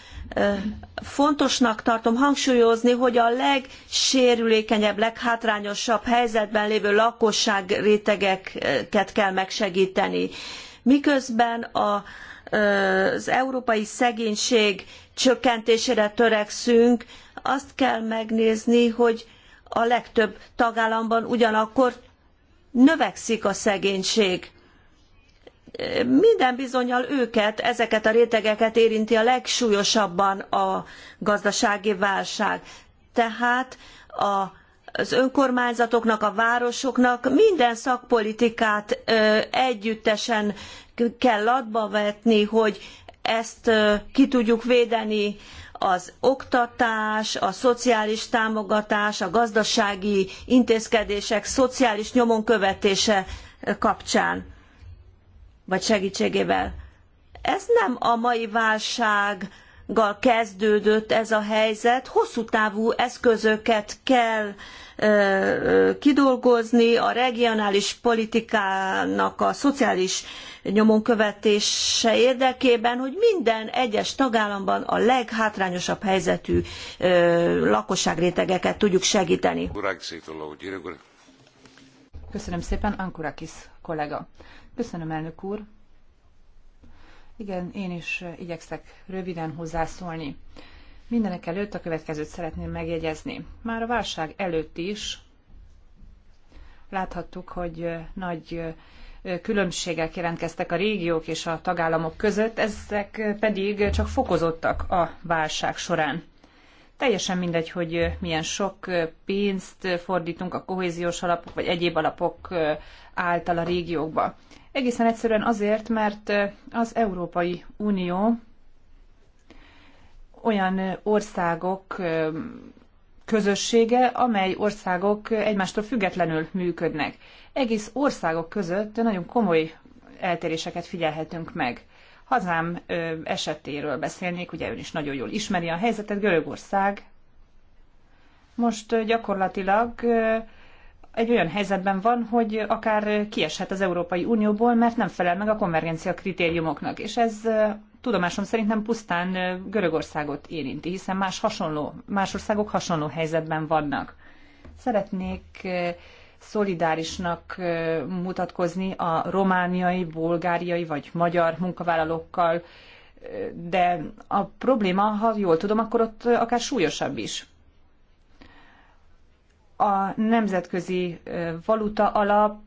Fontosnak tartom hangsúlyozni, hogy a legsérülékenyebb, leghátrányosabb helyzetben lévő lakosság rétegeket kell megsegíteni. Miközben a, az európai szegénység csökkentésére törekszünk, azt kell megnézni, hogy a legtöbb tagállamban ugyanakkor növekszik a szegénység. Minden bizonyal őket, ezeket a rétegeket érinti a legsúlyosabban a gazdasági válság. Tehát a az önkormányzatoknak, a városoknak minden szakpolitikát együttesen kell latba vetni, hogy ezt ki tudjuk védeni az oktatás, a szociális támogatás, a gazdasági intézkedések szociális nyomon követése eh, kapcsán, vagy segítségével. Ez nem a mai válsággal kezdődött ez a helyzet, hosszú távú eszközöket kell eh, eh, kidolgozni, a regionális politikának a szociális nyomon követése érdekében, hogy minden egyes tagállamban a leghátrányosabb helyzetű lakosságrétegeket tudjuk segíteni. Köszönöm szépen, Ankurakis kollega. Köszönöm, elnök úr. Igen, én is igyekszek röviden hozzászólni. Mindenek előtt a következőt szeretném megjegyezni. Már a válság előtt is láthattuk, hogy nagy különbségek jelentkeztek a régiók és a tagállamok között, ezek pedig csak fokozottak a válság során. Teljesen mindegy, hogy milyen sok pénzt fordítunk a kohéziós alapok vagy egyéb alapok által a régiókba. Egészen egyszerűen azért, mert az Európai Unió olyan országok közössége, amely országok egymástól függetlenül működnek. Egész országok között nagyon komoly eltéréseket figyelhetünk meg. Hazám esetéről beszélnék, ugye ön is nagyon jól ismeri a helyzetet, Görögország most gyakorlatilag egy olyan helyzetben van, hogy akár kieshet az Európai Unióból, mert nem felel meg a konvergencia kritériumoknak. És ez tudomásom szerint nem pusztán Görögországot érinti, hiszen más, hasonló, más országok hasonló helyzetben vannak. Szeretnék szolidárisnak mutatkozni a romániai, bulgáriai vagy magyar munkavállalókkal, de a probléma, ha jól tudom, akkor ott akár súlyosabb is a nemzetközi valuta alap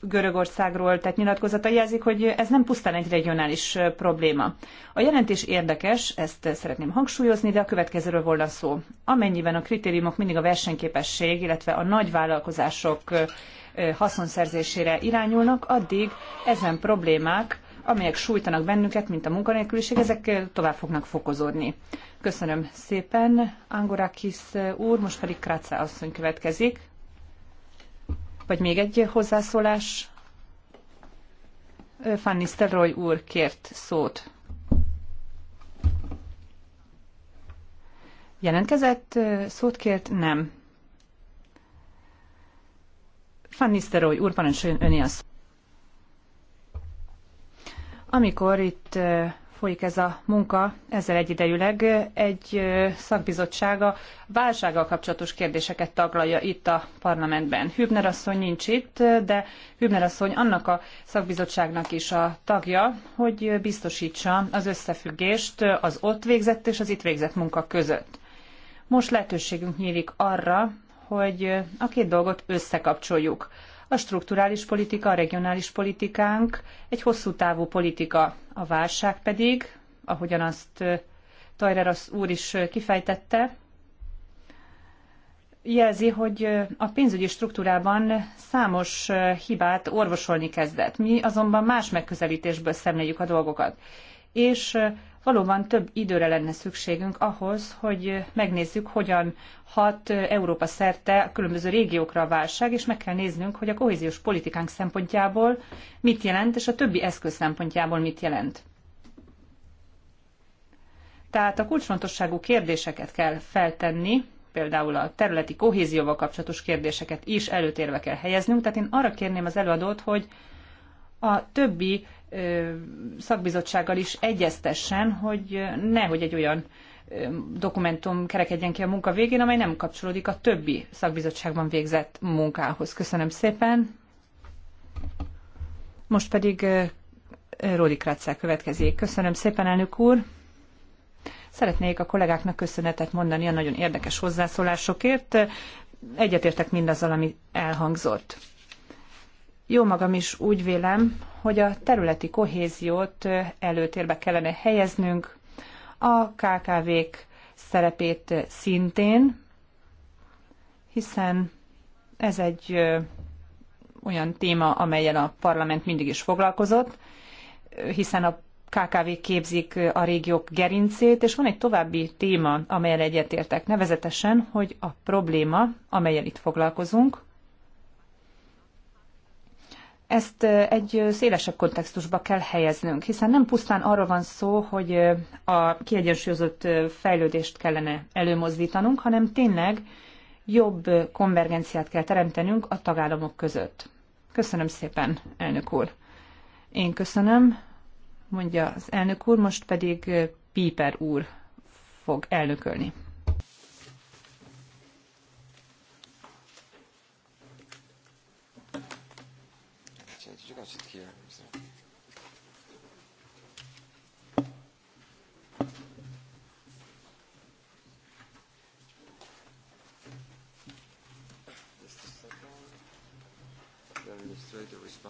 Görögországról tett nyilatkozata jelzik, hogy ez nem pusztán egy regionális probléma. A jelentés érdekes, ezt szeretném hangsúlyozni, de a következőről volna szó. Amennyiben a kritériumok mindig a versenyképesség, illetve a nagy vállalkozások haszonszerzésére irányulnak, addig ezen problémák, amelyek sújtanak bennünket, mint a munkanélküliség, ezek tovább fognak fokozódni. Köszönöm szépen, Angorakis úr, most pedig Kráca asszony következik. Vagy még egy hozzászólás? Van Stelroy úr kért szót. Jelentkezett, szót kért? Nem. Van Stelroy úr, parancsoljon öné a szó. Amikor itt folyik ez a munka, ezzel egyidejűleg egy szakbizottsága válsággal kapcsolatos kérdéseket taglalja itt a parlamentben. Hübner asszony nincs itt, de Hübner asszony annak a szakbizottságnak is a tagja, hogy biztosítsa az összefüggést az ott végzett és az itt végzett munka között. Most lehetőségünk nyílik arra, hogy a két dolgot összekapcsoljuk a strukturális politika, a regionális politikánk egy hosszú távú politika. A válság pedig, ahogyan azt Tajrer úr is kifejtette, jelzi, hogy a pénzügyi struktúrában számos hibát orvosolni kezdett. Mi azonban más megközelítésből szemléljük a dolgokat. És valóban több időre lenne szükségünk ahhoz, hogy megnézzük, hogyan hat Európa szerte a különböző régiókra a válság, és meg kell néznünk, hogy a kohéziós politikánk szempontjából mit jelent, és a többi eszköz szempontjából mit jelent. Tehát a kulcsfontosságú kérdéseket kell feltenni, például a területi kohézióval kapcsolatos kérdéseket is előtérbe kell helyeznünk. Tehát én arra kérném az előadót, hogy a többi szakbizottsággal is egyeztessen, hogy nehogy egy olyan dokumentum kerekedjen ki a munka végén, amely nem kapcsolódik a többi szakbizottságban végzett munkához. Köszönöm szépen. Most pedig Ródi Kratzel következik. Köszönöm szépen, elnök úr. Szeretnék a kollégáknak köszönetet mondani a nagyon érdekes hozzászólásokért. Egyetértek mindazzal, ami elhangzott. Jó magam is úgy vélem, hogy a területi kohéziót előtérbe kellene helyeznünk, a KKV-k szerepét szintén, hiszen ez egy olyan téma, amelyen a parlament mindig is foglalkozott, hiszen a KKV képzik a régiók gerincét, és van egy további téma, amelyel egyetértek, nevezetesen, hogy a probléma, amelyel itt foglalkozunk, ezt egy szélesebb kontextusba kell helyeznünk, hiszen nem pusztán arról van szó, hogy a kiegyensúlyozott fejlődést kellene előmozdítanunk, hanem tényleg jobb konvergenciát kell teremtenünk a tagállamok között. Köszönöm szépen, elnök úr. Én köszönöm, mondja az elnök úr, most pedig Piper úr fog elnökölni.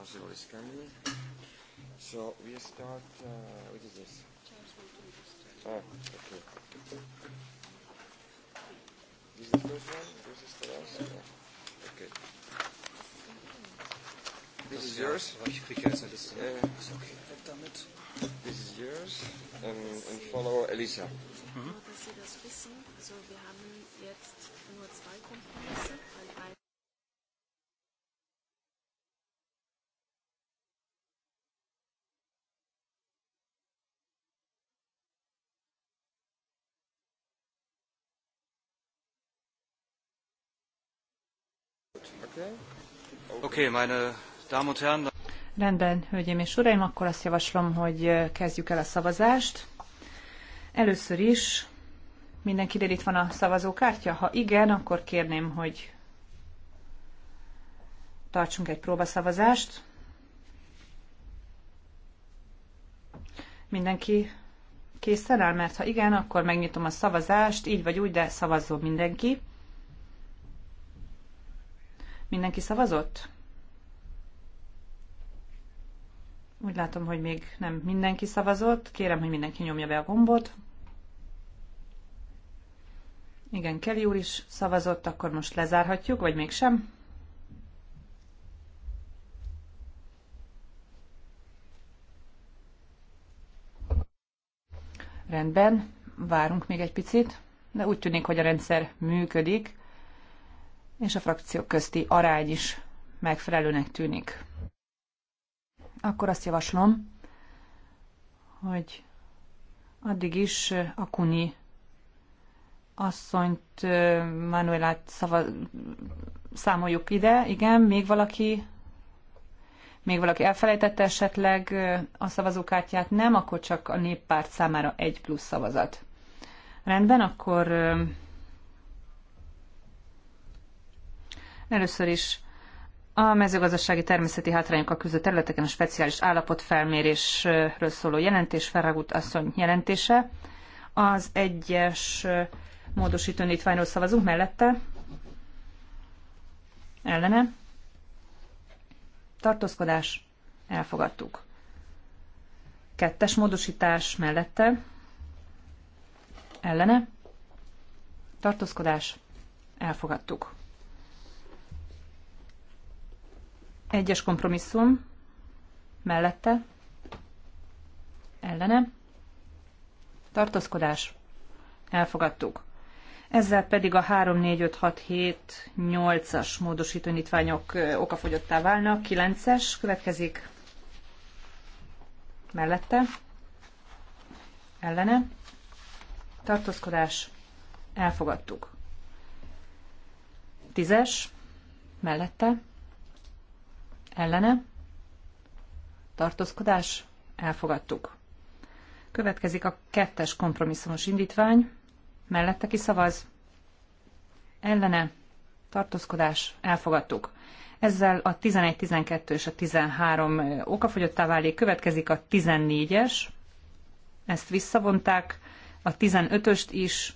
Monsignore Scagni. So we start, uh, what is this? Ah, okay. This is the first one, this is the last one. Okay. This is yours. Uh, this is yours. And, and follow Elisa. Mhm. Rendben, hölgyeim és uraim, akkor azt javaslom, hogy kezdjük el a szavazást. Először is ide itt van a szavazókártya? Ha igen, akkor kérném, hogy tartsunk egy próbaszavazást. Mindenki készen áll, mert ha igen, akkor megnyitom a szavazást, így vagy úgy, de szavazzó mindenki. Mindenki szavazott? Úgy látom, hogy még nem mindenki szavazott. Kérem, hogy mindenki nyomja be a gombot. Igen, Kelly úr is szavazott, akkor most lezárhatjuk, vagy mégsem? Rendben, várunk még egy picit, de úgy tűnik, hogy a rendszer működik és a frakciók közti arány is megfelelőnek tűnik. Akkor azt javaslom, hogy addig is a Kuni asszonyt, Manuelát szava, számoljuk ide. Igen, még valaki még valaki elfelejtette esetleg a szavazókártyát, nem, akkor csak a néppárt számára egy plusz szavazat. Rendben, akkor Először is a mezőgazdasági természeti hátrányokkal küzdő területeken a speciális állapotfelmérésről szóló jelentés, Ferragut asszony jelentése. Az egyes módosító nyitványról szavazunk mellette. Ellene. Tartózkodás. Elfogadtuk. Kettes módosítás mellette. Ellene. Tartózkodás. Elfogadtuk. Egyes kompromisszum mellette, ellene, tartózkodás, elfogadtuk. Ezzel pedig a 3, 4, 5, 6, 7, 8-as módosító módosítóindítványok okafogyottá válnak, 9-es következik mellette, ellene, tartózkodás, elfogadtuk. 10-es mellette, ellene, tartózkodás, elfogadtuk. Következik a kettes kompromisszumos indítvány, mellette ki szavaz? ellene, tartózkodás, elfogadtuk. Ezzel a 11, 12 és a 13 okafogyottá válik, következik a 14-es, ezt visszavonták, a 15-öst is,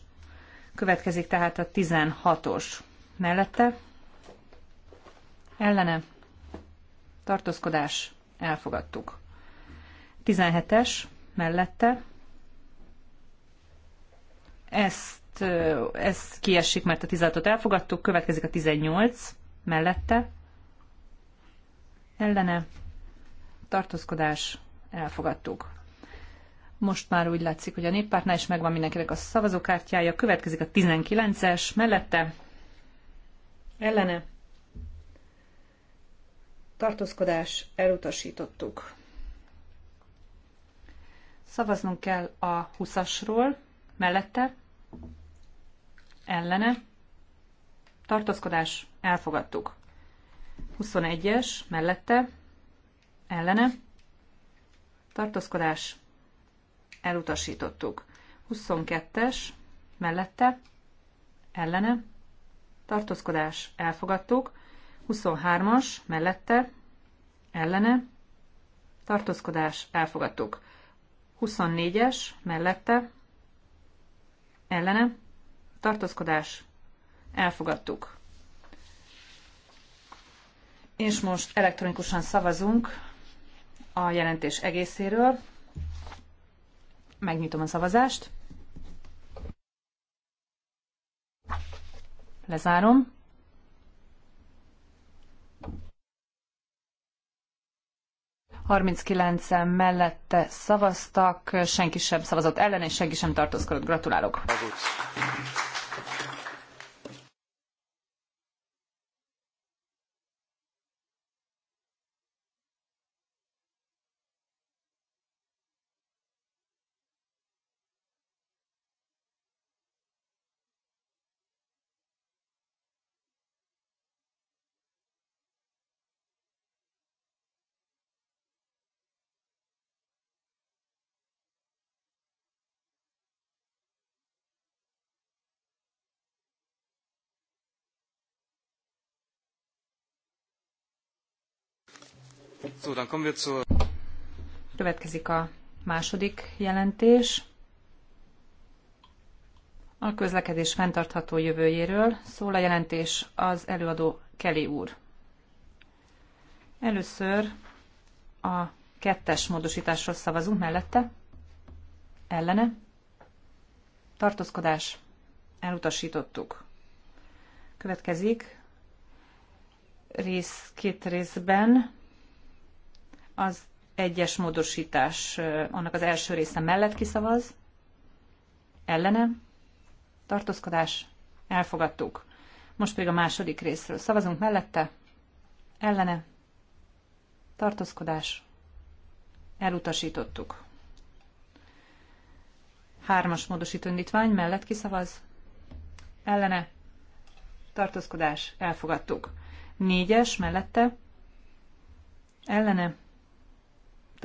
következik tehát a 16-os mellette, ellene, tartózkodás, elfogadtuk. 17-es mellette. Ezt, ez kiesik, mert a 16-ot elfogadtuk, következik a 18 mellette. Ellene tartózkodás, elfogadtuk. Most már úgy látszik, hogy a néppártnál is megvan mindenkinek a szavazókártyája. Következik a 19-es mellette. Ellene tartózkodás elutasítottuk. Szavaznunk kell a 20-asról, mellette, ellene, tartózkodás elfogadtuk. 21-es, mellette, ellene, tartózkodás elutasítottuk. 22-es, mellette, ellene, tartózkodás elfogadtuk. 23-as mellette, ellene, tartózkodás, elfogadtuk. 24-es mellette, ellene, tartózkodás, elfogadtuk. És most elektronikusan szavazunk a jelentés egészéről. Megnyitom a szavazást. Lezárom. 39-en mellette szavaztak, senki sem szavazott ellen, és senki sem tartózkodott. Gratulálok! Azután. So, dann kommen wir zur... Következik a második jelentés. A közlekedés fenntartható jövőjéről szól a jelentés az előadó Kelly úr. Először a kettes módosításról szavazunk mellette. Ellene. Tartózkodás. Elutasítottuk. Következik rész két részben az egyes módosítás annak az első része mellett kiszavaz, ellene, tartózkodás, elfogadtuk. Most pedig a második részről szavazunk mellette, ellene, tartózkodás, elutasítottuk. Hármas módosító indítvány mellett kiszavaz, ellene, tartózkodás, elfogadtuk. Négyes mellette, ellene,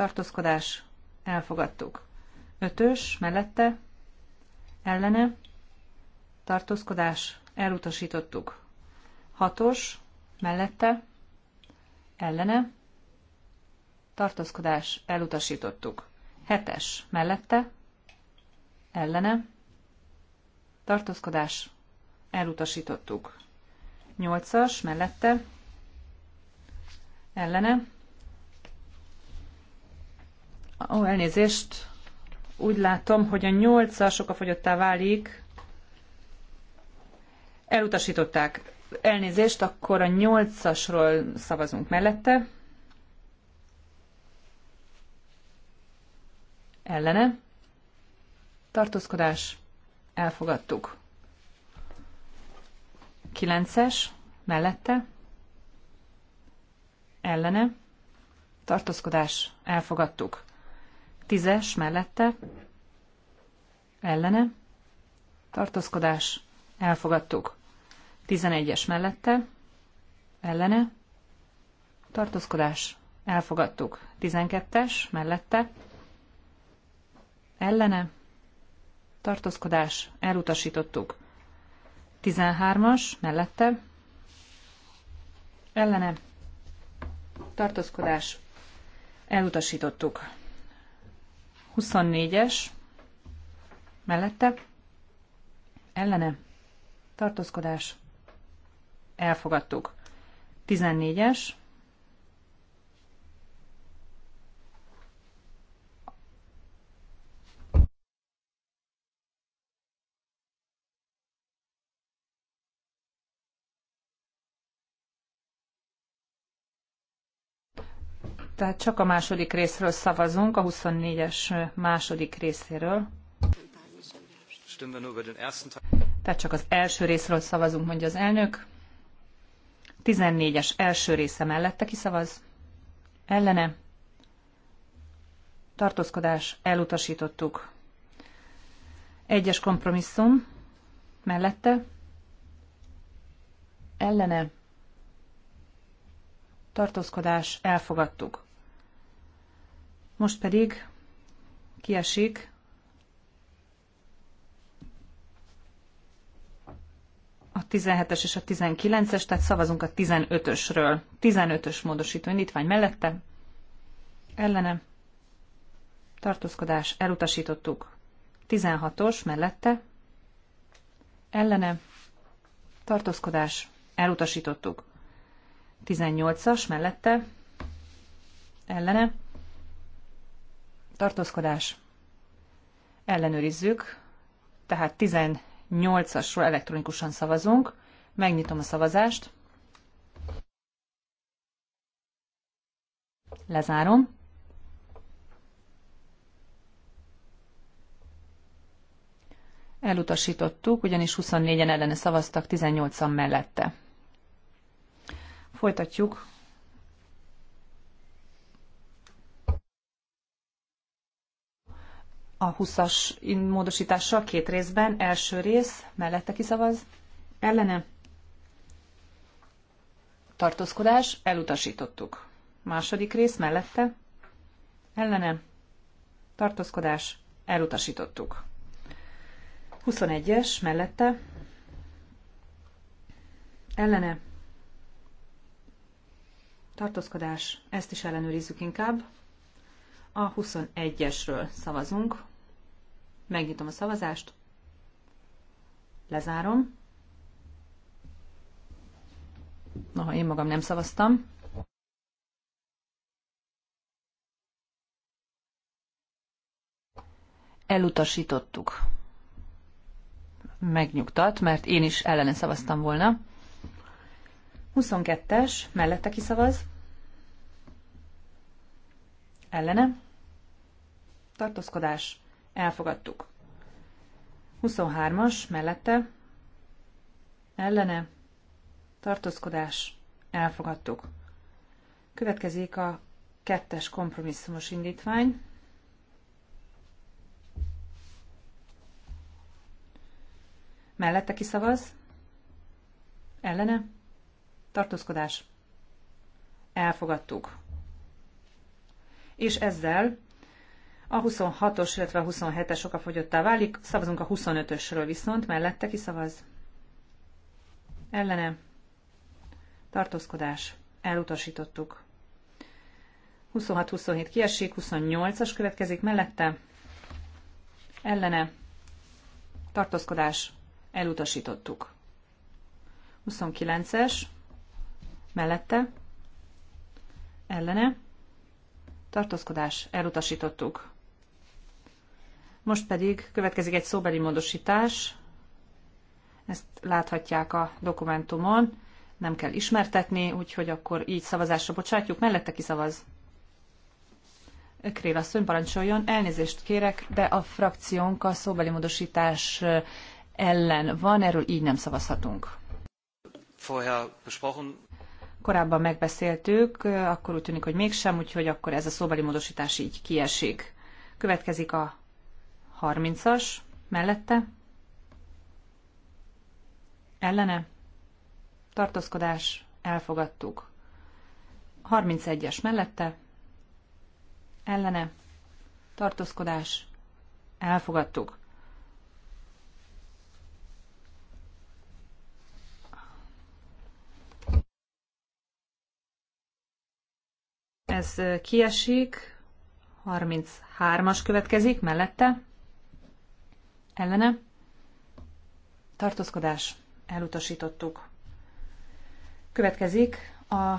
tartózkodás, elfogadtuk. Ötös, mellette, ellene, tartózkodás, elutasítottuk. Hatos, mellette, ellene, tartózkodás, elutasítottuk. Hetes, mellette, ellene, tartózkodás, elutasítottuk. Nyolcas, mellette, ellene, Ó, elnézést. Úgy látom, hogy a nyolca sokafogyottá válik. Elutasították. Elnézést, akkor a nyolcasról szavazunk mellette. Ellene. Tartózkodás. Elfogadtuk. Kilences. Mellette. Ellene. Tartózkodás. Elfogadtuk. Tízes mellette ellene tartózkodás elfogadtuk. Tizenegyes mellette ellene tartózkodás elfogadtuk. Tizenkettes mellette ellene tartózkodás elutasítottuk. Tizenhármas mellette ellene tartózkodás elutasítottuk. 24-es mellette ellene tartózkodás elfogadtuk. 14-es Tehát csak a második részről szavazunk, a 24-es második részéről. Tehát csak az első részről szavazunk, mondja az elnök. 14-es első része mellette kiszavaz. Ellene. Tartózkodás. Elutasítottuk. Egyes kompromisszum. Mellette. Ellene. Tartózkodás. Elfogadtuk. Most pedig kiesik a 17-es és a 19-es, tehát szavazunk a 15-ösről. 15-ös módosító indítvány mellette, ellene, tartózkodás, elutasítottuk. 16-os mellette, ellene, tartózkodás, elutasítottuk. 18-as mellette, ellene, tartózkodás, ellenőrizzük, tehát 18-asról elektronikusan szavazunk, megnyitom a szavazást, lezárom, Elutasítottuk, ugyanis 24-en ellene szavaztak, 18-an mellette. Folytatjuk a 20-as módosítással két részben. Első rész, mellette kiszavaz, ellene. Tartózkodás, elutasítottuk. Második rész, mellette, ellene. Tartózkodás, elutasítottuk. 21-es, mellette, ellene. Tartózkodás, ezt is ellenőrizzük inkább. A 21-esről szavazunk, Megnyitom a szavazást. Lezárom. Noha én magam nem szavaztam. Elutasítottuk. Megnyugtat, mert én is ellene szavaztam volna. 22-es, mellette kiszavaz. Ellene. Tartózkodás. Elfogadtuk. 23-as mellette ellene tartózkodás. Elfogadtuk. Következik a kettes kompromisszumos indítvány. Mellette kiszavaz? Ellene? Tartózkodás. Elfogadtuk. És ezzel a 26-os, illetve a 27-es okafogyottá válik. Szavazunk a 25-ösről viszont. Mellette ki szavaz? Ellene. Tartózkodás. Elutasítottuk. 26-27 kiesik, 28-as következik mellette. Ellene. Tartózkodás. Elutasítottuk. 29-es. Mellette. Ellene. Tartózkodás. Elutasítottuk. Most pedig következik egy szóbeli módosítás, ezt láthatják a dokumentumon, nem kell ismertetni, úgyhogy akkor így szavazásra bocsátjuk, mellette kiszavaz. Krél asszony parancsoljon, elnézést kérek, de a frakciónk a szóbeli módosítás eh, ellen van, erről így nem szavazhatunk. Korábban megbeszéltük, eh, akkor úgy tűnik, hogy mégsem, úgyhogy akkor ez a szóbeli módosítás így kiesik. Következik a 30-as, mellette, ellene, tartózkodás, elfogadtuk. 31-es mellette, ellene, tartózkodás, elfogadtuk. Ez kiesik, 33-as következik mellette, ellene, tartózkodás, elutasítottuk. Következik a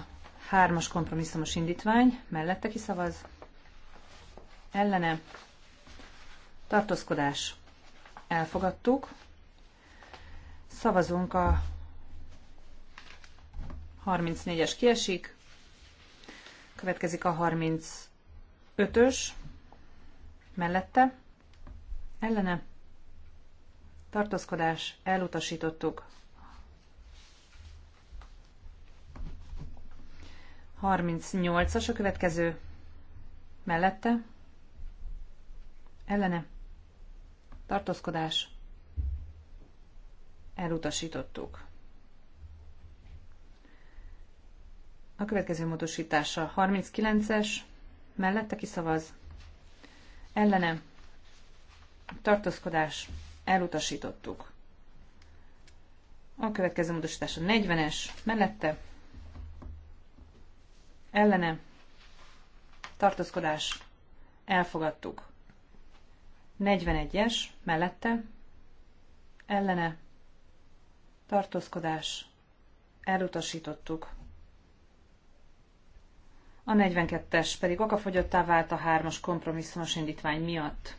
hármas kompromisszumos indítvány, mellette kiszavaz, ellene, tartózkodás, elfogadtuk. Szavazunk a 34-es kiesik, következik a 35-ös, mellette, ellene, tartózkodás, elutasítottuk. 38-as a következő mellette, ellene, tartózkodás, elutasítottuk. A következő módosítása 39-es, mellette kiszavaz, ellene, tartózkodás, elutasítottuk. A következő módosítás a 40-es, mellette, ellene, tartózkodás, elfogadtuk. 41-es, mellette, ellene, tartózkodás, elutasítottuk. A 42-es pedig okafogyottá vált a 3-as kompromisszumos indítvány miatt.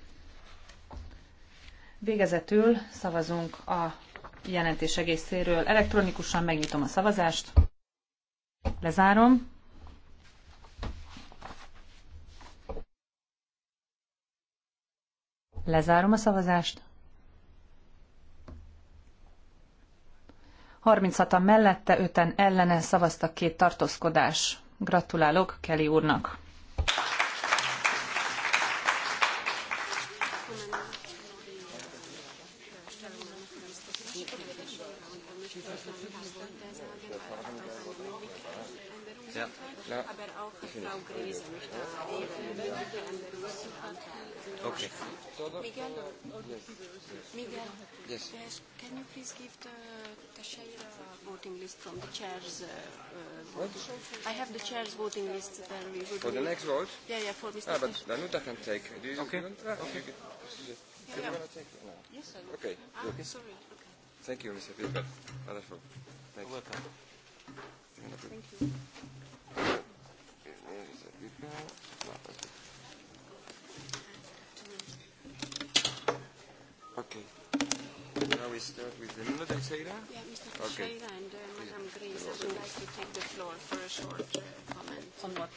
Végezetül szavazunk a jelentés egészéről. Elektronikusan megnyitom a szavazást. Lezárom. Lezárom a szavazást. 36-an mellette, 5-en ellene szavaztak két tartózkodás. Gratulálok Kelly úrnak! Okay. Miguel, Miguel, yes. yes. Can you please give the Teixeira uh, voting list from the chair's? Uh, uh, what? I have the chair's voting list. There we would. For the next vote? Yeah, yeah. For Mr. Ah, but Danuta can take. Do you okay. Want? Ah, okay. You yeah, yeah. want to take? No. Yes, I will. Okay. Ah, okay. Sorry. Okay. Thank you, Mr. Pilbert. Wonderful. Thanks. Welcome. Thank you. Okay. Now we start with the Lula Teixeira. Yeah, Mr. Teixeira okay. and uh, Madam Grace, I would like to take the floor for a short uh, comment. On what?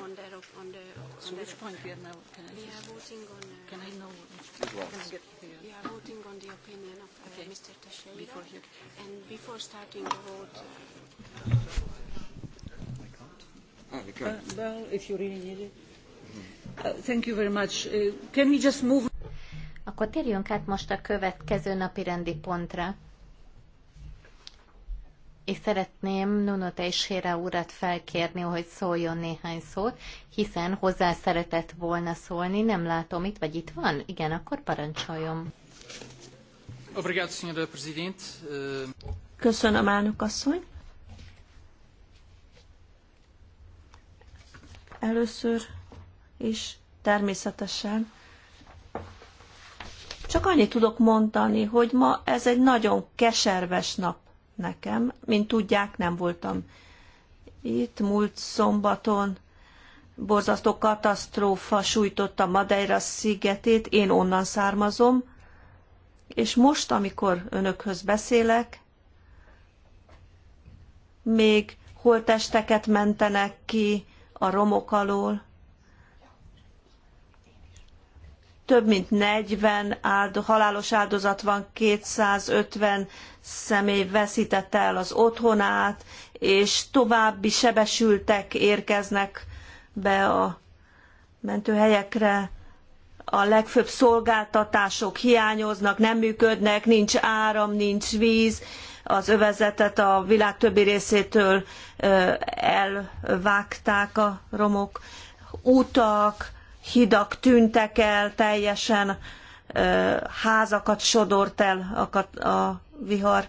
On the on the. On so the, which point we are now? Can I? We just, are voting on. Uh, can I know which one? Can I get here? We are voting on the opinion of uh, okay. Mr. Teixeira. Before you. And before starting the vote. Uh, Uh, akkor térjünk át most a következő napi rendi pontra. És szeretném Nuno Teixeira urat felkérni, hogy szóljon néhány szót, hiszen hozzá szeretett volna szólni, nem látom itt, vagy itt van? Igen, akkor parancsoljon. Obrigado, uh, Köszönöm, elnök asszony. Először is természetesen csak annyit tudok mondani, hogy ma ez egy nagyon keserves nap nekem. Mint tudják, nem voltam itt múlt szombaton. Borzasztó katasztrófa sújtotta Madeira szigetét, én onnan származom, és most, amikor önökhöz beszélek, még holtesteket mentenek ki, a romok alól. Több mint 40 áld, halálos áldozat van, 250 személy veszítette el az otthonát, és további sebesültek érkeznek be a mentőhelyekre a legfőbb szolgáltatások hiányoznak, nem működnek, nincs áram, nincs víz, az övezetet a világ többi részétől elvágták a romok. Utak, hidak tűntek el teljesen, házakat sodort el a, vihar.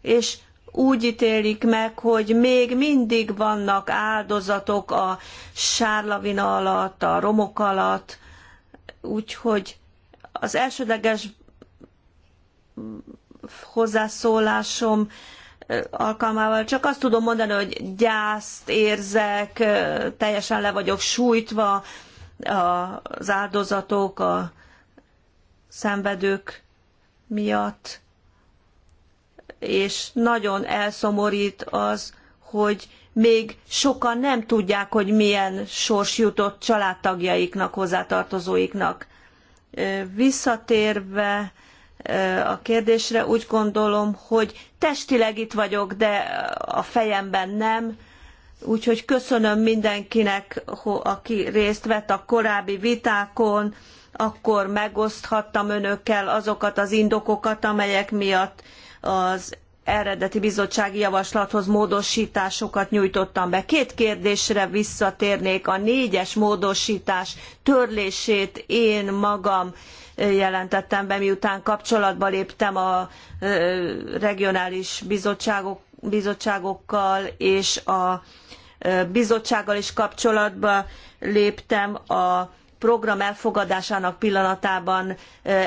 És úgy ítélik meg, hogy még mindig vannak áldozatok a sárlavina alatt, a romok alatt, úgyhogy az elsődleges hozzászólásom alkalmával csak azt tudom mondani, hogy gyászt érzek, teljesen le vagyok sújtva az áldozatok, a szenvedők miatt, és nagyon elszomorít az, hogy még sokan nem tudják, hogy milyen sors jutott családtagjaiknak, hozzátartozóiknak. Visszatérve a kérdésre. Úgy gondolom, hogy testileg itt vagyok, de a fejemben nem. Úgyhogy köszönöm mindenkinek, aki részt vett a korábbi vitákon, akkor megoszthattam önökkel azokat az indokokat, amelyek miatt az eredeti bizottsági javaslathoz módosításokat nyújtottam be. Két kérdésre visszatérnék. A négyes módosítás törlését én magam jelentettem be, miután kapcsolatba léptem a regionális bizottságok, bizottságokkal és a bizottsággal is kapcsolatba léptem a program elfogadásának pillanatában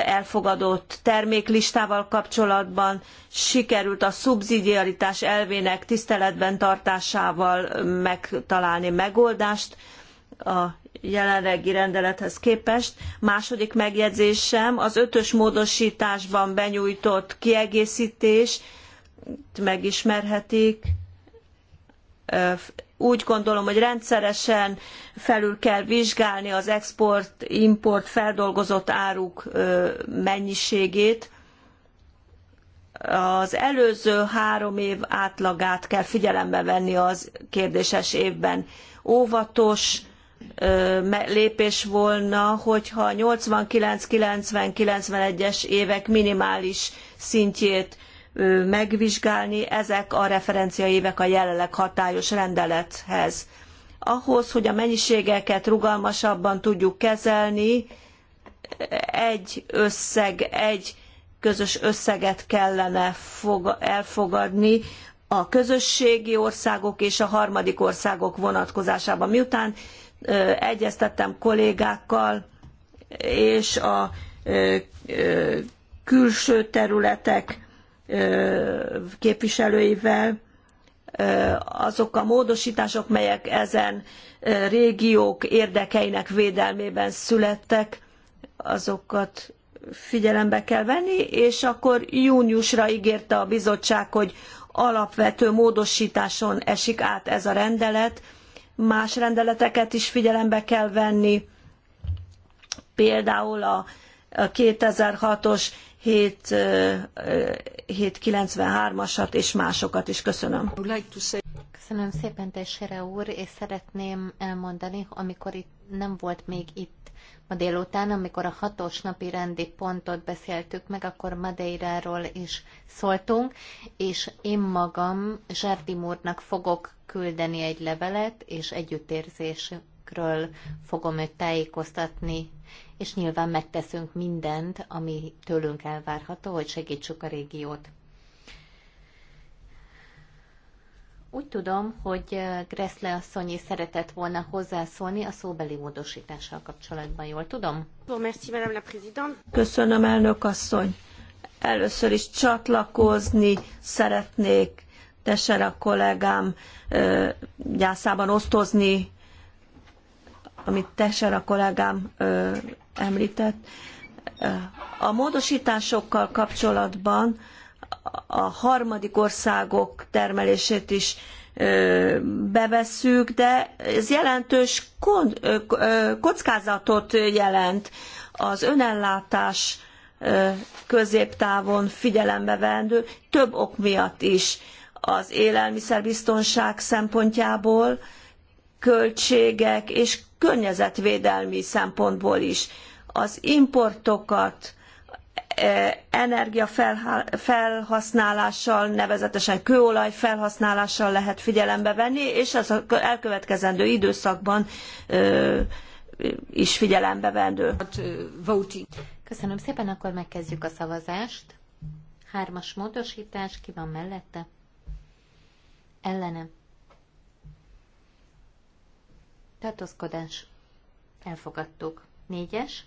elfogadott terméklistával kapcsolatban sikerült a szubszidiaritás elvének tiszteletben tartásával megtalálni megoldást a jelenlegi rendelethez képest. Második megjegyzésem az ötös módosításban benyújtott kiegészítés, megismerhetik. Úgy gondolom, hogy rendszeresen felül kell vizsgálni az export-import feldolgozott áruk mennyiségét. Az előző három év átlagát kell figyelembe venni az kérdéses évben. Óvatos, lépés volna, hogyha 89, 90, 91-es évek minimális szintjét megvizsgálni, ezek a referenciaévek a jelenleg hatályos rendelethez. Ahhoz, hogy a mennyiségeket rugalmasabban tudjuk kezelni, egy összeg, egy közös összeget kellene elfogadni a közösségi országok és a harmadik országok vonatkozásában. Miután egyeztettem kollégákkal, és a külső területek képviselőivel, azok a módosítások, melyek ezen régiók érdekeinek védelmében születtek, azokat figyelembe kell venni, és akkor júniusra ígérte a bizottság, hogy alapvető módosításon esik át ez a rendelet, más rendeleteket is figyelembe kell venni, például a 2006-os 793-asat és másokat is. Köszönöm. Köszönöm szépen, Tessere úr, és szeretném elmondani, amikor itt nem volt még itt Ma délután, amikor a hatos napi rendi pontot beszéltük meg, akkor Madeiráról is szóltunk, és én magam Zsárdim úrnak fogok küldeni egy levelet, és együttérzésről fogom őt tájékoztatni, és nyilván megteszünk mindent, ami tőlünk elvárható, hogy segítsük a régiót. Úgy tudom, hogy Gressle asszonyi szeretett volna hozzászólni a szóbeli módosítással kapcsolatban, jól tudom? Köszönöm, elnök asszony. Először is csatlakozni szeretnék Teser a kollégám gyászában osztozni, amit Teser a kollégám említett. A módosításokkal kapcsolatban a harmadik országok termelését is bevesszük, de ez jelentős kockázatot jelent az önellátás középtávon figyelembe vendő több ok miatt is az élelmiszerbiztonság szempontjából, költségek és környezetvédelmi szempontból is. Az importokat energiafelhasználással, nevezetesen kőolaj felhasználással lehet figyelembe venni, és ez az elkövetkezendő időszakban is figyelembe vendő. Köszönöm szépen, akkor megkezdjük a szavazást. Hármas módosítás, ki van mellette? Ellene. Tartózkodás. Elfogadtuk. Négyes.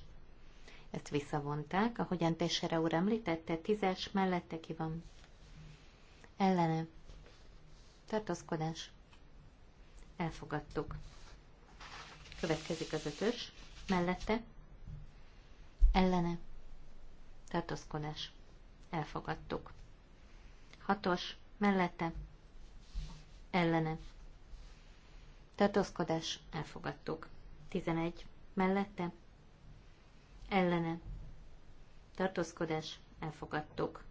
Ezt visszavonták. Ahogyan Tessere úr említette, tízes mellette ki van. Ellene. Tartózkodás. Elfogadtuk. Következik az ötös. Mellette. Ellene. Tartózkodás. Elfogadtuk. Hatos. Mellette. Ellene. Tartózkodás. Elfogadtuk. Tizenegy. Mellette ellene tartózkodás elfogadtuk.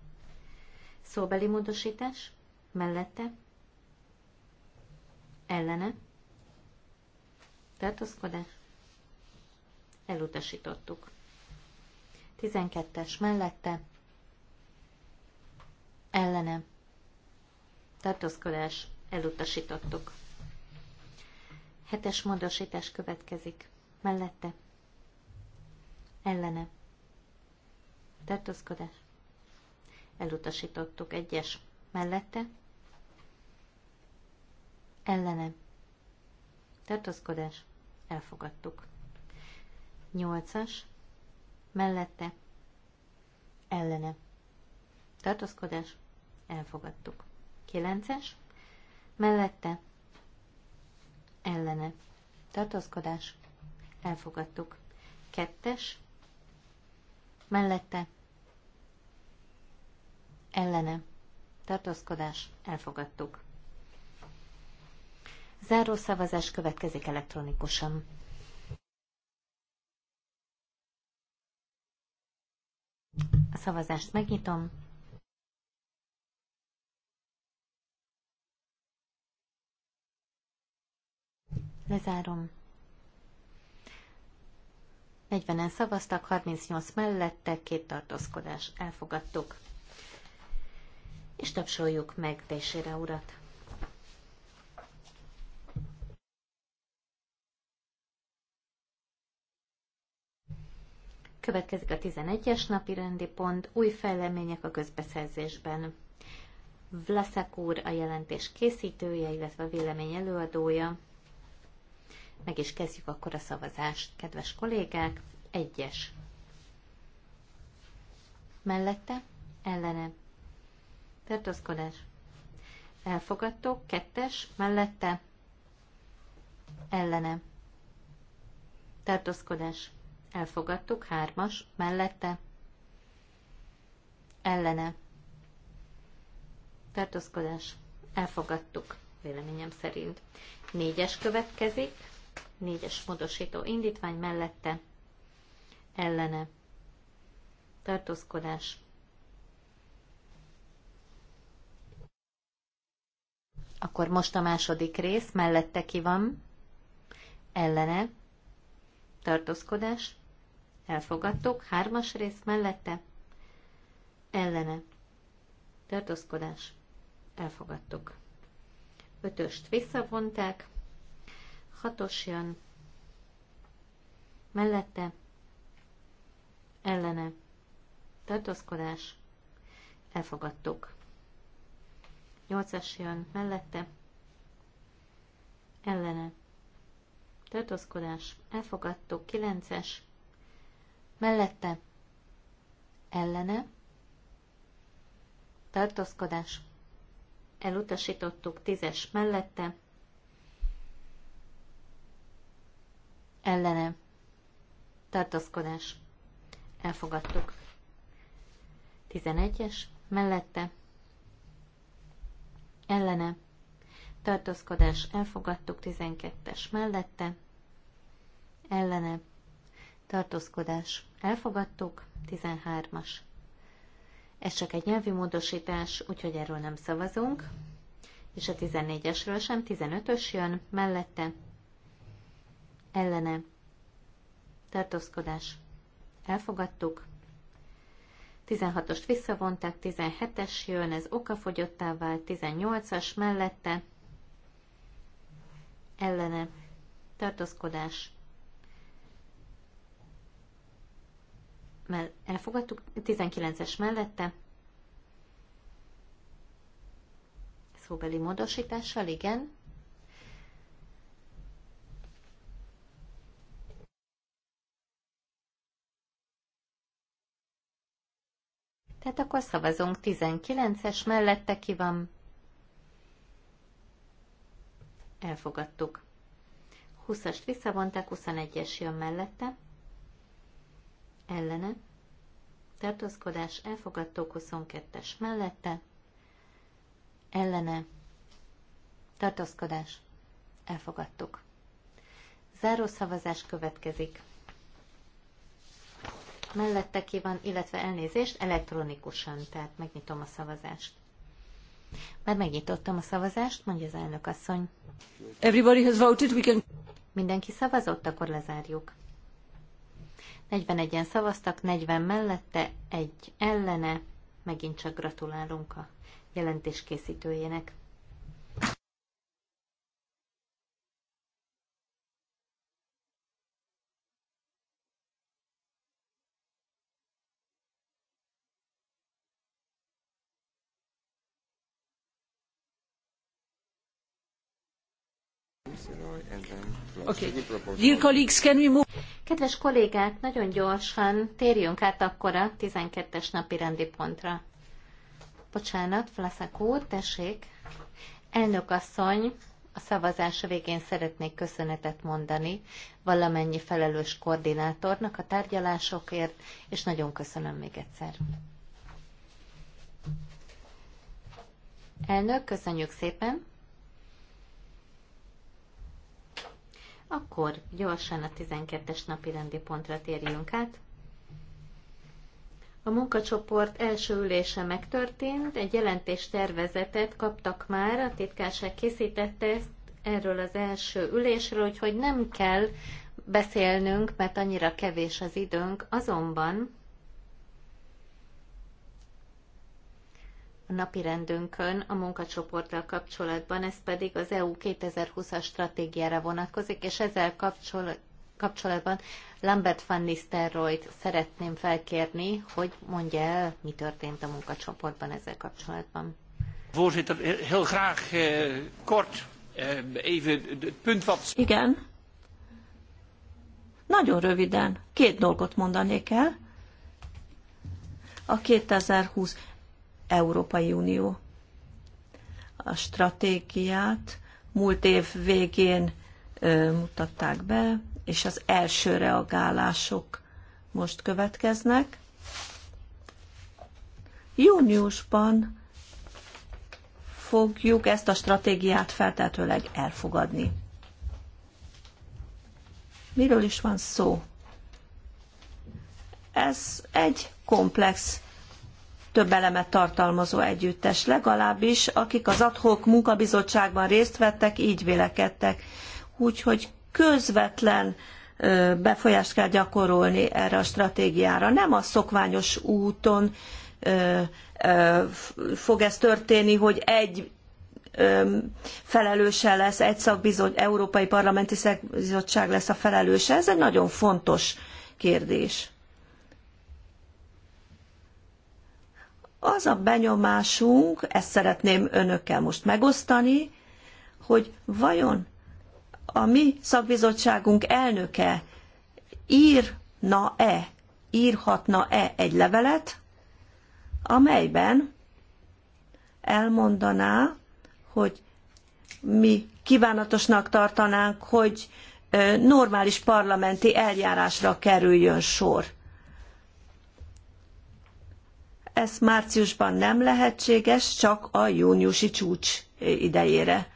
Szóbeli módosítás mellette ellene tartózkodás elutasítottuk. 12-es mellette ellene tartózkodás elutasítottuk. Hetes módosítás következik. Mellette ellene tartózkodás elutasítottuk egyes mellette ellene tartózkodás elfogadtuk nyolcas mellette ellene tartózkodás elfogadtuk kilences mellette ellene tartózkodás elfogadtuk kettes mellette, ellene, tartózkodás, elfogadtuk. Záró szavazás következik elektronikusan. A szavazást megnyitom. Lezárom. 40-en szavaztak, 38 mellette, két tartózkodás. Elfogadtuk. És tapsoljuk meg Teixeira urat. Következik a 11-es napi rendi pont, új fejlemények a közbeszerzésben. Vlaszek úr a jelentés készítője, illetve a vélemény előadója. Meg is kezdjük akkor a szavazást, kedves kollégák. Egyes. Mellette, ellene. Tartózkodás. Elfogadtuk. Kettes. Mellette, ellene. Tartózkodás. Elfogadtuk. Hármas. Mellette, ellene. Tartózkodás. Elfogadtuk, véleményem szerint. Négyes következik négyes módosító indítvány mellette ellene tartózkodás. Akkor most a második rész, mellette ki van, ellene, tartózkodás, elfogadtuk, hármas rész, mellette, ellene, tartózkodás, elfogadtuk. Ötöst visszavonták, hatos jön, mellette, ellene, tartózkodás, elfogadtuk. Nyolcas jön, mellette, ellene, tartózkodás, elfogadtuk. Kilences, mellette, ellene, tartózkodás, elutasítottuk. Tízes mellette, ellene tartózkodás elfogadtuk. 11-es mellette ellene tartózkodás elfogadtuk 12-es mellette ellene tartózkodás elfogadtuk 13-as. Ez csak egy nyelvi módosítás, úgyhogy erről nem szavazunk, és a 14-esről sem, 15-ös jön mellette ellene tartózkodás elfogadtuk. 16-ost visszavonták, 17-es jön, ez okafogyottá vált, 18-as mellette ellene tartózkodás mert elfogadtuk, 19-es mellette szóbeli módosítással, igen, Tehát akkor szavazunk 19-es mellette ki van. Elfogadtuk. 20-ast visszavonták, 21-es jön mellette. Ellene. Tartózkodás elfogadtuk 22-es mellette. Ellene. Tartózkodás. Elfogadtuk. Záró szavazás következik mellette ki van, illetve elnézést elektronikusan, tehát megnyitom a szavazást. Már megnyitottam a szavazást, mondja az elnök asszony. Everybody has voted, we can... Mindenki szavazott, akkor lezárjuk. 41-en szavaztak, 40 mellette, egy ellene. Megint csak gratulálunk a jelentés készítőjének. Kedves kollégák, nagyon gyorsan térjünk át akkor a 12-es napi rendi pontra. Bocsánat, Flaszak úr, tessék. Elnök asszony, a szavazás végén szeretnék köszönetet mondani valamennyi felelős koordinátornak a tárgyalásokért, és nagyon köszönöm még egyszer. Elnök, köszönjük szépen! Akkor gyorsan a 12-es napi rendi pontra térjünk át. A munkacsoport első ülése megtörtént, egy jelentés tervezetet kaptak már, a titkárság készítette ezt erről az első ülésről, úgyhogy nem kell beszélnünk, mert annyira kevés az időnk, azonban a napi rendünkön a munkacsoporttal kapcsolatban, ez pedig az EU 2020-as stratégiára vonatkozik, és ezzel kapcsolatban Lambert van Nistelrooyt szeretném felkérni, hogy mondja el, mi történt a munkacsoportban ezzel kapcsolatban. Voorzitter, heel graag eh, kort eh, even het punt wat... Igen. Nagyon röviden. Két dolgot mondanék el. A 2020 Európai Unió. A stratégiát múlt év végén mutatták be, és az első reagálások most következnek. Júniusban fogjuk ezt a stratégiát feltetőleg elfogadni. Miről is van szó? Ez egy komplex több elemet tartalmazó együttes. Legalábbis akik az adhok munkabizottságban részt vettek, így vélekedtek. Úgyhogy közvetlen befolyást kell gyakorolni erre a stratégiára. Nem a szokványos úton fog ez történni, hogy egy felelőse lesz, egy szakbizony, európai parlamenti szakbizottság lesz a felelőse. Ez egy nagyon fontos kérdés. Az a benyomásunk, ezt szeretném önökkel most megosztani, hogy vajon a mi szakbizottságunk elnöke írna-e, írhatna-e egy levelet, amelyben elmondaná, hogy mi kívánatosnak tartanánk, hogy normális parlamenti eljárásra kerüljön sor. Ez márciusban nem lehetséges, csak a júniusi csúcs idejére.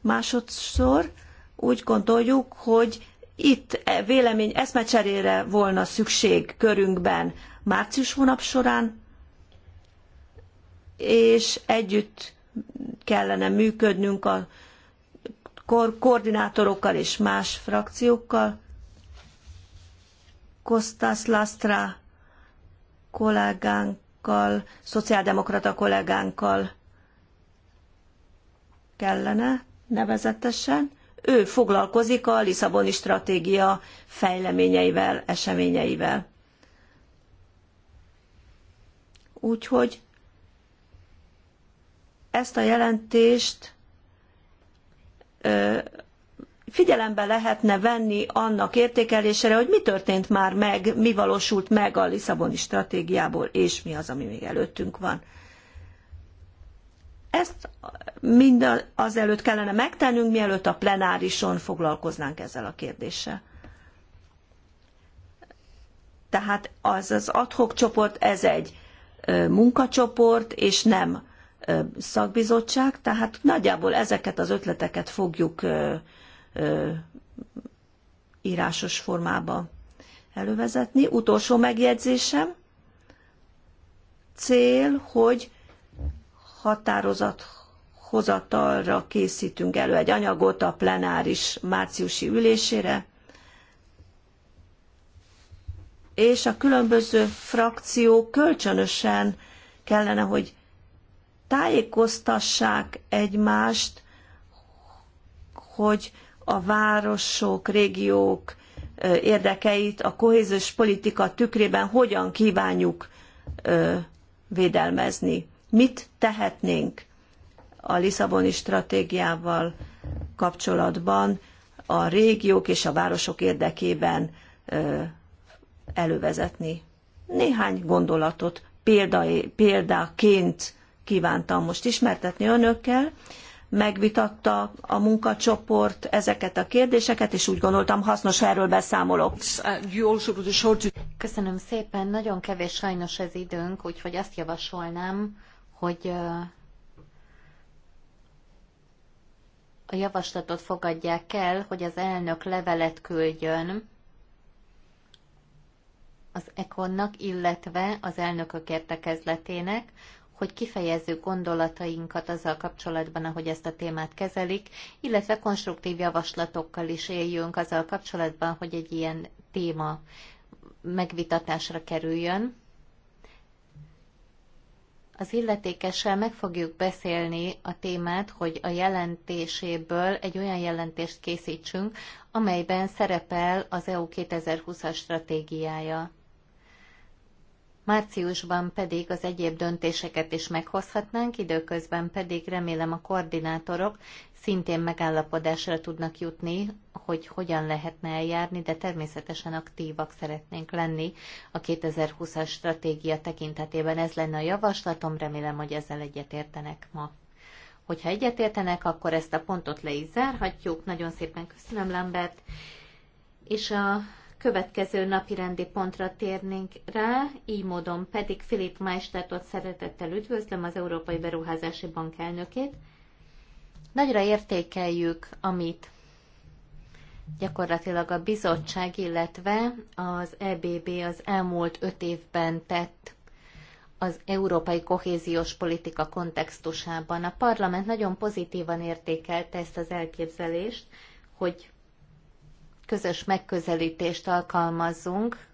Másodszor úgy gondoljuk, hogy itt e vélemény eszmecserére volna szükség körünkben március hónap során, és együtt kellene működnünk a koordinátorokkal és más frakciókkal. Kostas Lastra kollégánkkal, szociáldemokrata kollégánkkal kellene nevezetesen. Ő foglalkozik a Lisszaboni stratégia fejleményeivel, eseményeivel. Úgyhogy ezt a jelentést figyelembe lehetne venni annak értékelésére, hogy mi történt már meg, mi valósult meg a Lisszaboni stratégiából, és mi az, ami még előttünk van. Ezt mind azelőtt kellene megtennünk, mielőtt a plenárison foglalkoznánk ezzel a kérdéssel. Tehát az az adhok csoport, ez egy munkacsoport, és nem szakbizottság, tehát nagyjából ezeket az ötleteket fogjuk írásos formába elővezetni. Utolsó megjegyzésem, cél, hogy határozat hozatalra készítünk elő egy anyagot a plenáris márciusi ülésére, és a különböző frakciók kölcsönösen kellene, hogy tájékoztassák egymást, hogy a városok, régiók érdekeit a kohéziós politika tükrében hogyan kívánjuk védelmezni. Mit tehetnénk a Lisszaboni stratégiával kapcsolatban a régiók és a városok érdekében elővezetni? Néhány gondolatot példa, példaként kívántam most ismertetni önökkel, megvitatta a munkacsoport ezeket a kérdéseket, és úgy gondoltam hasznos, ha erről beszámolok. Köszönöm szépen, nagyon kevés sajnos ez időnk, úgyhogy azt javasolnám, hogy a javaslatot fogadják el, hogy az elnök levelet küldjön az Ekonnak, illetve az elnökök értekezletének, hogy kifejező gondolatainkat azzal kapcsolatban, ahogy ezt a témát kezelik, illetve konstruktív javaslatokkal is éljünk azzal kapcsolatban, hogy egy ilyen téma megvitatásra kerüljön. Az illetékessel meg fogjuk beszélni a témát, hogy a jelentéséből egy olyan jelentést készítsünk, amelyben szerepel az EU 2020-as stratégiája márciusban pedig az egyéb döntéseket is meghozhatnánk, időközben pedig remélem a koordinátorok szintén megállapodásra tudnak jutni, hogy hogyan lehetne eljárni, de természetesen aktívak szeretnénk lenni a 2020-as stratégia tekintetében. Ez lenne a javaslatom, remélem, hogy ezzel egyetértenek ma. Hogyha egyetértenek, akkor ezt a pontot le is zárhatjuk. Nagyon szépen köszönöm, Lambert. És a következő napi rendi pontra térnénk rá, így módon pedig Filip Maestertot szeretettel üdvözlöm, az Európai Beruházási Bank elnökét. Nagyra értékeljük, amit gyakorlatilag a bizottság, illetve az EBB az elmúlt öt évben tett az európai kohéziós politika kontextusában. A parlament nagyon pozitívan értékelte ezt az elképzelést, hogy közös megközelítést alkalmazzunk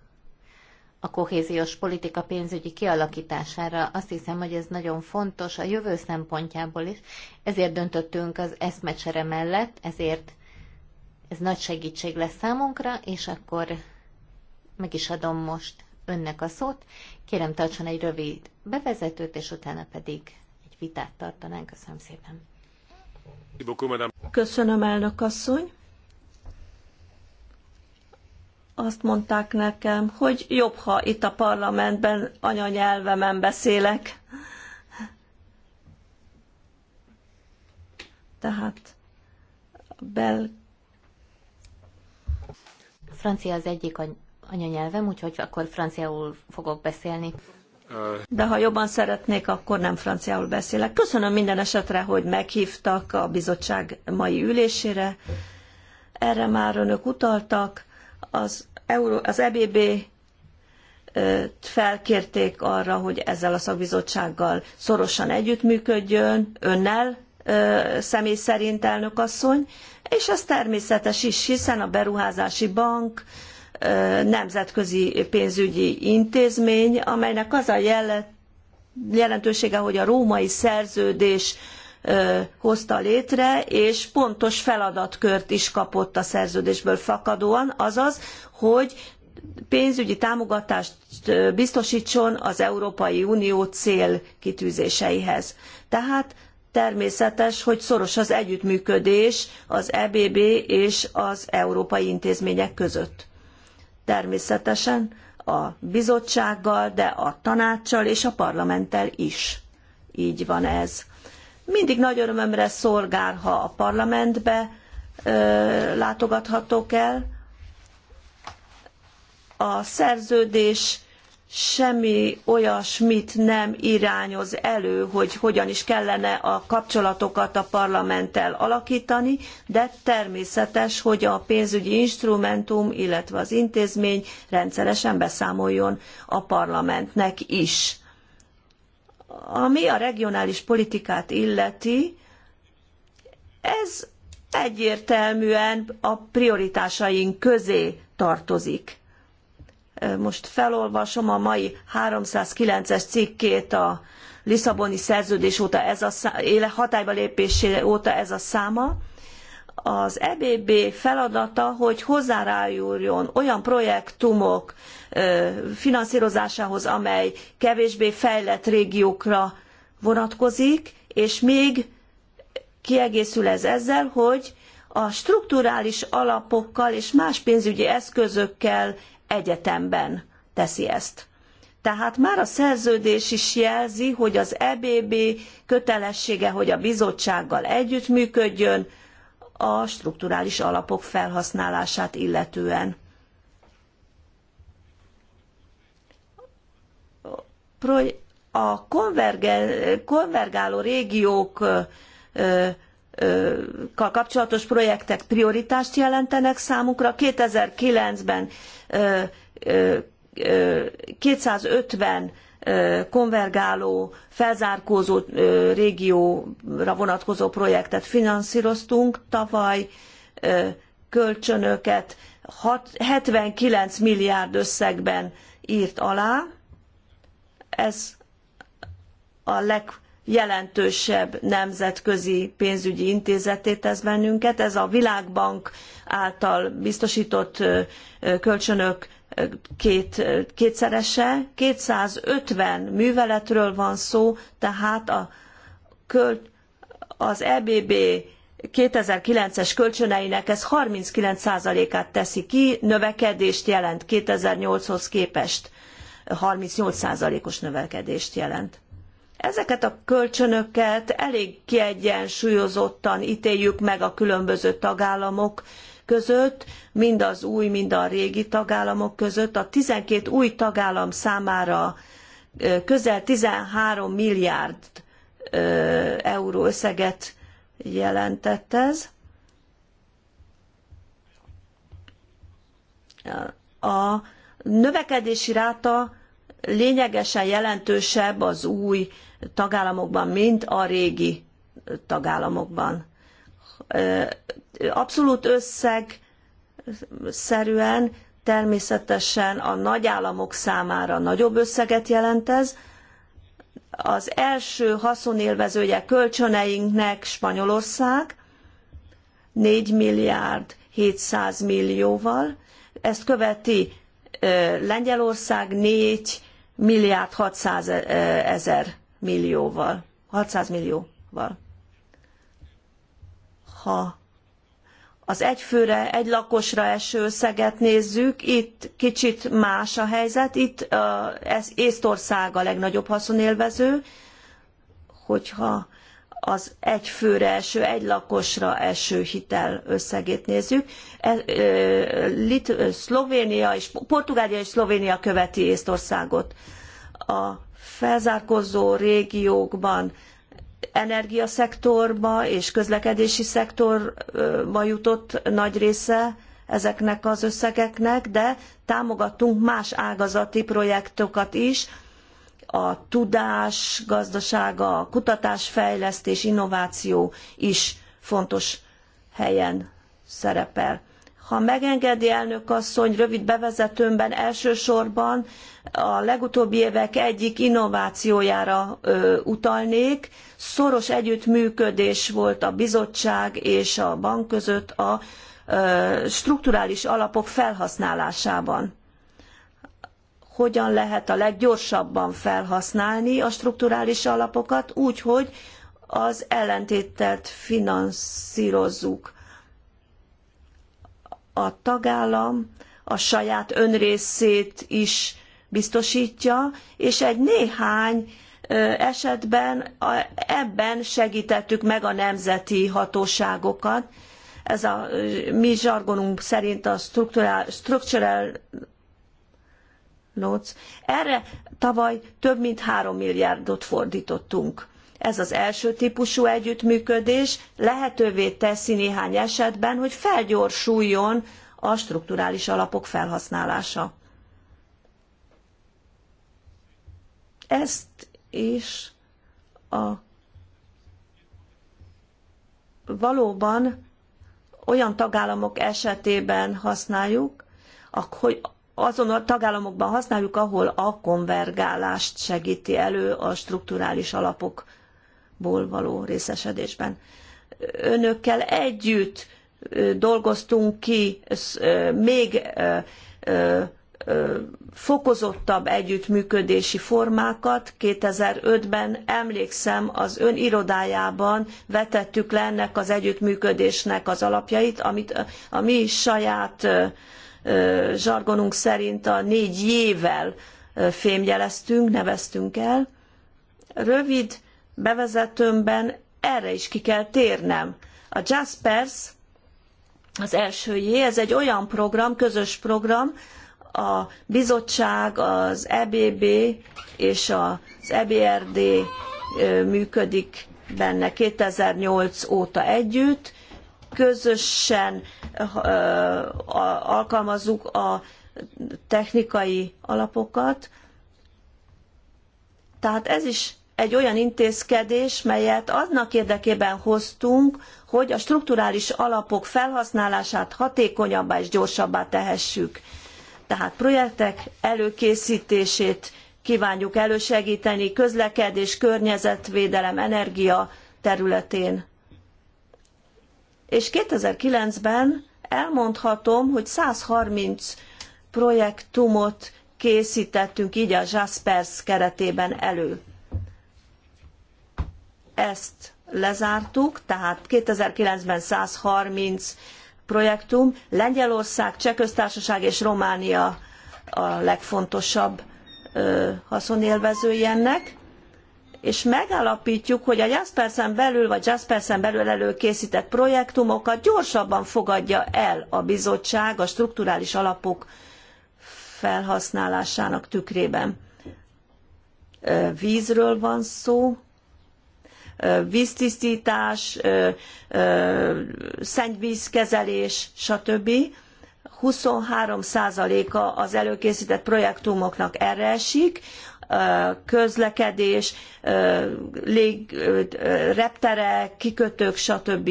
a kohéziós politika pénzügyi kialakítására. Azt hiszem, hogy ez nagyon fontos a jövő szempontjából is. Ezért döntöttünk az eszmecsere mellett, ezért ez nagy segítség lesz számunkra, és akkor meg is adom most önnek a szót. Kérem, tartson egy rövid bevezetőt, és utána pedig egy vitát tartanánk. Köszönöm szépen. Köszönöm, elnök asszony azt mondták nekem, hogy jobb, ha itt a parlamentben anyanyelvemen beszélek. Tehát bel... Francia az egyik anyanyelvem, úgyhogy akkor franciául fogok beszélni. De ha jobban szeretnék, akkor nem franciául beszélek. Köszönöm minden esetre, hogy meghívtak a bizottság mai ülésére. Erre már önök utaltak az, Euró, az EBB felkérték arra, hogy ezzel a szakbizottsággal szorosan együttműködjön, önnel személy szerint elnök asszony, és ez természetes is, hiszen a beruházási bank nemzetközi pénzügyi intézmény, amelynek az a jelentősége, hogy a római szerződés hozta létre, és pontos feladatkört is kapott a szerződésből fakadóan, azaz, hogy pénzügyi támogatást biztosítson az Európai Unió célkitűzéseihez. Tehát természetes, hogy szoros az együttműködés az EBB és az európai intézmények között. Természetesen a bizottsággal, de a tanácssal és a parlamenttel is. Így van ez. Mindig nagy örömömre szolgál, ha a parlamentbe ö, látogathatok el. A szerződés semmi olyasmit nem irányoz elő, hogy hogyan is kellene a kapcsolatokat a parlamenttel alakítani, de természetes, hogy a pénzügyi instrumentum, illetve az intézmény rendszeresen beszámoljon a parlamentnek is. Ami a regionális politikát illeti, ez egyértelműen a prioritásaink közé tartozik. Most felolvasom a mai 309-es cikkét a Lisszaboni szerződés óta ez a szá- hatályba lépésére óta ez a száma. Az EBB feladata, hogy hozzárájuljon olyan projektumok finanszírozásához, amely kevésbé fejlett régiókra vonatkozik, és még kiegészül ez ezzel, hogy a strukturális alapokkal és más pénzügyi eszközökkel egyetemben teszi ezt. Tehát már a szerződés is jelzi, hogy az EBB kötelessége, hogy a bizottsággal együttműködjön a strukturális alapok felhasználását illetően. a konvergáló régiókkal kapcsolatos projektek prioritást jelentenek számukra. 2009-ben 250 konvergáló, felzárkózó régióra vonatkozó projektet finanszíroztunk tavaly, kölcsönöket 79 milliárd összegben írt alá, ez a legjelentősebb nemzetközi pénzügyi intézetét tesz bennünket. Ez a Világbank által biztosított kölcsönök két, kétszerese. 250 műveletről van szó, tehát a költ, az EBB 2009-es kölcsöneinek ez 39%-át teszi ki, növekedést jelent 2008-hoz képest. 38%-os növekedést jelent. Ezeket a kölcsönöket elég kiegyensúlyozottan ítéljük meg a különböző tagállamok között, mind az új, mind a régi tagállamok között. A 12 új tagállam számára közel 13 milliárd euró összeget jelentett ez. A növekedési ráta lényegesen jelentősebb az új tagállamokban, mint a régi tagállamokban. Abszolút összeg szerűen természetesen a nagyállamok számára nagyobb összeget jelent ez. Az első haszonélvezője kölcsöneinknek Spanyolország 4 milliárd 700 millióval, ezt követi Lengyelország 4 milliárd 600 eh, ezer millióval. 600 millióval. Ha az egy főre, egy lakosra eső összeget nézzük, itt kicsit más a helyzet, itt eh, ez Észtország a legnagyobb haszonélvező, hogyha az egy főre eső, egy lakosra eső hitel összegét nézzük. Szlovénia és Portugália és Szlovénia követi Észtországot. A felzárkózó régiókban energiaszektorba és közlekedési szektorba jutott nagy része ezeknek az összegeknek, de támogattunk más ágazati projektokat is, a tudás gazdasága, a kutatás, fejlesztés, innováció is fontos helyen szerepel. Ha megengedi elnök asszony, rövid bevezetőmben elsősorban a legutóbbi évek egyik innovációjára ö, utalnék. Szoros együttműködés volt a bizottság és a bank között a ö, strukturális alapok felhasználásában hogyan lehet a leggyorsabban felhasználni a strukturális alapokat, úgy, hogy az ellentétet finanszírozzuk. A tagállam a saját önrészét is biztosítja, és egy néhány esetben ebben segítettük meg a nemzeti hatóságokat. Ez a mi zsargonunk szerint a structural, structural Notes. Erre tavaly több mint 3 milliárdot fordítottunk. Ez az első típusú együttműködés lehetővé teszi néhány esetben, hogy felgyorsuljon a strukturális alapok felhasználása. Ezt is a valóban olyan tagállamok esetében használjuk, hogy azon a tagállamokban használjuk, ahol a konvergálást segíti elő a strukturális alapokból való részesedésben. Önökkel együtt dolgoztunk ki még fokozottabb együttműködési formákat. 2005-ben emlékszem, az ön irodájában vetettük le ennek az együttműködésnek az alapjait, amit a mi saját zsargonunk szerint a négy jével fémjeleztünk, neveztünk el. Rövid bevezetőmben erre is ki kell térnem. A Jaspers az első jé, ez egy olyan program, közös program, a bizottság, az EBB és az EBRD működik benne 2008 óta együtt, közösen alkalmazzuk a technikai alapokat. Tehát ez is egy olyan intézkedés, melyet annak érdekében hoztunk, hogy a strukturális alapok felhasználását hatékonyabbá és gyorsabbá tehessük. Tehát projektek előkészítését kívánjuk elősegíteni közlekedés, környezetvédelem, energia területén és 2009-ben elmondhatom, hogy 130 projektumot készítettünk így a Jaspers keretében elő. Ezt lezártuk, tehát 2009-ben 130 projektum, Lengyelország, Csehköztársaság és Románia a legfontosabb haszonélvezői ennek és megalapítjuk, hogy a Jaspersen belül vagy Jaspersen belül előkészített projektumokat gyorsabban fogadja el a bizottság a strukturális alapok felhasználásának tükrében. Vízről van szó, víztisztítás, szennyvízkezelés, stb. 23%-a az előkészített projektumoknak erre esik, közlekedés, lég, repterek, kikötők, stb.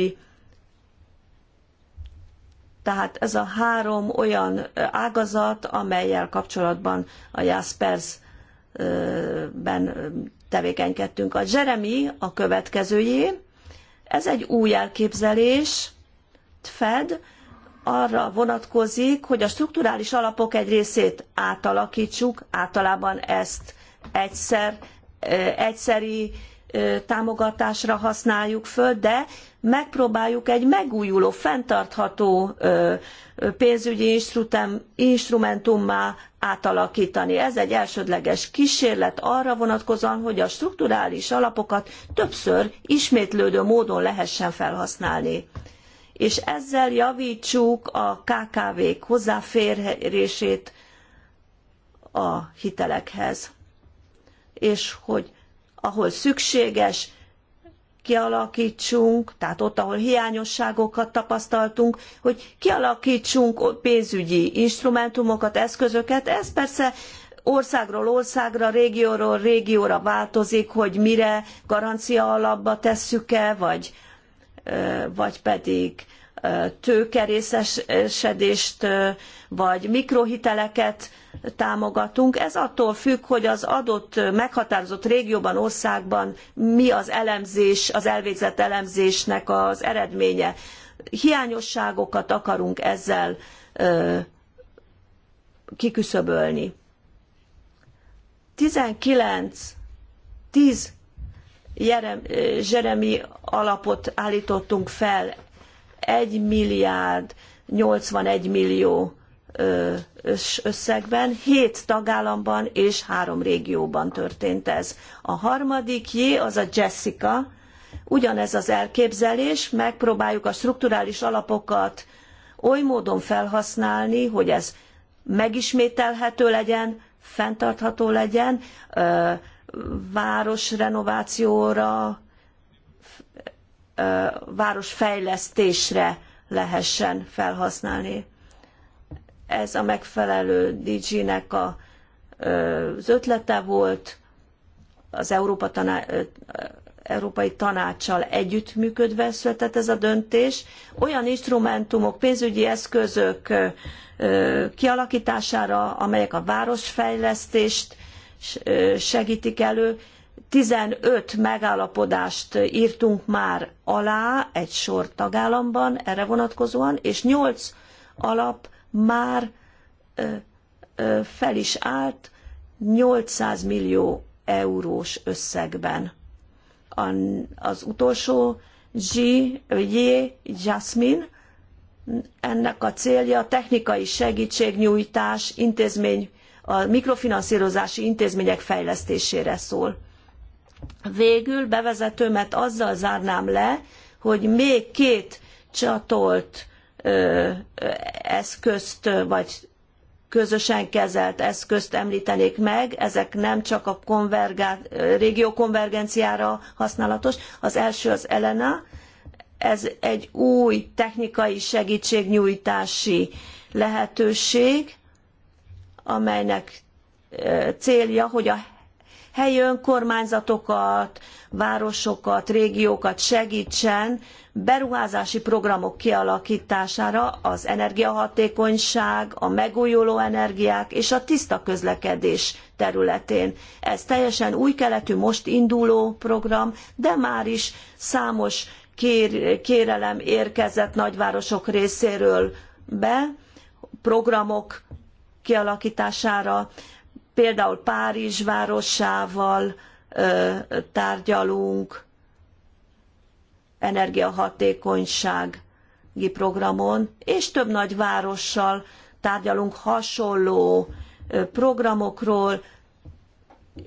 Tehát ez a három olyan ágazat, amelyel kapcsolatban a Jaspelz-ben tevékenykedtünk. A Jeremy a következőjé, ez egy új elképzelés, fed, arra vonatkozik, hogy a strukturális alapok egy részét átalakítsuk, általában ezt egyszer, egyszeri támogatásra használjuk föl, de megpróbáljuk egy megújuló, fenntartható pénzügyi instrumentummá átalakítani. Ez egy elsődleges kísérlet arra vonatkozóan, hogy a strukturális alapokat többször ismétlődő módon lehessen felhasználni és ezzel javítsuk a KKV-k hozzáférését a hitelekhez és hogy ahol szükséges, kialakítsunk, tehát ott, ahol hiányosságokat tapasztaltunk, hogy kialakítsunk pénzügyi instrumentumokat, eszközöket. Ez persze országról országra, régióról régióra változik, hogy mire garancia alapba tesszük-e, vagy, vagy pedig tőkerészesedést vagy mikrohiteleket támogatunk. Ez attól függ, hogy az adott meghatározott régióban, országban mi az elemzés, az elvégzett elemzésnek az eredménye. Hiányosságokat akarunk ezzel kiküszöbölni. 19, 10 jeremie alapot állítottunk fel 1 milliárd 81 millió összegben, hét tagállamban és három régióban történt ez. A harmadik J az a Jessica, ugyanez az elképzelés, megpróbáljuk a strukturális alapokat oly módon felhasználni, hogy ez megismételhető legyen, fenntartható legyen, városrenovációra, városfejlesztésre lehessen felhasználni. Ez a megfelelő DG-nek a, az ötlete volt, az Európa taná, Európai Tanácssal együttműködve született ez a döntés. Olyan instrumentumok, pénzügyi eszközök kialakítására, amelyek a városfejlesztést segítik elő, 15 megállapodást írtunk már alá egy sor tagállamban erre vonatkozóan, és 8 alap már fel is állt 800 millió eurós összegben. Az utolsó G, J, Jasmine, ennek a célja a technikai segítségnyújtás, intézmény, a mikrofinanszírozási intézmények fejlesztésére szól Végül bevezetőmet azzal zárnám le, hogy még két csatolt ö, eszközt, vagy közösen kezelt eszközt említenék meg, ezek nem csak a régió konvergenciára használatos. Az első az Elena, ez egy új technikai segítségnyújtási lehetőség, amelynek célja, hogy a helyi önkormányzatokat, városokat, régiókat segítsen beruházási programok kialakítására az energiahatékonyság, a megújuló energiák és a tiszta közlekedés területén. Ez teljesen új keletű, most induló program, de már is számos kér, kérelem érkezett nagyvárosok részéről be, programok kialakítására például Párizs városával tárgyalunk energiahatékonysági programon, és több nagy várossal tárgyalunk hasonló programokról,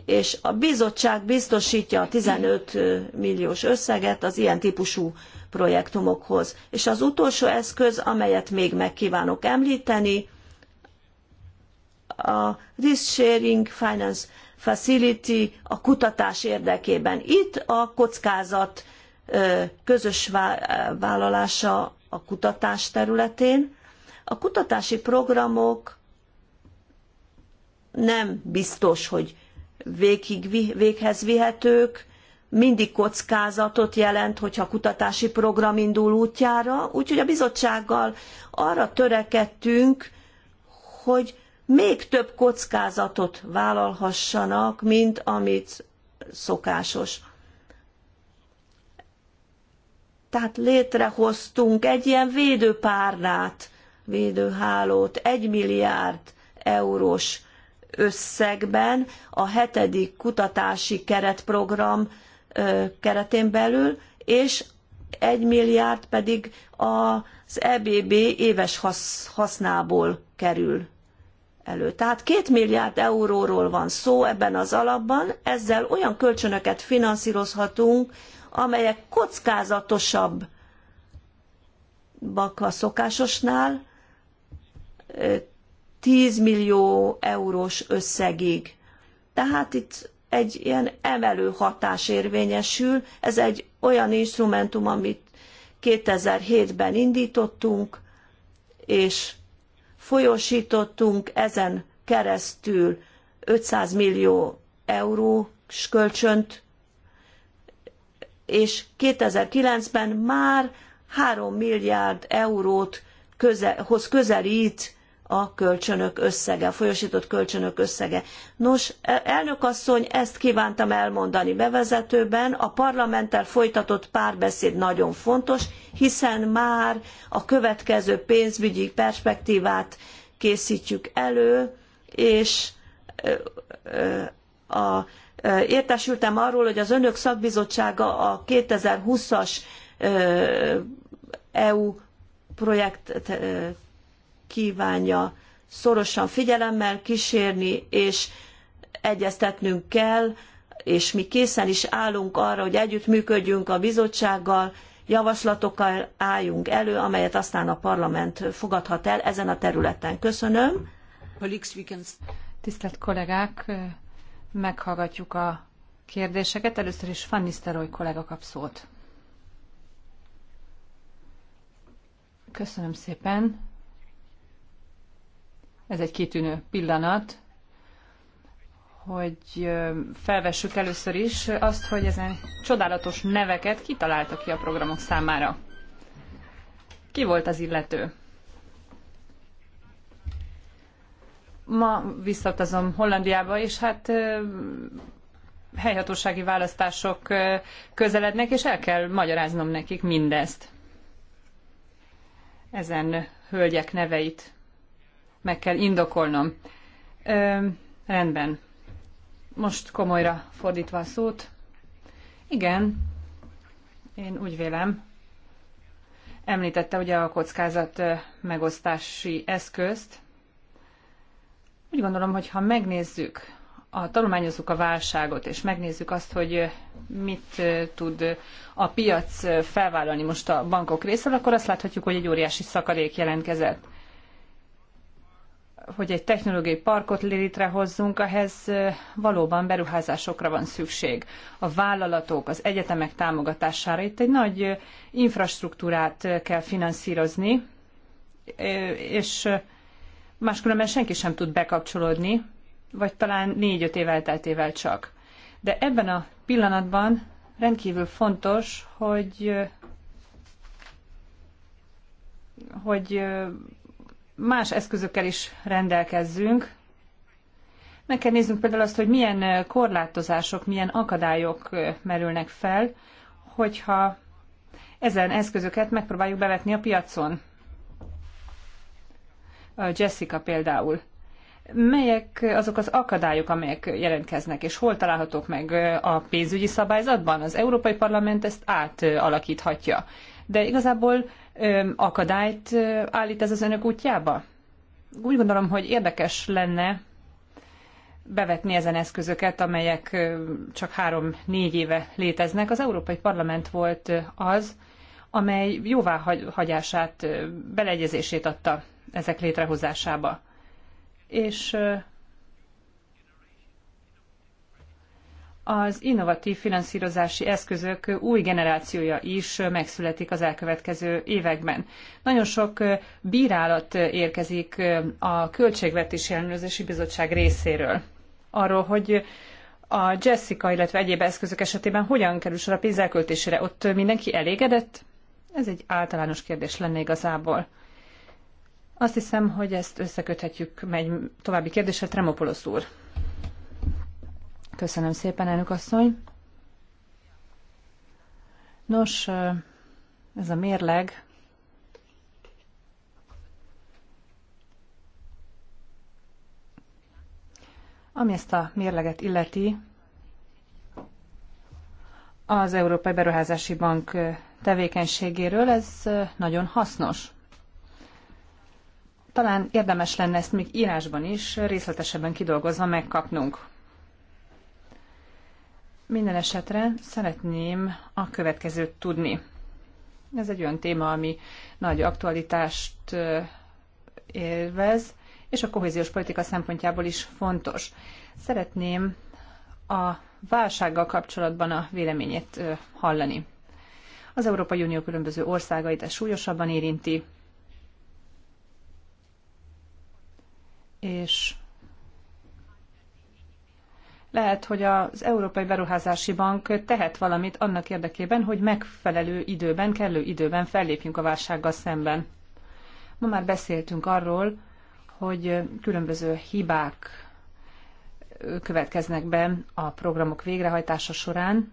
és a bizottság biztosítja a 15 milliós összeget az ilyen típusú projektumokhoz. És az utolsó eszköz, amelyet még meg kívánok említeni, a Risk Sharing Finance Facility a kutatás érdekében. Itt a kockázat közös vállalása a kutatás területén. A kutatási programok nem biztos, hogy végig, véghez vihetők, mindig kockázatot jelent, hogyha kutatási program indul útjára, úgyhogy a bizottsággal arra törekedtünk, hogy még több kockázatot vállalhassanak, mint amit szokásos. Tehát létrehoztunk egy ilyen védőpárnát, védőhálót, egy milliárd eurós összegben a hetedik kutatási keretprogram keretén belül, és egy milliárd pedig az EBB éves hasznából kerül elő. Tehát két milliárd euróról van szó ebben az alapban, ezzel olyan kölcsönöket finanszírozhatunk, amelyek kockázatosabb a szokásosnál 10 millió eurós összegig. Tehát itt egy ilyen emelő hatás érvényesül. Ez egy olyan instrumentum, amit 2007-ben indítottunk, és folyósítottunk ezen keresztül 500 millió eurós kölcsönt, és 2009-ben már 3 milliárd eurót közel, hoz közelít a kölcsönök összege, a folyosított kölcsönök összege. Nos, elnök asszony, ezt kívántam elmondani bevezetőben, a parlamenttel folytatott párbeszéd nagyon fontos, hiszen már a következő pénzügyi perspektívát készítjük elő, és a, értesültem arról, hogy az önök szakbizottsága a 2020-as EU projekt kívánja szorosan figyelemmel kísérni, és egyeztetnünk kell, és mi készen is állunk arra, hogy együttműködjünk a bizottsággal, javaslatokkal álljunk elő, amelyet aztán a parlament fogadhat el ezen a területen. Köszönöm. Tisztelt kollégák, meghallgatjuk a kérdéseket. Először is Fanny Szteroly kollega kap szót. Köszönöm szépen ez egy kitűnő pillanat, hogy felvessük először is azt, hogy ezen csodálatos neveket kitaláltak ki a programok számára. Ki volt az illető? Ma visszatazom Hollandiába, és hát helyhatósági választások közelednek, és el kell magyaráznom nekik mindezt. Ezen hölgyek neveit meg kell indokolnom. Ö, rendben. Most komolyra fordítva a szót. Igen, én úgy vélem, említette ugye a kockázat megosztási eszközt. Úgy gondolom, hogy ha megnézzük, a, tanulmányozzuk a válságot, és megnézzük azt, hogy mit tud a piac felvállalni most a bankok részéről, akkor azt láthatjuk, hogy egy óriási szakadék jelentkezett hogy egy technológiai parkot létrehozzunk, ehhez valóban beruházásokra van szükség. A vállalatok, az egyetemek támogatására itt egy nagy infrastruktúrát kell finanszírozni, és máskülönben senki sem tud bekapcsolódni, vagy talán négy-öt év elteltével csak. De ebben a pillanatban rendkívül fontos, hogy hogy más eszközökkel is rendelkezzünk. Meg kell néznünk például azt, hogy milyen korlátozások, milyen akadályok merülnek fel, hogyha ezen eszközöket megpróbáljuk bevetni a piacon. A Jessica például. Melyek azok az akadályok, amelyek jelentkeznek, és hol találhatók meg a pénzügyi szabályzatban? Az Európai Parlament ezt átalakíthatja. De igazából akadályt állít ez az önök útjába? Úgy gondolom, hogy érdekes lenne bevetni ezen eszközöket, amelyek csak három-négy éve léteznek. Az Európai Parlament volt az, amely jóváhagyását, beleegyezését adta ezek létrehozásába. És az innovatív finanszírozási eszközök új generációja is megszületik az elkövetkező években. Nagyon sok bírálat érkezik a Költségvetési Ellenőrzési Bizottság részéről arról, hogy a Jessica, illetve egyéb eszközök esetében hogyan kerül sor a pénz elköltésére. Ott mindenki elégedett? Ez egy általános kérdés lenne igazából. Azt hiszem, hogy ezt összeköthetjük egy további kérdéssel, Tremopolosz úr. Köszönöm szépen, elnök asszony. Nos, ez a mérleg Ami ezt a mérleget illeti, az Európai Beruházási Bank tevékenységéről ez nagyon hasznos. Talán érdemes lenne ezt még írásban is részletesebben kidolgozva megkapnunk. Minden esetre szeretném a következőt tudni. Ez egy olyan téma, ami nagy aktualitást élvez, és a kohéziós politika szempontjából is fontos. Szeretném a válsággal kapcsolatban a véleményét hallani. Az Európai Unió különböző országait ez súlyosabban érinti, és lehet, hogy az Európai Beruházási Bank tehet valamit annak érdekében, hogy megfelelő időben, kellő időben fellépjünk a válsággal szemben. Ma már beszéltünk arról, hogy különböző hibák következnek be a programok végrehajtása során.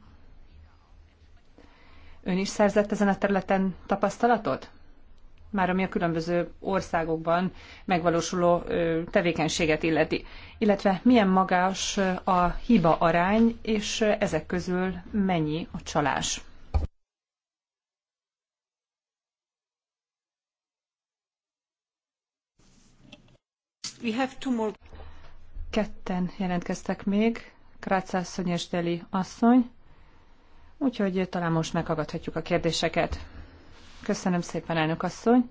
Ön is szerzett ezen a területen tapasztalatot? már ami a különböző országokban megvalósuló tevékenységet illeti. Illetve milyen magas a hiba arány, és ezek közül mennyi a csalás. We have two more. Ketten jelentkeztek még, Krácz asszony és Deli asszony, úgyhogy talán most meghallgathatjuk a kérdéseket. Köszönöm szépen, elnök asszony.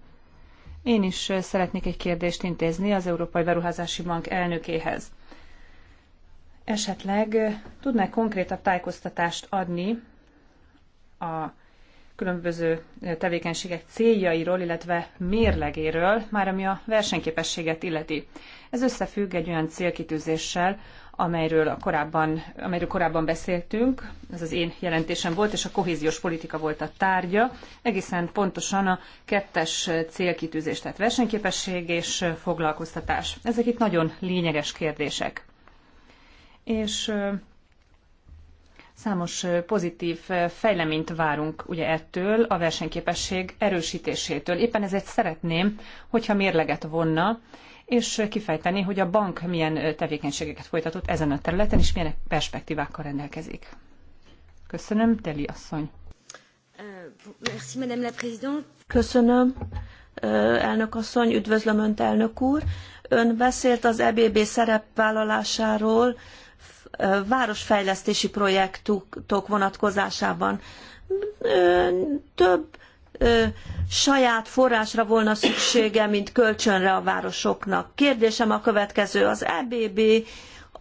Én is szeretnék egy kérdést intézni az Európai Beruházási Bank elnökéhez. Esetleg tudná konkrétabb tájékoztatást adni a különböző tevékenységek céljairól, illetve mérlegéről, már ami a versenyképességet illeti. Ez összefügg egy olyan célkitűzéssel, amelyről a korábban, amelyről korábban beszéltünk, ez az én jelentésem volt, és a kohéziós politika volt a tárgya, egészen pontosan a kettes célkitűzés, tehát versenyképesség és foglalkoztatás. Ezek itt nagyon lényeges kérdések. És számos pozitív fejleményt várunk ugye ettől, a versenyképesség erősítésétől. Éppen ezért szeretném, hogyha mérleget vonna, és kifejteni, hogy a bank milyen tevékenységeket folytatott ezen a területen, és milyen perspektívákkal rendelkezik. Köszönöm, Teli asszony. Köszönöm, elnök asszony, üdvözlöm Önt, elnök úr. Ön beszélt az EBB szerepvállalásáról városfejlesztési projektok vonatkozásában. Több ö, saját forrásra volna szüksége, mint kölcsönre a városoknak. Kérdésem a következő. Az EBB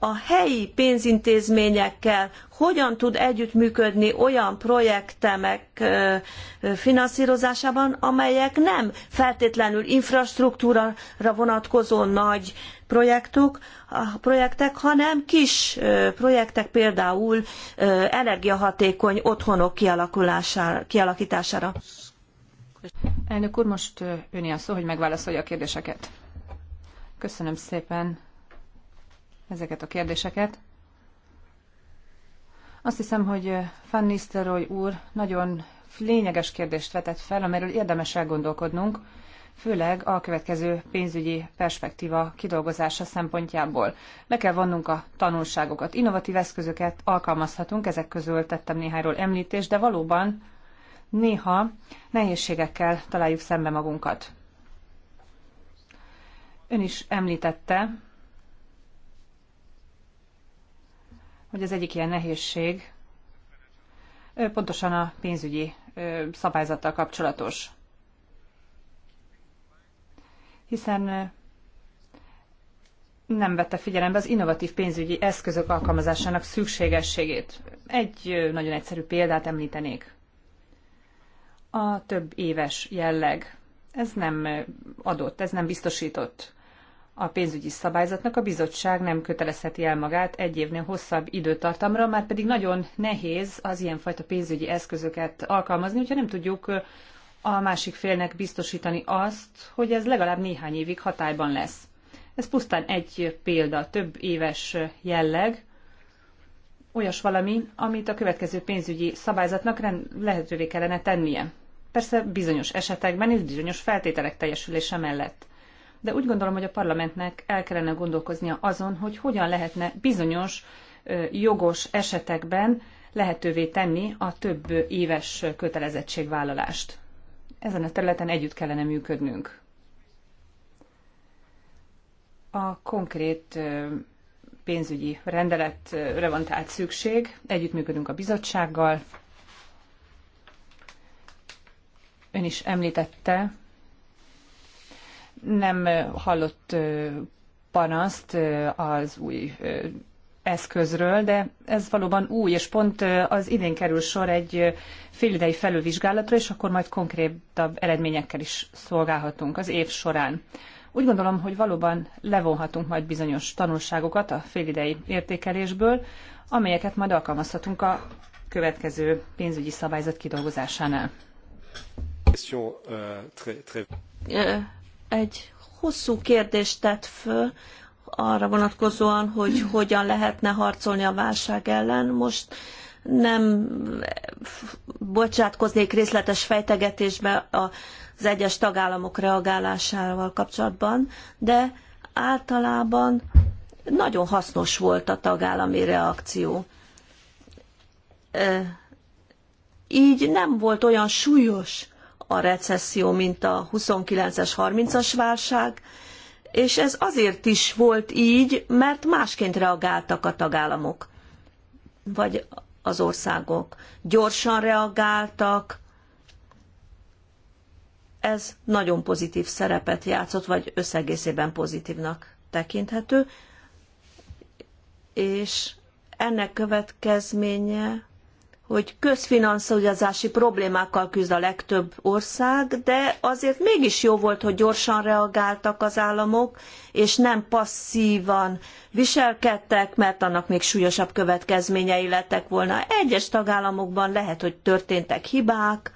a helyi pénzintézményekkel hogyan tud együttműködni olyan projektemek finanszírozásában, amelyek nem feltétlenül infrastruktúra vonatkozó nagy projektok, projektek, hanem kis projektek, például energiahatékony otthonok kialakítására. Elnök úr, most öné a szó, hogy megválaszolja a kérdéseket. Köszönöm szépen ezeket a kérdéseket. Azt hiszem, hogy Van Nistelrooy úr nagyon lényeges kérdést vetett fel, amiről érdemes elgondolkodnunk, főleg a következő pénzügyi perspektíva kidolgozása szempontjából. Le kell vonnunk a tanulságokat. Innovatív eszközöket alkalmazhatunk, ezek közül tettem néhányról említést, de valóban néha nehézségekkel találjuk szembe magunkat. Ön is említette, hogy az egyik ilyen nehézség pontosan a pénzügyi szabályzattal kapcsolatos. Hiszen nem vette figyelembe az innovatív pénzügyi eszközök alkalmazásának szükségességét. Egy nagyon egyszerű példát említenék a több éves jelleg. Ez nem adott, ez nem biztosított. A pénzügyi szabályzatnak a bizottság nem kötelezheti el magát egy évnél hosszabb időtartamra, már pedig nagyon nehéz az ilyenfajta pénzügyi eszközöket alkalmazni, hogyha nem tudjuk a másik félnek biztosítani azt, hogy ez legalább néhány évig hatályban lesz. Ez pusztán egy példa, több éves jelleg, olyas valami, amit a következő pénzügyi szabályzatnak rend, lehetővé kellene tennie. Persze bizonyos esetekben és bizonyos feltételek teljesülése mellett. De úgy gondolom, hogy a parlamentnek el kellene gondolkoznia azon, hogy hogyan lehetne bizonyos jogos esetekben lehetővé tenni a több éves kötelezettségvállalást. Ezen a területen együtt kellene működnünk. A konkrét pénzügyi rendeletre van tehát szükség. Együttműködünk a bizottsággal. Ön is említette, nem hallott panaszt az új eszközről, de ez valóban új, és pont az idén kerül sor egy félidei felülvizsgálatra, és akkor majd konkrétabb eredményekkel is szolgálhatunk az év során. Úgy gondolom, hogy valóban levonhatunk majd bizonyos tanulságokat a félidei értékelésből, amelyeket majd alkalmazhatunk a következő pénzügyi szabályzat kidolgozásánál. Euh, egy hosszú kérdést tett föl arra vonatkozóan, hogy hogyan lehetne harcolni a válság ellen. Most nem bocsátkoznék részletes fejtegetésbe az egyes tagállamok reagálásával kapcsolatban, de általában nagyon hasznos volt a tagállami reakció. Így nem volt olyan súlyos a recesszió, mint a 29-es, 30-as válság, és ez azért is volt így, mert másként reagáltak a tagállamok. Vagy az országok. Gyorsan reagáltak, ez nagyon pozitív szerepet játszott, vagy összegészében pozitívnak tekinthető, és ennek következménye hogy közfinanszírozási problémákkal küzd a legtöbb ország, de azért mégis jó volt, hogy gyorsan reagáltak az államok, és nem passzívan viselkedtek, mert annak még súlyosabb következményei lettek volna. Egyes tagállamokban lehet, hogy történtek hibák,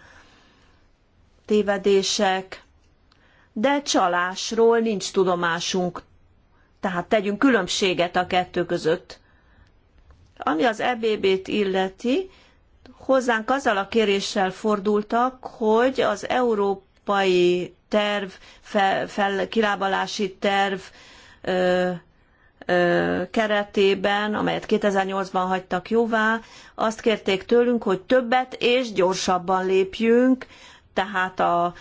tévedések, de csalásról nincs tudomásunk. Tehát tegyünk különbséget a kettő között. Ami az EBB-t illeti, hozzánk azzal a kéréssel fordultak, hogy az európai terv, fel, fel, kilábalási terv ö, ö, keretében, amelyet 2008-ban hagytak jóvá, azt kérték tőlünk, hogy többet és gyorsabban lépjünk, tehát a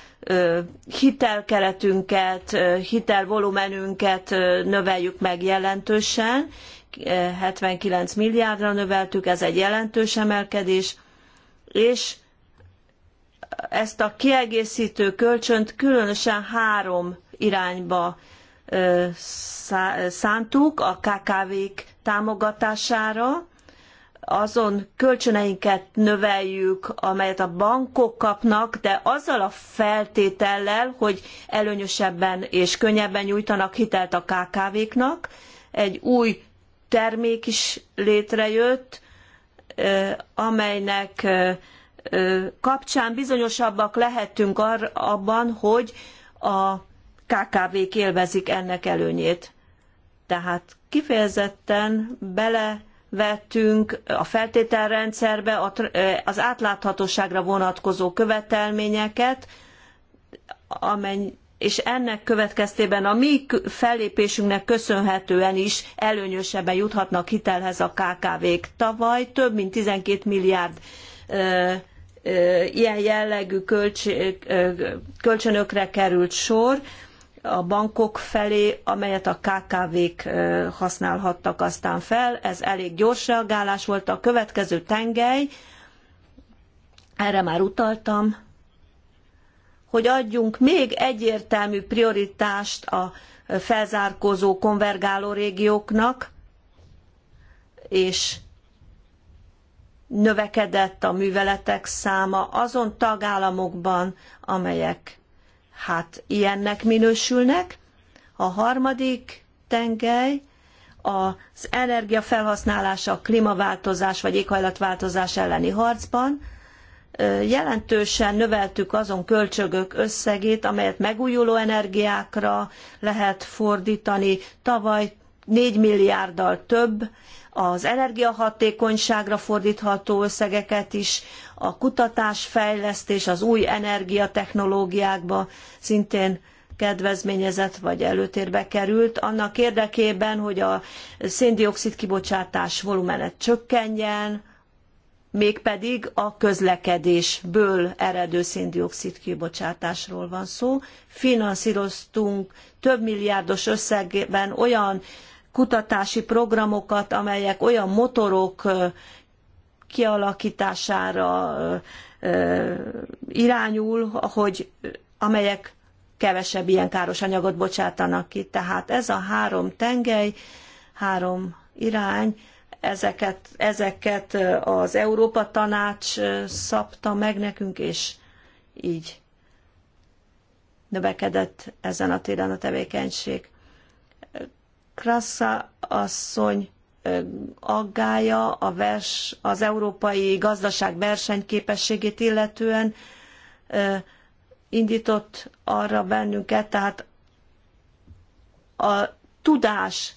hitelkeretünket, hitelvolumenünket növeljük meg jelentősen, 79 milliárdra növeltük, ez egy jelentős emelkedés, és ezt a kiegészítő kölcsönt különösen három irányba szántuk a KKV-k támogatására, azon kölcsöneinket növeljük, amelyet a bankok kapnak, de azzal a feltétellel, hogy előnyösebben és könnyebben nyújtanak hitelt a KKV-knak. Egy új termék is létrejött, amelynek kapcsán bizonyosabbak lehetünk abban, hogy a KKV-k élvezik ennek előnyét. Tehát kifejezetten belevettünk a feltételrendszerbe az átláthatóságra vonatkozó követelményeket, amely és ennek következtében a mi fellépésünknek köszönhetően is előnyösebben juthatnak hitelhez a KKV-k. Tavaly több mint 12 milliárd ö, ö, ilyen jellegű kölcs, ö, kölcsönökre került sor a bankok felé, amelyet a KKV-k használhattak aztán fel. Ez elég gyors reagálás volt. A következő tengely, erre már utaltam, hogy adjunk még egyértelmű prioritást a felzárkózó konvergáló régióknak, és növekedett a műveletek száma azon tagállamokban, amelyek hát ilyennek minősülnek. A harmadik tengely az energiafelhasználás, a klímaváltozás vagy éghajlatváltozás elleni harcban, jelentősen növeltük azon költségök összegét, amelyet megújuló energiákra lehet fordítani. Tavaly 4 milliárddal több az energiahatékonyságra fordítható összegeket is, a kutatás, fejlesztés, az új energiatechnológiákba szintén kedvezményezett vagy előtérbe került, annak érdekében, hogy a szén-dioxid kibocsátás volumenet csökkenjen, mégpedig a közlekedésből eredő széndiokszid kibocsátásról van szó. Finanszíroztunk több milliárdos összegben olyan kutatási programokat, amelyek olyan motorok kialakítására irányul, hogy amelyek kevesebb ilyen káros anyagot bocsátanak ki. Tehát ez a három tengely, három irány Ezeket, ezeket az Európa Tanács szabta meg nekünk, és így növekedett ezen a téren a tevékenység. Krassa asszony aggája a vers, az európai gazdaság versenyképességét illetően indított arra bennünket, tehát a tudás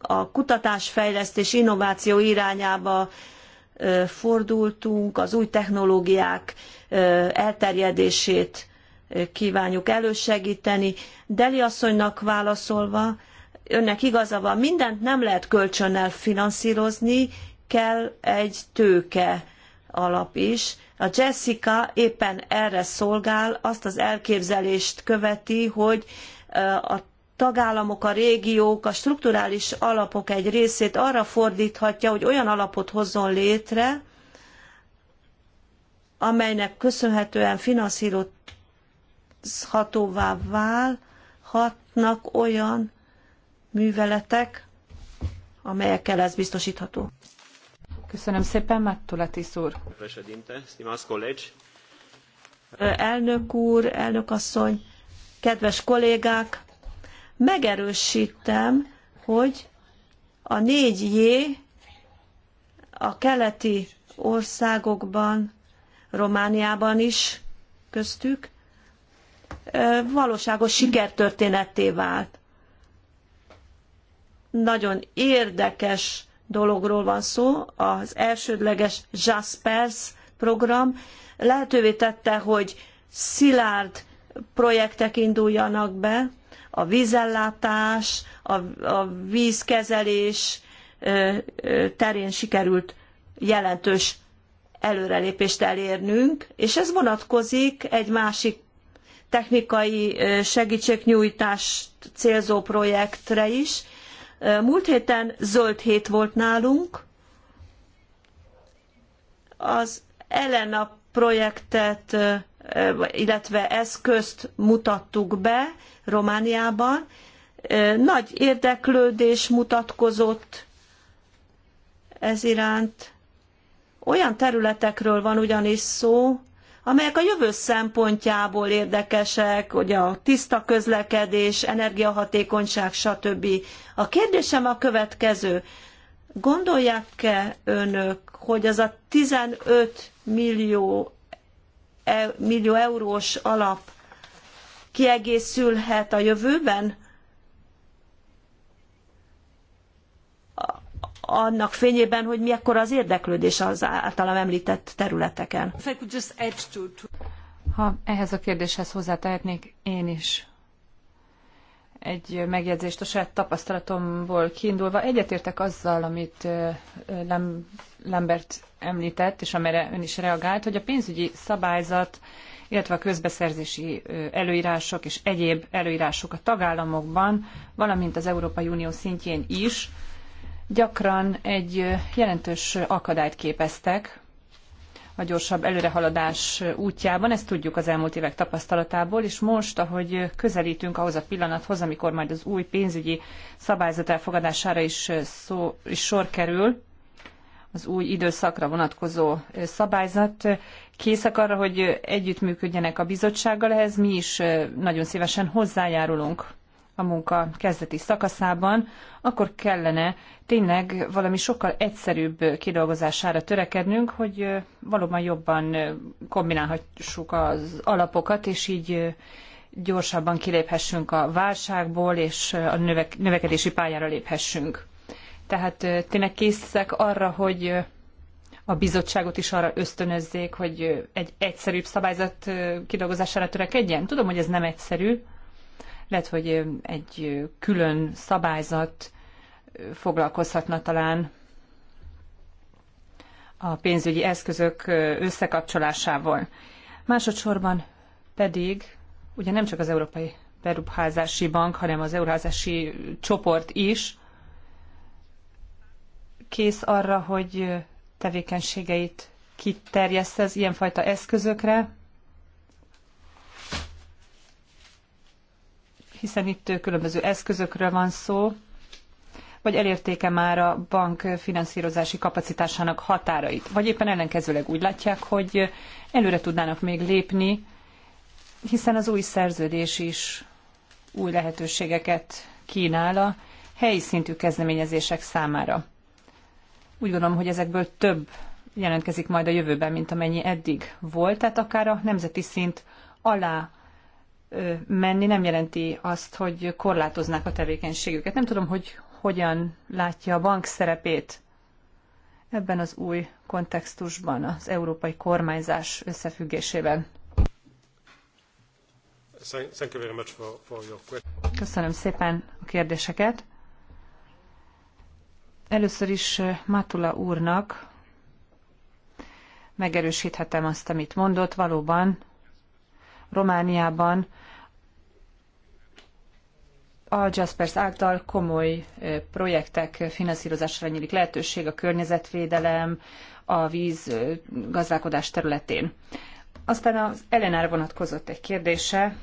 a kutatás, fejlesztés, innováció irányába fordultunk, az új technológiák elterjedését kívánjuk elősegíteni. Deli asszonynak válaszolva, önnek igaza van, mindent nem lehet kölcsönnel finanszírozni, kell egy tőke alap is. A Jessica éppen erre szolgál, azt az elképzelést követi, hogy a tagállamok, a régiók, a strukturális alapok egy részét arra fordíthatja, hogy olyan alapot hozzon létre, amelynek köszönhetően finanszírozhatóvá válhatnak olyan műveletek, amelyekkel ez biztosítható. Köszönöm szépen, Mattulatis úr. Elnök úr, elnök asszony, kedves kollégák! megerősítem, hogy a négy j a keleti országokban, Romániában is köztük valóságos sikertörténetté vált. Nagyon érdekes dologról van szó, az elsődleges Jaspers program lehetővé tette, hogy szilárd projektek induljanak be, a vízellátás, a, a vízkezelés terén sikerült jelentős előrelépést elérnünk, és ez vonatkozik egy másik technikai segítségnyújtást célzó projektre is. Múlt héten zöld hét volt nálunk. Az Elena projektet illetve eszközt mutattuk be Romániában. Nagy érdeklődés mutatkozott ez iránt. Olyan területekről van ugyanis szó, amelyek a jövő szempontjából érdekesek, hogy a tiszta közlekedés, energiahatékonyság, stb. A kérdésem a következő. Gondolják-e önök, hogy az a 15 millió E, millió eurós alap kiegészülhet a jövőben? annak fényében, hogy mekkora az érdeklődés az általam említett területeken. Ha ehhez a kérdéshez hozzátehetnék én is egy megjegyzést a saját tapasztalatomból kiindulva. Egyetértek azzal, amit Lambert említett, és amire ön is reagált, hogy a pénzügyi szabályzat, illetve a közbeszerzési előírások és egyéb előírások a tagállamokban, valamint az Európai Unió szintjén is gyakran egy jelentős akadályt képeztek a gyorsabb előrehaladás útjában. Ezt tudjuk az elmúlt évek tapasztalatából, és most, ahogy közelítünk ahhoz a pillanathoz, amikor majd az új pénzügyi szabályzat elfogadására is, szó, is sor kerül, az új időszakra vonatkozó szabályzat. Készek arra, hogy együttműködjenek a bizottsággal, ehhez mi is nagyon szívesen hozzájárulunk a munka kezdeti szakaszában, akkor kellene tényleg valami sokkal egyszerűbb kidolgozására törekednünk, hogy valóban jobban kombinálhassuk az alapokat, és így gyorsabban kiléphessünk a válságból, és a növekedési pályára léphessünk. Tehát tényleg készek arra, hogy a bizottságot is arra ösztönözzék, hogy egy egyszerűbb szabályzat kidolgozására törekedjen? Tudom, hogy ez nem egyszerű, lehet, hogy egy külön szabályzat foglalkozhatna talán a pénzügyi eszközök összekapcsolásával. Másodszorban pedig, ugye nem csak az Európai Beruházási Bank, hanem az Euróházási Csoport is kész arra, hogy tevékenységeit kiterjeszte az ilyenfajta eszközökre, hiszen itt különböző eszközökről van szó, vagy elértéke már a bank finanszírozási kapacitásának határait, vagy éppen ellenkezőleg úgy látják, hogy előre tudnának még lépni, hiszen az új szerződés is új lehetőségeket kínál a helyi szintű kezdeményezések számára. Úgy gondolom, hogy ezekből több jelentkezik majd a jövőben, mint amennyi eddig volt, tehát akár a nemzeti szint alá menni nem jelenti azt, hogy korlátoznák a tevékenységüket. Nem tudom, hogy hogyan látja a bank szerepét ebben az új kontextusban, az európai kormányzás összefüggésében. Köszönöm szépen a kérdéseket. Először is Matula úrnak megerősíthetem azt, amit mondott. Valóban Romániában a Jaspers által komoly projektek finanszírozásra nyílik lehetőség a környezetvédelem, a víz gazdálkodás területén. Aztán az Elenára vonatkozott egy kérdése,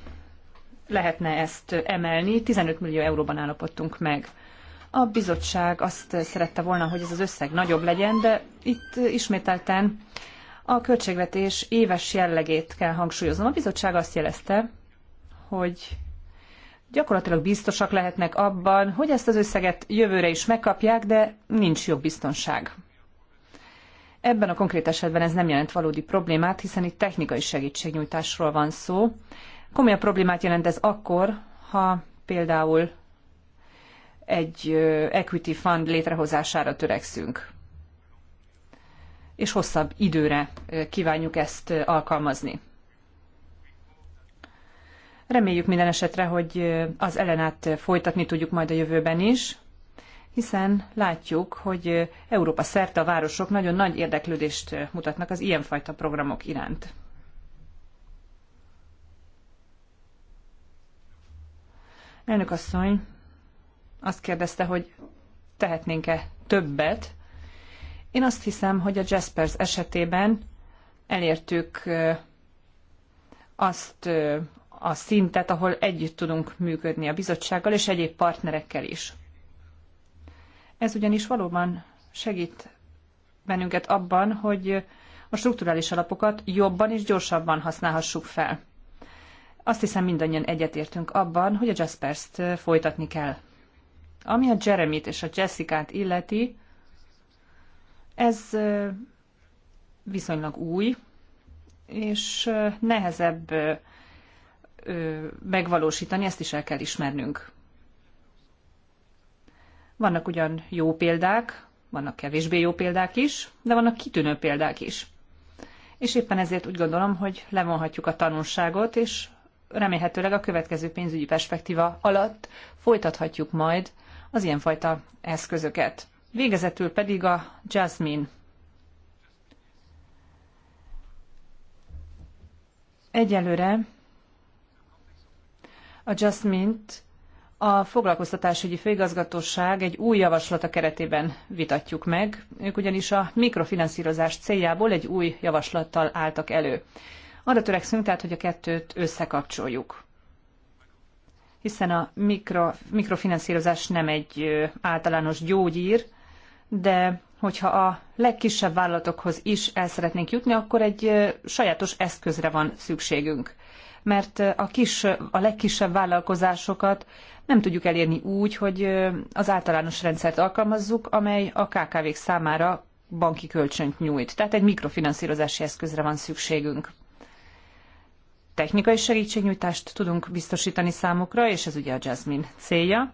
lehetne ezt emelni, 15 millió euróban állapodtunk meg. A bizottság azt szerette volna, hogy ez az összeg nagyobb legyen, de itt ismételten a költségvetés éves jellegét kell hangsúlyoznom. A bizottság azt jelezte, hogy gyakorlatilag biztosak lehetnek abban, hogy ezt az összeget jövőre is megkapják, de nincs jogbiztonság. Ebben a konkrét esetben ez nem jelent valódi problémát, hiszen itt technikai segítségnyújtásról van szó. Komolyabb problémát jelent ez akkor, ha például egy equity fund létrehozására törekszünk és hosszabb időre kívánjuk ezt alkalmazni. Reméljük minden esetre, hogy az ellenát folytatni tudjuk majd a jövőben is, hiszen látjuk, hogy Európa szerte a városok nagyon nagy érdeklődést mutatnak az ilyenfajta programok iránt. Elnök asszony azt kérdezte, hogy tehetnénk-e többet én azt hiszem, hogy a Jaspers esetében elértük azt a szintet, ahol együtt tudunk működni a bizottsággal és egyéb partnerekkel is. Ez ugyanis valóban segít bennünket abban, hogy a strukturális alapokat jobban és gyorsabban használhassuk fel. Azt hiszem mindannyian egyetértünk abban, hogy a Jaspers-t folytatni kell. Ami a Jeremit és a Jessica-t illeti, ez viszonylag új, és nehezebb megvalósítani, ezt is el kell ismernünk. Vannak ugyan jó példák, vannak kevésbé jó példák is, de vannak kitűnő példák is. És éppen ezért úgy gondolom, hogy levonhatjuk a tanulságot, és remélhetőleg a következő pénzügyi perspektíva alatt folytathatjuk majd az ilyenfajta eszközöket. Végezetül pedig a Jasmine. Egyelőre a Jasmine-t a foglalkoztatásügyi főigazgatóság egy új javaslata keretében vitatjuk meg. Ők ugyanis a mikrofinanszírozás céljából egy új javaslattal álltak elő. Arra törekszünk tehát, hogy a kettőt összekapcsoljuk. Hiszen a mikro, mikrofinanszírozás nem egy általános gyógyír, de hogyha a legkisebb vállalatokhoz is el szeretnénk jutni, akkor egy sajátos eszközre van szükségünk. Mert a, kis, a legkisebb vállalkozásokat nem tudjuk elérni úgy, hogy az általános rendszert alkalmazzuk, amely a KKV-k számára banki kölcsönt nyújt. Tehát egy mikrofinanszírozási eszközre van szükségünk. Technikai segítségnyújtást tudunk biztosítani számukra, és ez ugye a Jasmine célja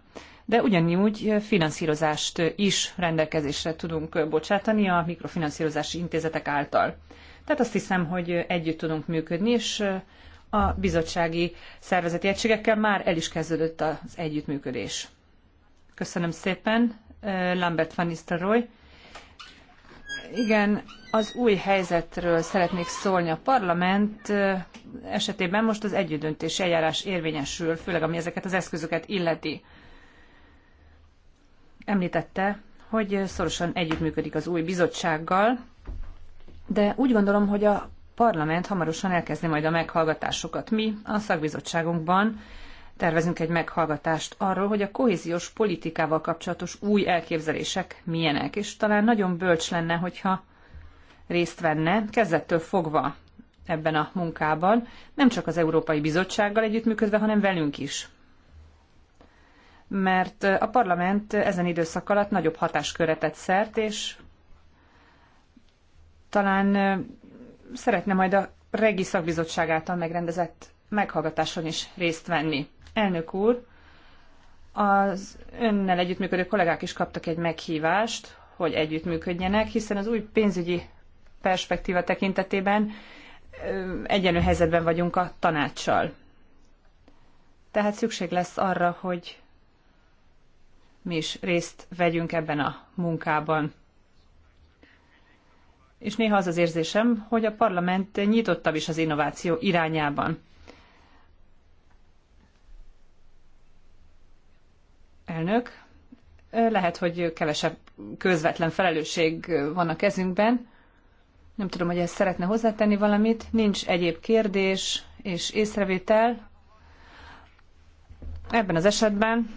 de ugyanúgy finanszírozást is rendelkezésre tudunk bocsátani a mikrofinanszírozási intézetek által. Tehát azt hiszem, hogy együtt tudunk működni, és a bizottsági szervezeti egységekkel már el is kezdődött az együttműködés. Köszönöm szépen, Lambert van Nistelrooy. Igen, az új helyzetről szeretnék szólni. A parlament esetében most az együttdöntési eljárás érvényesül, főleg ami ezeket az eszközöket illeti említette, hogy szorosan együttműködik az új bizottsággal, de úgy gondolom, hogy a parlament hamarosan elkezdi majd a meghallgatásokat. Mi a szakbizottságunkban tervezünk egy meghallgatást arról, hogy a kohéziós politikával kapcsolatos új elképzelések milyenek, és talán nagyon bölcs lenne, hogyha részt venne kezdettől fogva ebben a munkában, nem csak az Európai Bizottsággal együttműködve, hanem velünk is mert a parlament ezen időszak alatt nagyobb hatáskörre tett szert, és talán szeretne majd a Regi Szakbizottság által megrendezett meghallgatáson is részt venni. Elnök úr, az önnel együttműködő kollégák is kaptak egy meghívást, hogy együttműködjenek, hiszen az új pénzügyi perspektíva tekintetében egyenlő helyzetben vagyunk a tanácssal. Tehát szükség lesz arra, hogy mi is részt vegyünk ebben a munkában. És néha az az érzésem, hogy a parlament nyitottabb is az innováció irányában. Elnök, lehet, hogy kevesebb közvetlen felelősség van a kezünkben. Nem tudom, hogy ezt szeretne hozzátenni valamit. Nincs egyéb kérdés és észrevétel. Ebben az esetben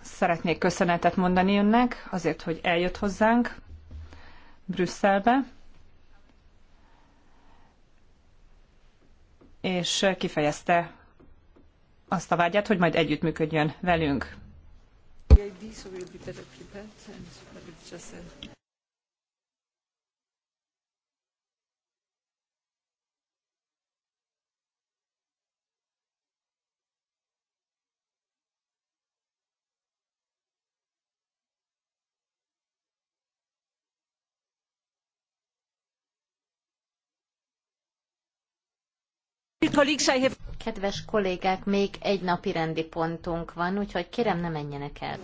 Szeretnék köszönetet mondani önnek azért, hogy eljött hozzánk Brüsszelbe, és kifejezte azt a vágyát, hogy majd együttműködjön velünk. Kedves kollégák, még egy napi rendi pontunk van, úgyhogy kérem ne menjenek el.